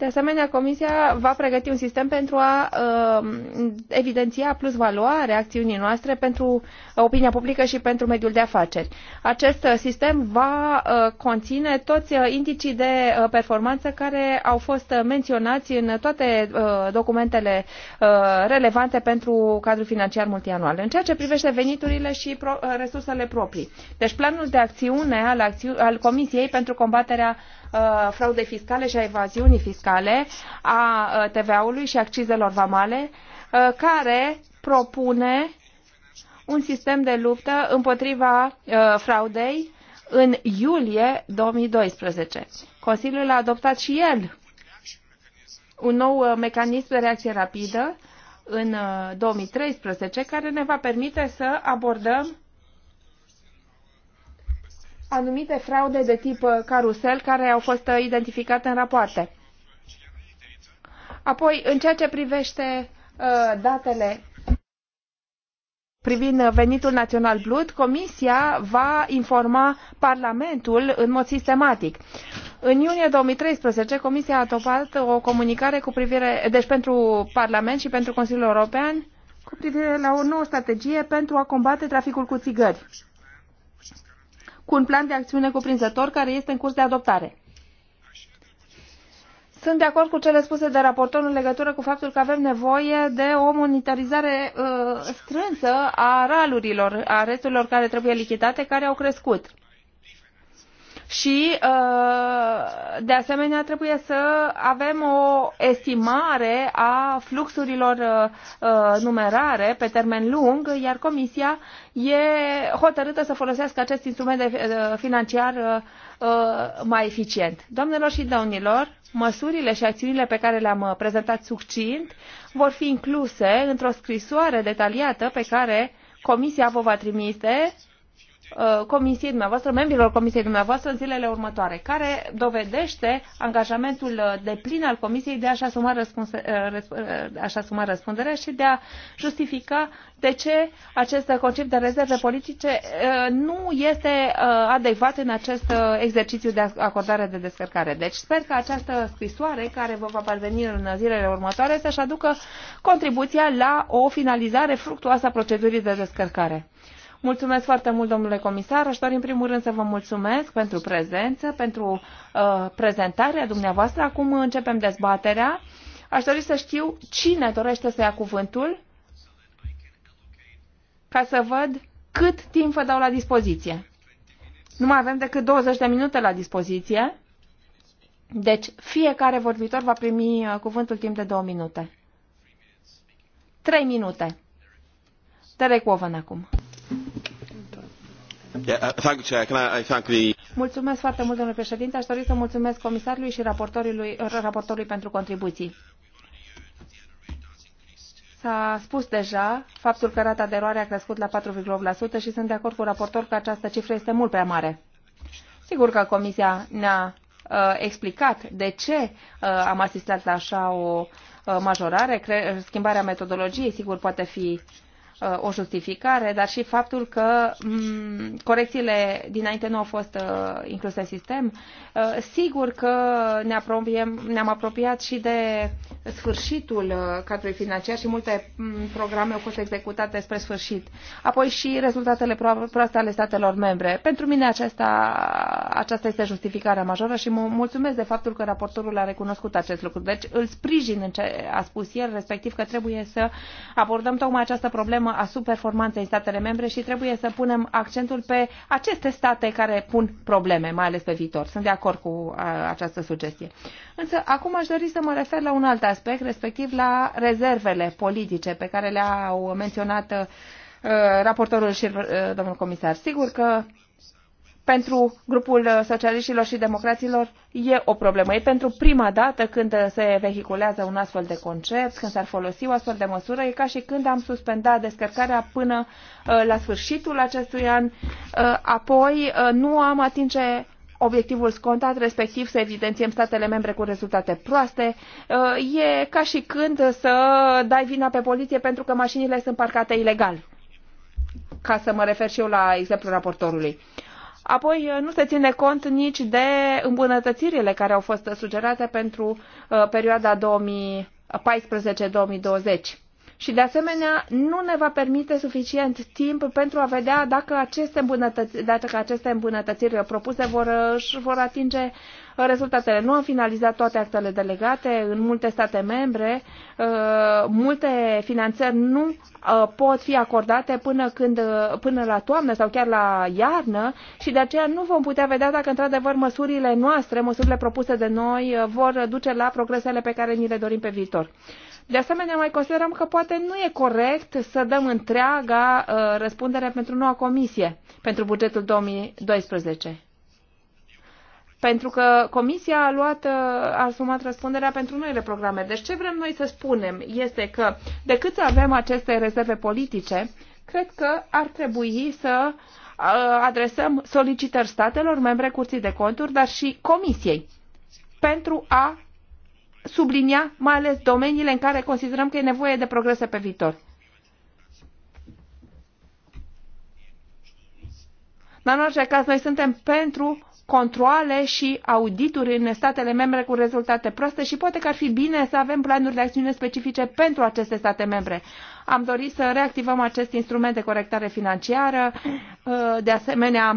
De asemenea, Comisia va pregăti un sistem pentru a uh, evidenția plus valoare acțiunii noastre pentru uh, opinia publică și pentru mediul de afaceri. Acest uh, sistem va uh, conține toți uh, indicii de uh, performanță care au fost menționați în toate uh, documentele uh, relevante pentru cadrul financiar multianual, în ceea ce privește veniturile și pro, uh, resursele proprii. Deci planul de acțiune al, acțiu- al Comisiei pentru combaterea uh, Uh, fraudei fiscale și a evaziunii fiscale, a uh, TVA-ului și accizelor vamale, uh, care propune un sistem de luptă împotriva fraudei în iulie 2012. Consiliul a adoptat și el un nou mecanism de reacție rapidă în 2013 care ne va permite să abordăm anumite fraude de tip uh, carusel care au fost uh, identificate în rapoarte. Apoi, în ceea ce privește uh, datele privind uh, venitul național brut, Comisia va informa Parlamentul în mod sistematic. În iunie 2013, Comisia a topat o comunicare cu privire, deci pentru Parlament și pentru Consiliul European cu privire la o nouă strategie pentru a combate traficul cu țigări cu un plan de acțiune cuprinzător care este în curs de adoptare. Sunt de acord cu cele spuse de raportor în legătură cu faptul că avem nevoie de o monitorizare uh, strânsă a ralurilor, a rețelor care trebuie lichidate, care au crescut și, uh, de asemenea, trebuie să avem o estimare a fluxurilor uh, uh, numerare pe termen lung, iar Comisia e hotărâtă să folosească acest instrument financiar mai eficient. Doamnelor și domnilor, măsurile și acțiunile pe care le-am prezentat succint vor fi incluse într-o scrisoare detaliată pe care Comisia vă va trimite Uh, comisiei dumneavoastră, membrilor comisiei dumneavoastră în zilele următoare, care dovedește angajamentul uh, de plin al comisiei de a-și asuma, răspuns, uh, a asuma răspunderea și de a justifica de ce acest concept de rezerve politice nu este adecvat în acest exercițiu de acordare de descărcare. Deci sper că această scrisoare care vă va parveni în zilele următoare să-și aducă contribuția la o finalizare fructuoasă a procedurii de descărcare. Mulțumesc foarte mult, domnule comisar. Aș dori în primul rând să vă mulțumesc pentru prezență, pentru uh, prezentarea dumneavoastră. Acum începem dezbaterea. Aș dori să știu cine dorește să ia cuvântul ca să văd cât timp vă dau la dispoziție. Nu mai avem decât 20 de minute la dispoziție, deci fiecare vorbitor va primi uh, cuvântul timp de 2 minute. 3 minute. Te recuovăn acum. Uh, mulțumesc foarte mult, domnule președinte. Aș dori să mulțumesc comisarului și raportorului, uh, raportorului pentru contribuții. S-a spus deja faptul că rata de eroare a crescut la 4,8% și sunt de acord cu raportor că această cifră este mult prea mare. Sigur că Comisia ne-a uh, explicat de ce uh, am asistat la așa o uh, majorare. Cre- schimbarea metodologiei, sigur, poate fi uh, Uh, o justificare, dar și faptul că mm, corecțiile dinainte nu au fost uh, incluse în sistem. Uh, sigur că ne apropiem, ne-am apropiat și de sfârșitul uh, cadrului financiar și multe mm, programe au fost executate spre sfârșit. Apoi și rezultatele proaste ale statelor membre. Pentru mine aceasta, aceasta este justificarea majoră și mă mulțumesc de faptul că raportorul a recunoscut acest lucru. Deci îl sprijin în ce a spus el, respectiv că trebuie să abordăm tocmai această problemă a superformanței statele membre și trebuie să punem accentul pe aceste state care pun probleme, mai ales pe viitor. Sunt de acord cu această sugestie. Însă acum aș dori să mă refer la un alt aspect aspect, respectiv la rezervele politice pe care le-au menționat uh, raportorul și uh, domnul comisar. Sigur că pentru grupul socialiștilor și democraților e o problemă. E pentru prima dată când se vehiculează un astfel de concept, când s-ar folosi o astfel de măsură, e ca și când am suspendat descărcarea până uh, la sfârșitul acestui an, apoi nu am atinge obiectivul scontat, respectiv să evidențiem statele membre cu rezultate proaste. Uh, e ca și când să dai vina pe poliție pentru că mașinile sunt parcate ilegal, ca să mă refer și eu la exemplul raportorului. Apoi uh, nu se ține cont nici de îmbunătățirile care au fost sugerate pentru uh, perioada 2014-2020 și, de asemenea, nu ne va permite suficient timp pentru a vedea dacă aceste îmbunătățiri, dacă aceste îmbunătățiri propuse vor, vor atinge rezultatele. Nu am finalizat toate actele delegate în multe state membre. Uh, multe finanțări nu uh, pot fi acordate până, când, uh, până la toamnă sau chiar la iarnă și de aceea nu vom putea vedea dacă într-adevăr măsurile noastre, măsurile propuse de noi vor duce la progresele pe care ni le dorim pe viitor. De asemenea, mai considerăm că poate nu e corect să dăm întreaga uh, răspundere pentru noua comisie, pentru bugetul 2012. Pentru că comisia a luat, uh, a asumat răspunderea pentru noile programe. Deci ce vrem noi să spunem este că decât să avem aceste rezerve politice, cred că ar trebui să uh, adresăm solicitări statelor, membre curții de conturi, dar și comisiei pentru a sublinia mai ales domeniile în care considerăm că e nevoie de progrese pe viitor. Dar în orice caz, noi suntem pentru controle și audituri în statele membre cu rezultate proaste și poate că ar fi bine să avem planuri de acțiune specifice pentru aceste state membre. Am dorit să reactivăm acest instrument de corectare financiară, uh, de asemenea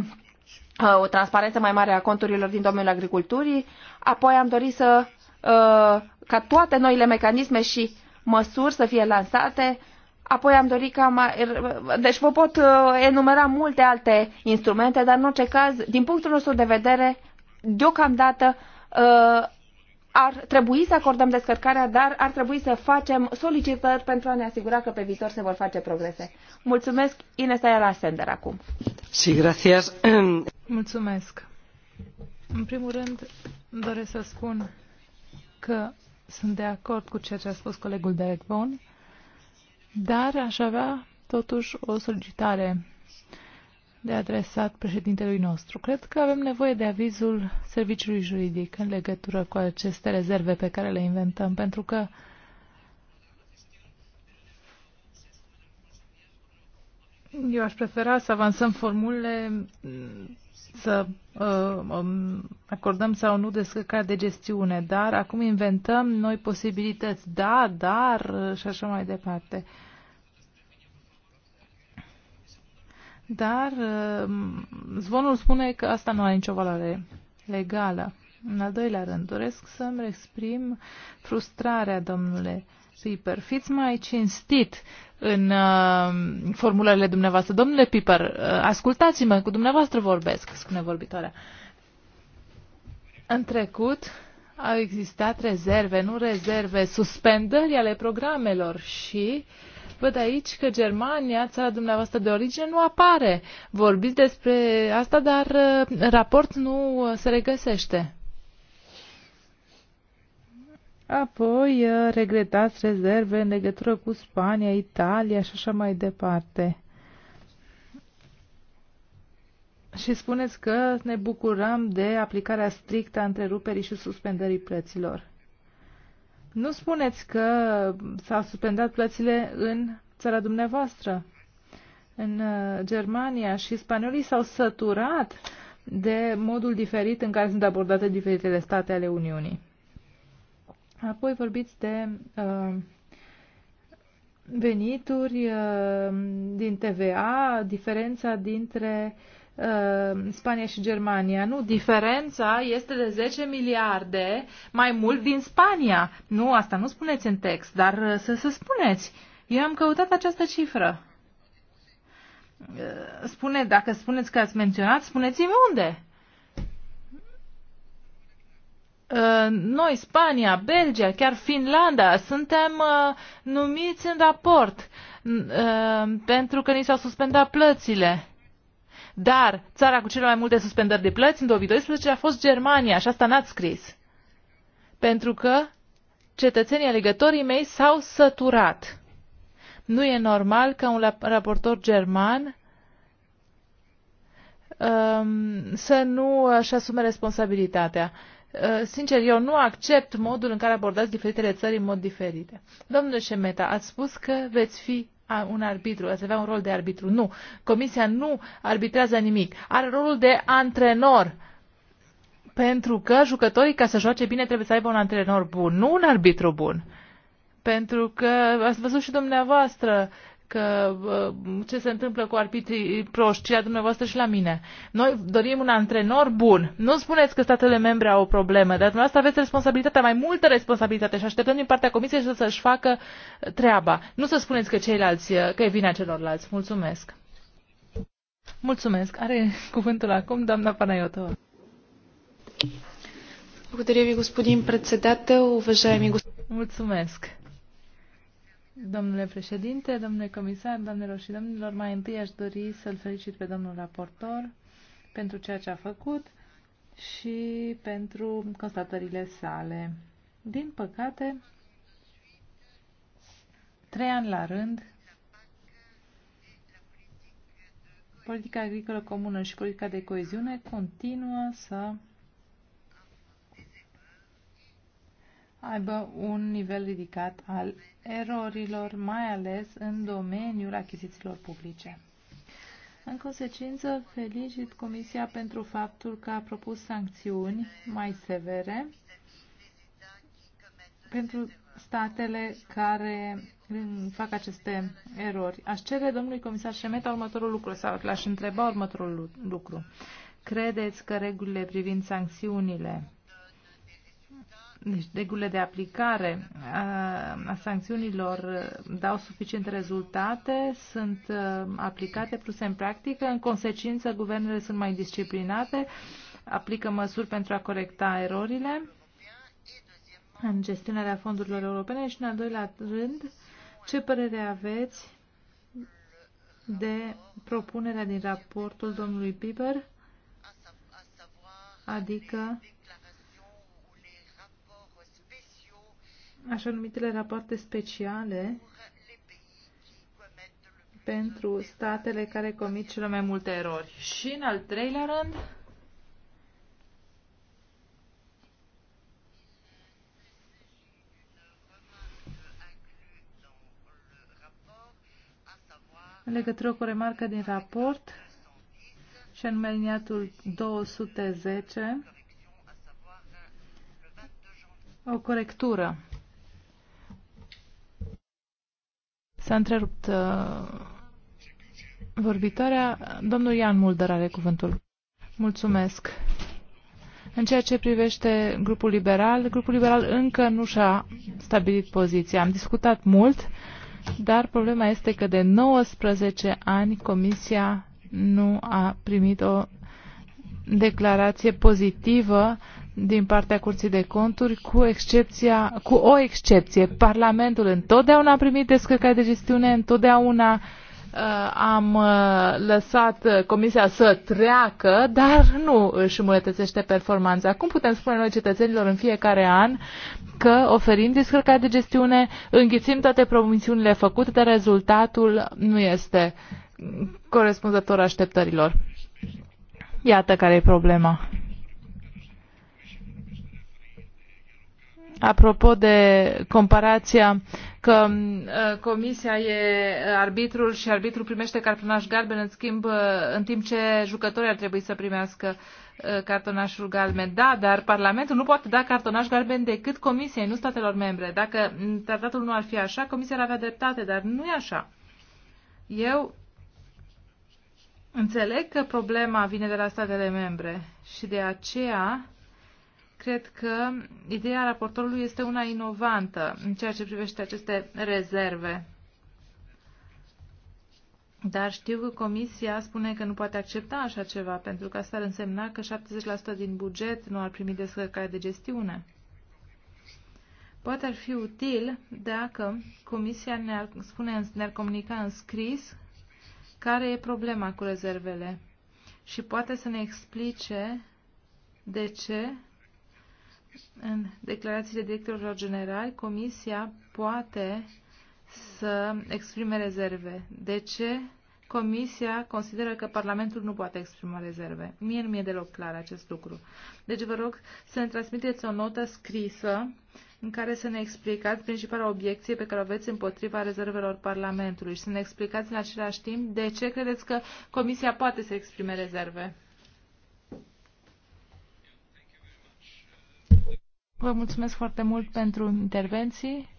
uh, o transparență mai mare a conturilor din domeniul agriculturii, apoi am dorit să Uh, ca toate noile mecanisme și măsuri să fie lansate. Apoi am dorit ca mai... Uh, deci vă pot uh, enumera multe alte instrumente, dar în orice caz, din punctul nostru de vedere, deocamdată ar trebui să acordăm descărcarea, dar ar trebui să facem solicitări pentru a ne asigura că pe viitor se vor face progrese. Mulțumesc, Ines la Sender acum. Sí, gracias. Mulțumesc. În primul rând, doresc să spun că sunt de acord cu ceea ce a spus colegul Derek Vaughan, dar aș avea totuși o solicitare de adresat președintelui nostru. Cred că avem nevoie de avizul serviciului juridic în legătură cu aceste rezerve pe care le inventăm, pentru că eu aș prefera să avansăm formulele să uh, um, acordăm sau nu descărcare de gestiune, dar acum inventăm noi posibilități, da, dar uh, și așa mai departe. Dar um, zvonul spune că asta nu are nicio valoare legală. În al doilea rând, doresc să-mi exprim frustrarea, domnule Piper. Fiți mai cinstit în uh, formulările dumneavoastră. Domnule Piper, uh, ascultați-mă, cu dumneavoastră vorbesc, spune vorbitoarea. În trecut au existat rezerve, nu rezerve, suspendări ale programelor și văd aici că Germania, țara dumneavoastră de origine, nu apare. Vorbiți despre asta, dar uh, raport nu uh, se regăsește. Apoi uh, regretați rezerve în legătură cu Spania, Italia și așa mai departe. Și spuneți că ne bucurăm de aplicarea strictă a întreruperii și suspendării plăților. Nu spuneți că s-au suspendat plățile în țara dumneavoastră. În uh, Germania și spaniolii s-au săturat de modul diferit în care sunt abordate diferitele state ale Uniunii. Apoi vorbiți de uh, venituri uh, din TVA, diferența dintre uh, Spania și Germania. Nu, diferența este de 10 miliarde mai mult din Spania. Nu, asta nu spuneți în text, dar să, să spuneți. Eu am căutat această cifră. Spune, dacă spuneți că ați menționat, spuneți-mi unde. Uh, noi, Spania, Belgia, chiar Finlanda, suntem uh, numiți în raport uh, pentru că ni s-au suspendat plățile. Dar țara cu cele mai multe suspendări de plăți în 2012 a fost Germania și asta n-ați scris. Pentru că cetățenii alegătorii mei s-au săturat. Nu e normal ca un raportor german um, să nu își asume responsabilitatea. Uh, sincer, eu nu accept modul în care abordați diferitele țări în mod diferit. Domnule Șemeta, ați spus că veți fi un arbitru, ați avea un rol de arbitru. Nu. Comisia nu arbitrează nimic. Are rolul de antrenor. Pentru că jucătorii, ca să joace bine, trebuie să aibă un antrenor bun, nu un arbitru bun. Pentru că ați văzut și dumneavoastră că uh, ce se întâmplă cu arbitrii proști, la dumneavoastră și la mine. Noi dorim un antrenor bun. Nu spuneți că statele membre au o problemă, dar dumneavoastră aveți responsabilitatea, mai multă responsabilitate și așteptăm din partea Comisiei să, să-și facă treaba. Nu să spuneți că ceilalți, uh, că e vina celorlalți. Mulțumesc. Mulțumesc. Are cuvântul acum doamna Panaiotova. Благодаря ви, господин председател, уважаеми господин... Mulțumesc. Domnule președinte, domnule comisar, doamnelor și domnilor, mai întâi aș dori să-l felicit pe domnul raportor pentru ceea ce a făcut și pentru constatările sale. Din păcate, trei ani la rând, politica agricolă comună și politica de coeziune continuă să aibă un nivel ridicat al erorilor, mai ales în domeniul achizițiilor publice. În consecință, felicit Comisia pentru faptul că a propus sancțiuni mai severe pentru statele care fac aceste erori. Aș cere domnului comisar Șemeta următorul lucru sau l-aș întreba următorul lucru. Credeți că regulile privind sancțiunile deci, regulile de aplicare a sancțiunilor uh, dau suficiente rezultate, sunt uh, aplicate, puse în practică, în consecință guvernele sunt mai disciplinate, aplică măsuri pentru a corecta erorile în gestionarea fondurilor europene și, în al doilea rând, ce părere aveți de propunerea din raportul domnului Piper, adică așa numitele rapoarte speciale pentru statele care comit cele mai multe erori. Și în al treilea rând, în legătură cu o remarcă din raport și anume liniatul 210, o corectură S-a întrerupt uh, vorbitoarea. Domnul Ian Mulder are cuvântul. Mulțumesc. În ceea ce privește grupul liberal, grupul liberal încă nu și-a stabilit poziția. Am discutat mult, dar problema este că de 19 ani Comisia nu a primit o declarație pozitivă din partea Curții de Conturi, cu, excepția, cu o excepție. Parlamentul întotdeauna a primit descărcarea de gestiune, întotdeauna uh, am uh, lăsat uh, Comisia să treacă, dar nu își îmbunătățește performanța. Cum putem spune noi cetățenilor în fiecare an că oferim descărcarea de gestiune, înghițim toate promisiunile făcute, dar rezultatul nu este corespunzător așteptărilor? Iată care e problema. apropo de comparația că uh, comisia e arbitrul și arbitrul primește cartonaș galben, în schimb, uh, în timp ce jucătorii ar trebui să primească uh, cartonașul galben. Da, dar Parlamentul nu poate da cartonaș galben decât comisiei, nu statelor membre. Dacă tratatul nu ar fi așa, comisia ar avea dreptate, dar nu e așa. Eu înțeleg că problema vine de la statele membre și de aceea Cred că ideea raportorului este una inovantă în ceea ce privește aceste rezerve. Dar știu că Comisia spune că nu poate accepta așa ceva, pentru că asta ar însemna că 70% din buget nu ar primi descărcare de gestiune. Poate ar fi util dacă Comisia ne-ar spune, ne-ar comunica în scris care e problema cu rezervele și poate să ne explice de ce în declarațiile directorilor generali, Comisia poate să exprime rezerve. De ce? Comisia consideră că Parlamentul nu poate exprima rezerve. Mie nu mi-e deloc clar acest lucru. Deci vă rog să ne transmiteți o notă scrisă în care să ne explicați principala obiecție pe care o aveți împotriva rezervelor Parlamentului și să ne explicați în același timp de ce credeți că Comisia poate să exprime rezerve. Vă mulțumesc foarte mult pentru intervenții.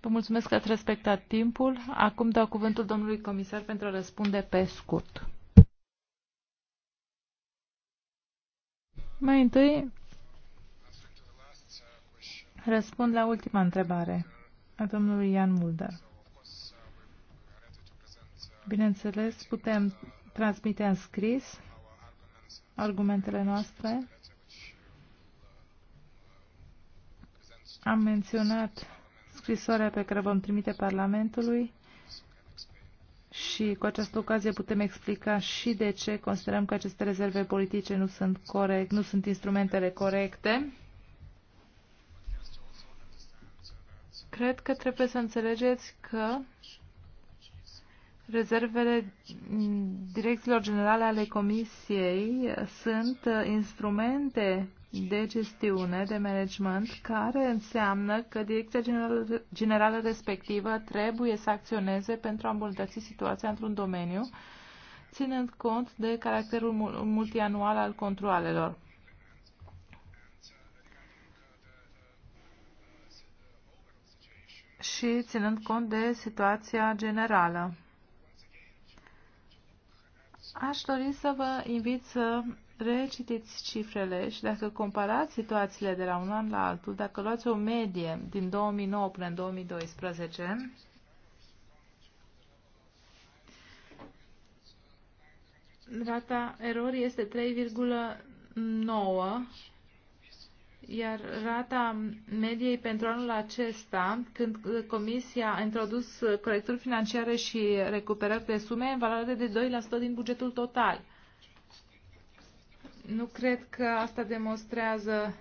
Vă mulțumesc că ați respectat timpul. Acum dau cuvântul domnului comisar pentru a răspunde pe scurt. Mai întâi, răspund la ultima întrebare a domnului Ian Mulder. Bineînțeles, putem transmite în scris argumentele noastre Am menționat scrisoarea pe care vom trimite Parlamentului și cu această ocazie putem explica și de ce considerăm că aceste rezerve politice nu sunt, corect, nu sunt instrumentele corecte. Cred că trebuie să înțelegeți că rezervele direcțiilor generale ale Comisiei sunt instrumente de gestiune, de management, care înseamnă că direcția generală, generală respectivă trebuie să acționeze pentru a îmbunătăți situația într-un domeniu, ținând cont de caracterul multianual al controalelor. și ținând cont de situația generală. Aș dori să vă invit să recitiți cifrele și dacă comparați situațiile de la un an la altul, dacă luați o medie din 2009 până în 2012, rata erorii este 3,9 iar rata mediei pentru anul acesta, când Comisia a introdus corecturi financiare și recuperări de sume, în valoare de 2% din bugetul total. Nu cred că asta demonstrează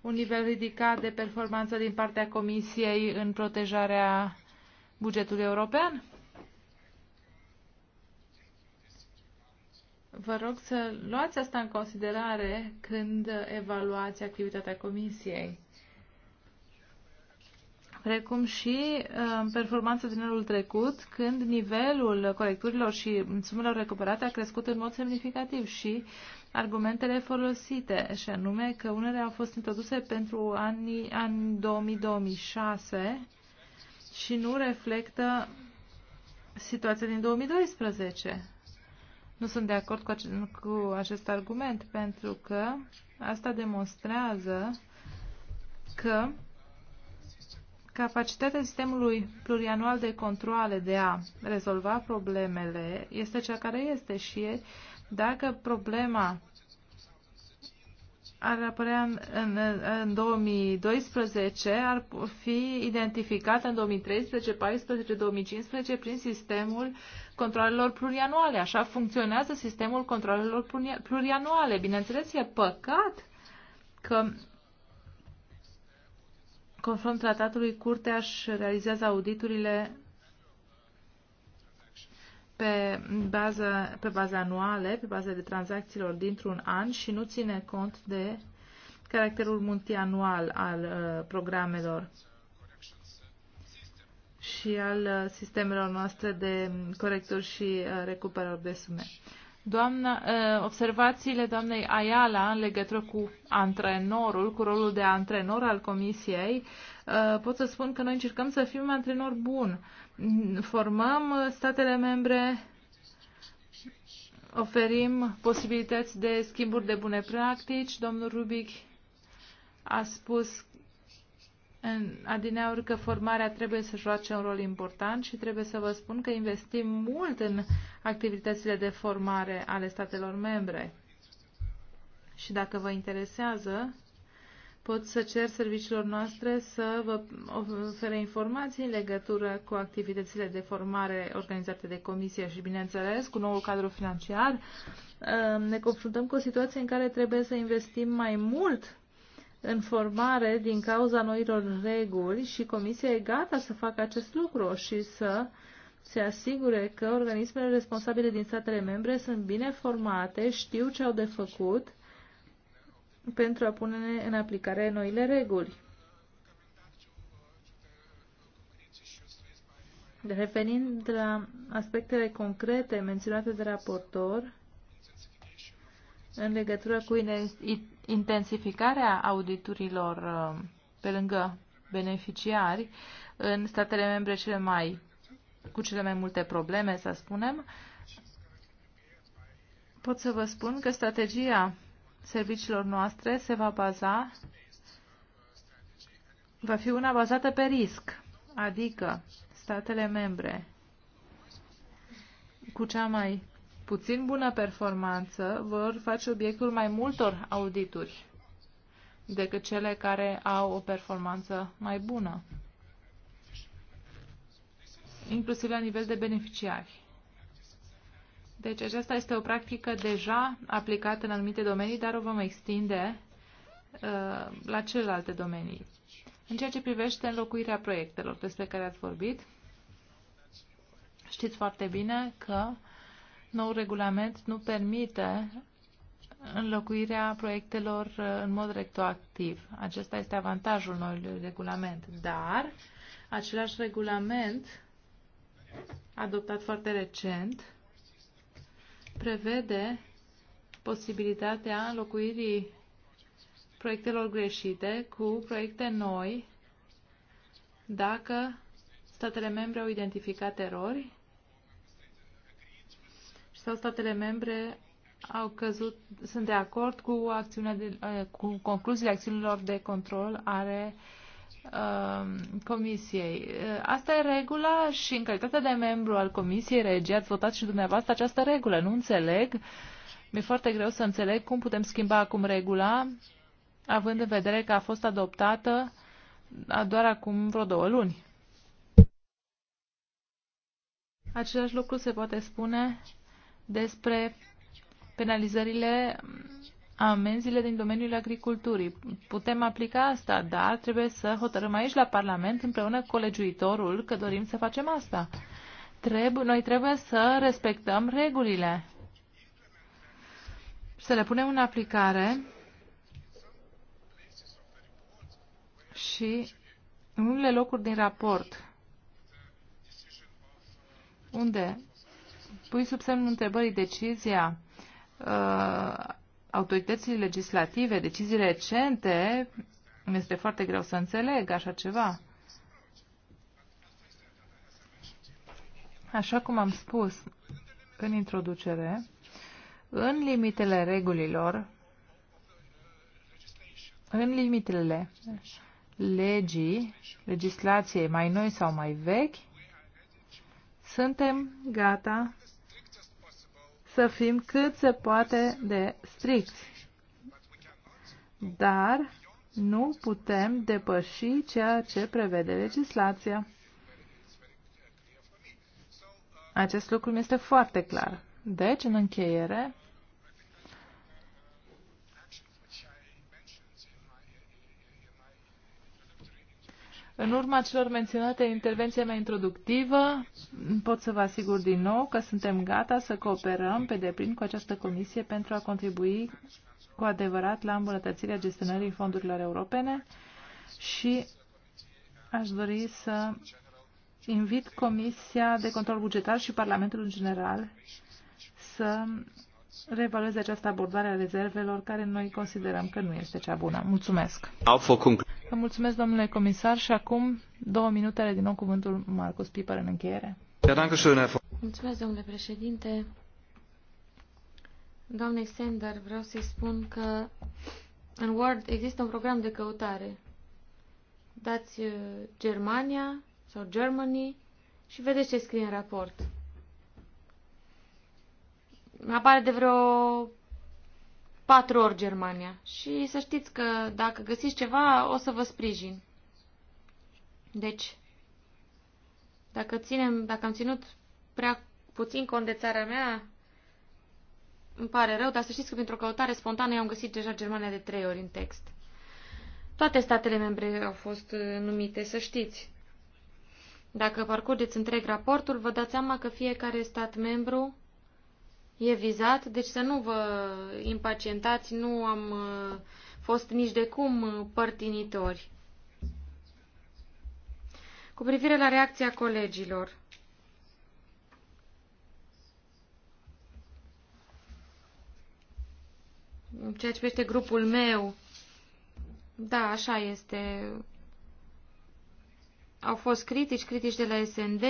un nivel ridicat de performanță din partea Comisiei în protejarea bugetului european? Vă rog să luați asta în considerare când evaluați activitatea Comisiei precum și uh, performanța din anul trecut, când nivelul colecturilor și sumelor recuperate a crescut în mod semnificativ și argumentele folosite, și anume că unele au fost introduse pentru anii, anii 2000-2006 și nu reflectă situația din 2012. Nu sunt de acord cu, ace cu acest argument, pentru că asta demonstrează că Capacitatea sistemului plurianual de controle de a rezolva problemele este cea care este și dacă problema ar apărea în, în, în 2012, ar fi identificată în 2013, 2014, 2015 prin sistemul controlelor plurianuale. Așa funcționează sistemul controlelor plurianuale. Bineînțeles, e păcat că Conform tratatului, Curtea își realizează auditurile pe bază, pe bază anuale, pe bază de tranzacțiilor dintr-un an și nu ține cont de caracterul multianual al uh, programelor și al uh, sistemelor noastre de corecturi și uh, recuperări de sume. Doamna, observațiile doamnei Ayala în legătură cu antrenorul, cu rolul de antrenor al comisiei, pot să spun că noi încercăm să fim antrenor bun. Formăm statele membre, oferim posibilități de schimburi de bune practici. Domnul Rubic a spus în adineauri că formarea trebuie să joace un rol important și trebuie să vă spun că investim mult în activitățile de formare ale statelor membre. Și dacă vă interesează, pot să cer serviciilor noastre să vă ofere informații în legătură cu activitățile de formare organizate de comisie și, bineînțeles, cu noul cadru financiar. Ehm, ne confruntăm cu o situație în care trebuie să investim mai mult în formare din cauza noilor reguli și Comisia e gata să facă acest lucru și să se asigure că organismele responsabile din statele membre sunt bine formate, știu ce au de făcut pentru a pune în aplicare noile reguli. Revenind la aspectele concrete menționate de raportor, în legătură cu intensificarea auditurilor uh, pe lângă beneficiari în statele membre cele mai, cu cele mai multe probleme, să spunem, pot să vă spun că strategia serviciilor noastre se va baza, va fi una bazată pe risc, adică statele membre cu cea mai puțin bună performanță vor face obiectul mai multor audituri decât cele care au o performanță mai bună, inclusiv la nivel de beneficiari. Deci aceasta este o practică deja aplicată în anumite domenii, dar o vom extinde uh, la celelalte domenii. În ceea ce privește înlocuirea proiectelor despre care ați vorbit, știți foarte bine că nou regulament nu permite înlocuirea proiectelor uh, în mod retroactiv. Acesta este avantajul noului regulament. Dar același regulament adoptat foarte recent prevede posibilitatea înlocuirii proiectelor greșite cu proiecte noi dacă statele membre au identificat erori sau statele membre au căzut, sunt de acord cu, acțiunea de, eh, cu concluziile acțiunilor de control ale ehm, Comisiei. Eh, asta e regula și în calitate de membru al Comisiei Regi ați votat și dumneavoastră această regulă. Nu înțeleg, mi-e foarte greu să înțeleg cum putem schimba acum regula, având în vedere că a fost adoptată doar acum vreo două luni. Același lucru se poate spune despre penalizările amenzile din domeniul agriculturii. Putem aplica asta, dar trebuie să hotărâm aici la Parlament împreună cu colegiuitorul că dorim să facem asta. Trebu noi trebuie să respectăm regulile. Să le punem în aplicare și în unele locuri din raport unde pui sub semnul întrebării decizia uh, autorității legislative, decizii recente, mi este foarte greu să înțeleg așa ceva. Așa cum am spus în introducere, în limitele regulilor, în limitele legii, legislației mai noi sau mai vechi, suntem gata să fim cât se poate de stricți. Dar nu putem depăși ceea ce prevede legislația. Acest lucru mi este foarte clar. Deci, în încheiere, În urma celor menționate intervenția mea introductivă, pot să vă asigur din nou că suntem gata să cooperăm pe deplin cu această comisie pentru a contribui cu adevărat la îmbunătățirea gestionării fondurilor europene și aș dori să invit Comisia de Control Bugetar și Parlamentul în general să reevalueze această abordare a rezervelor care noi considerăm că nu este cea bună. Mulțumesc! Vă mulțumesc, domnule comisar, și acum două minutele din nou cuvântul Marcus Piper în încheiere. Mulțumesc, domnule președinte. Doamne Sender, vreau să-i spun că în Word există un program de căutare. Dați uh, Germania sau Germany și vedeți ce scrie în raport. Apare de vreo patru ori Germania. Și să știți că dacă găsiți ceva, o să vă sprijin. Deci, dacă, ținem, dacă am ținut prea puțin cont de țara mea, îmi pare rău, dar să știți că printr o căutare spontană eu am găsit deja Germania de trei ori în text. Toate statele membre au fost uh, numite, să știți. Dacă parcurgeți întreg raportul, vă dați seama că fiecare stat membru e vizat, deci să nu vă impacientați, nu am uh, fost nici de cum uh, părtinitori. Cu privire la reacția colegilor. Ceea ce privește grupul meu, da, așa este. Au fost critici, critici de la SND,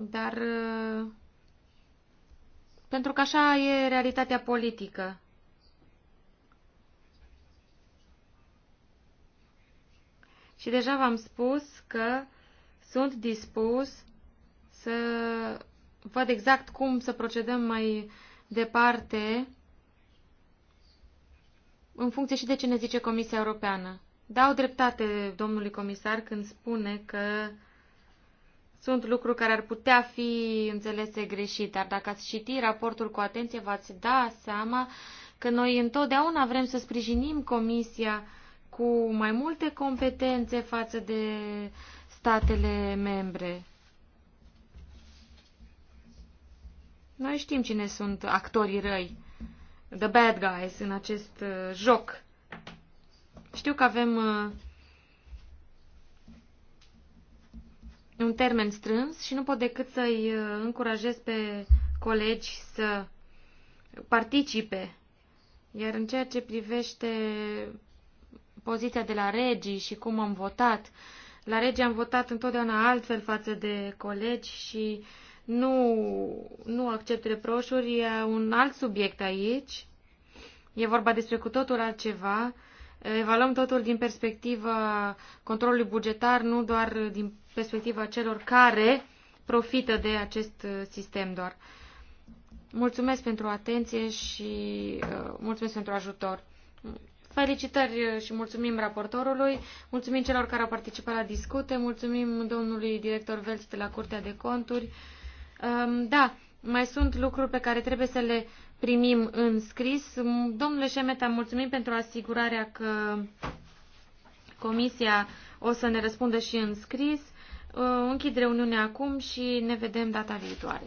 dar uh, pentru că așa e realitatea politică. Și deja v-am spus că sunt dispus să văd exact cum să procedăm mai departe în funcție și de ce ne zice Comisia Europeană. Dau dreptate domnului comisar când spune că sunt lucruri care ar putea fi înțelese greșit, dar dacă ați citi raportul cu atenție, v-ați da seama că noi întotdeauna vrem să sprijinim Comisia cu mai multe competențe față de statele membre. Noi știm cine sunt actorii răi, the bad guys, în acest uh, joc. Știu că avem uh, un termen strâns și nu pot decât să-i uh, încurajez pe colegi să participe. Iar în ceea ce privește poziția de la regii și cum am votat, la regii am votat întotdeauna altfel față de colegi și nu, nu accept reproșuri. E un alt subiect aici. E vorba despre cu totul altceva. Evaluăm totul din perspectiva controlului bugetar, nu doar din perspectiva celor care profită de acest uh, sistem doar. Mulțumesc pentru atenție și uh, mulțumesc pentru ajutor. Felicitări uh, și mulțumim raportorului, mulțumim celor care au participat la discute, mulțumim domnului director Velț de la Curtea de Conturi. Um, da, mai sunt lucruri pe care trebuie să le primim în scris. Domnule Șemeta, mulțumim pentru asigurarea că Comisia o să ne răspundă și în scris. Uh, închid reuniunea acum și ne vedem data viitoare.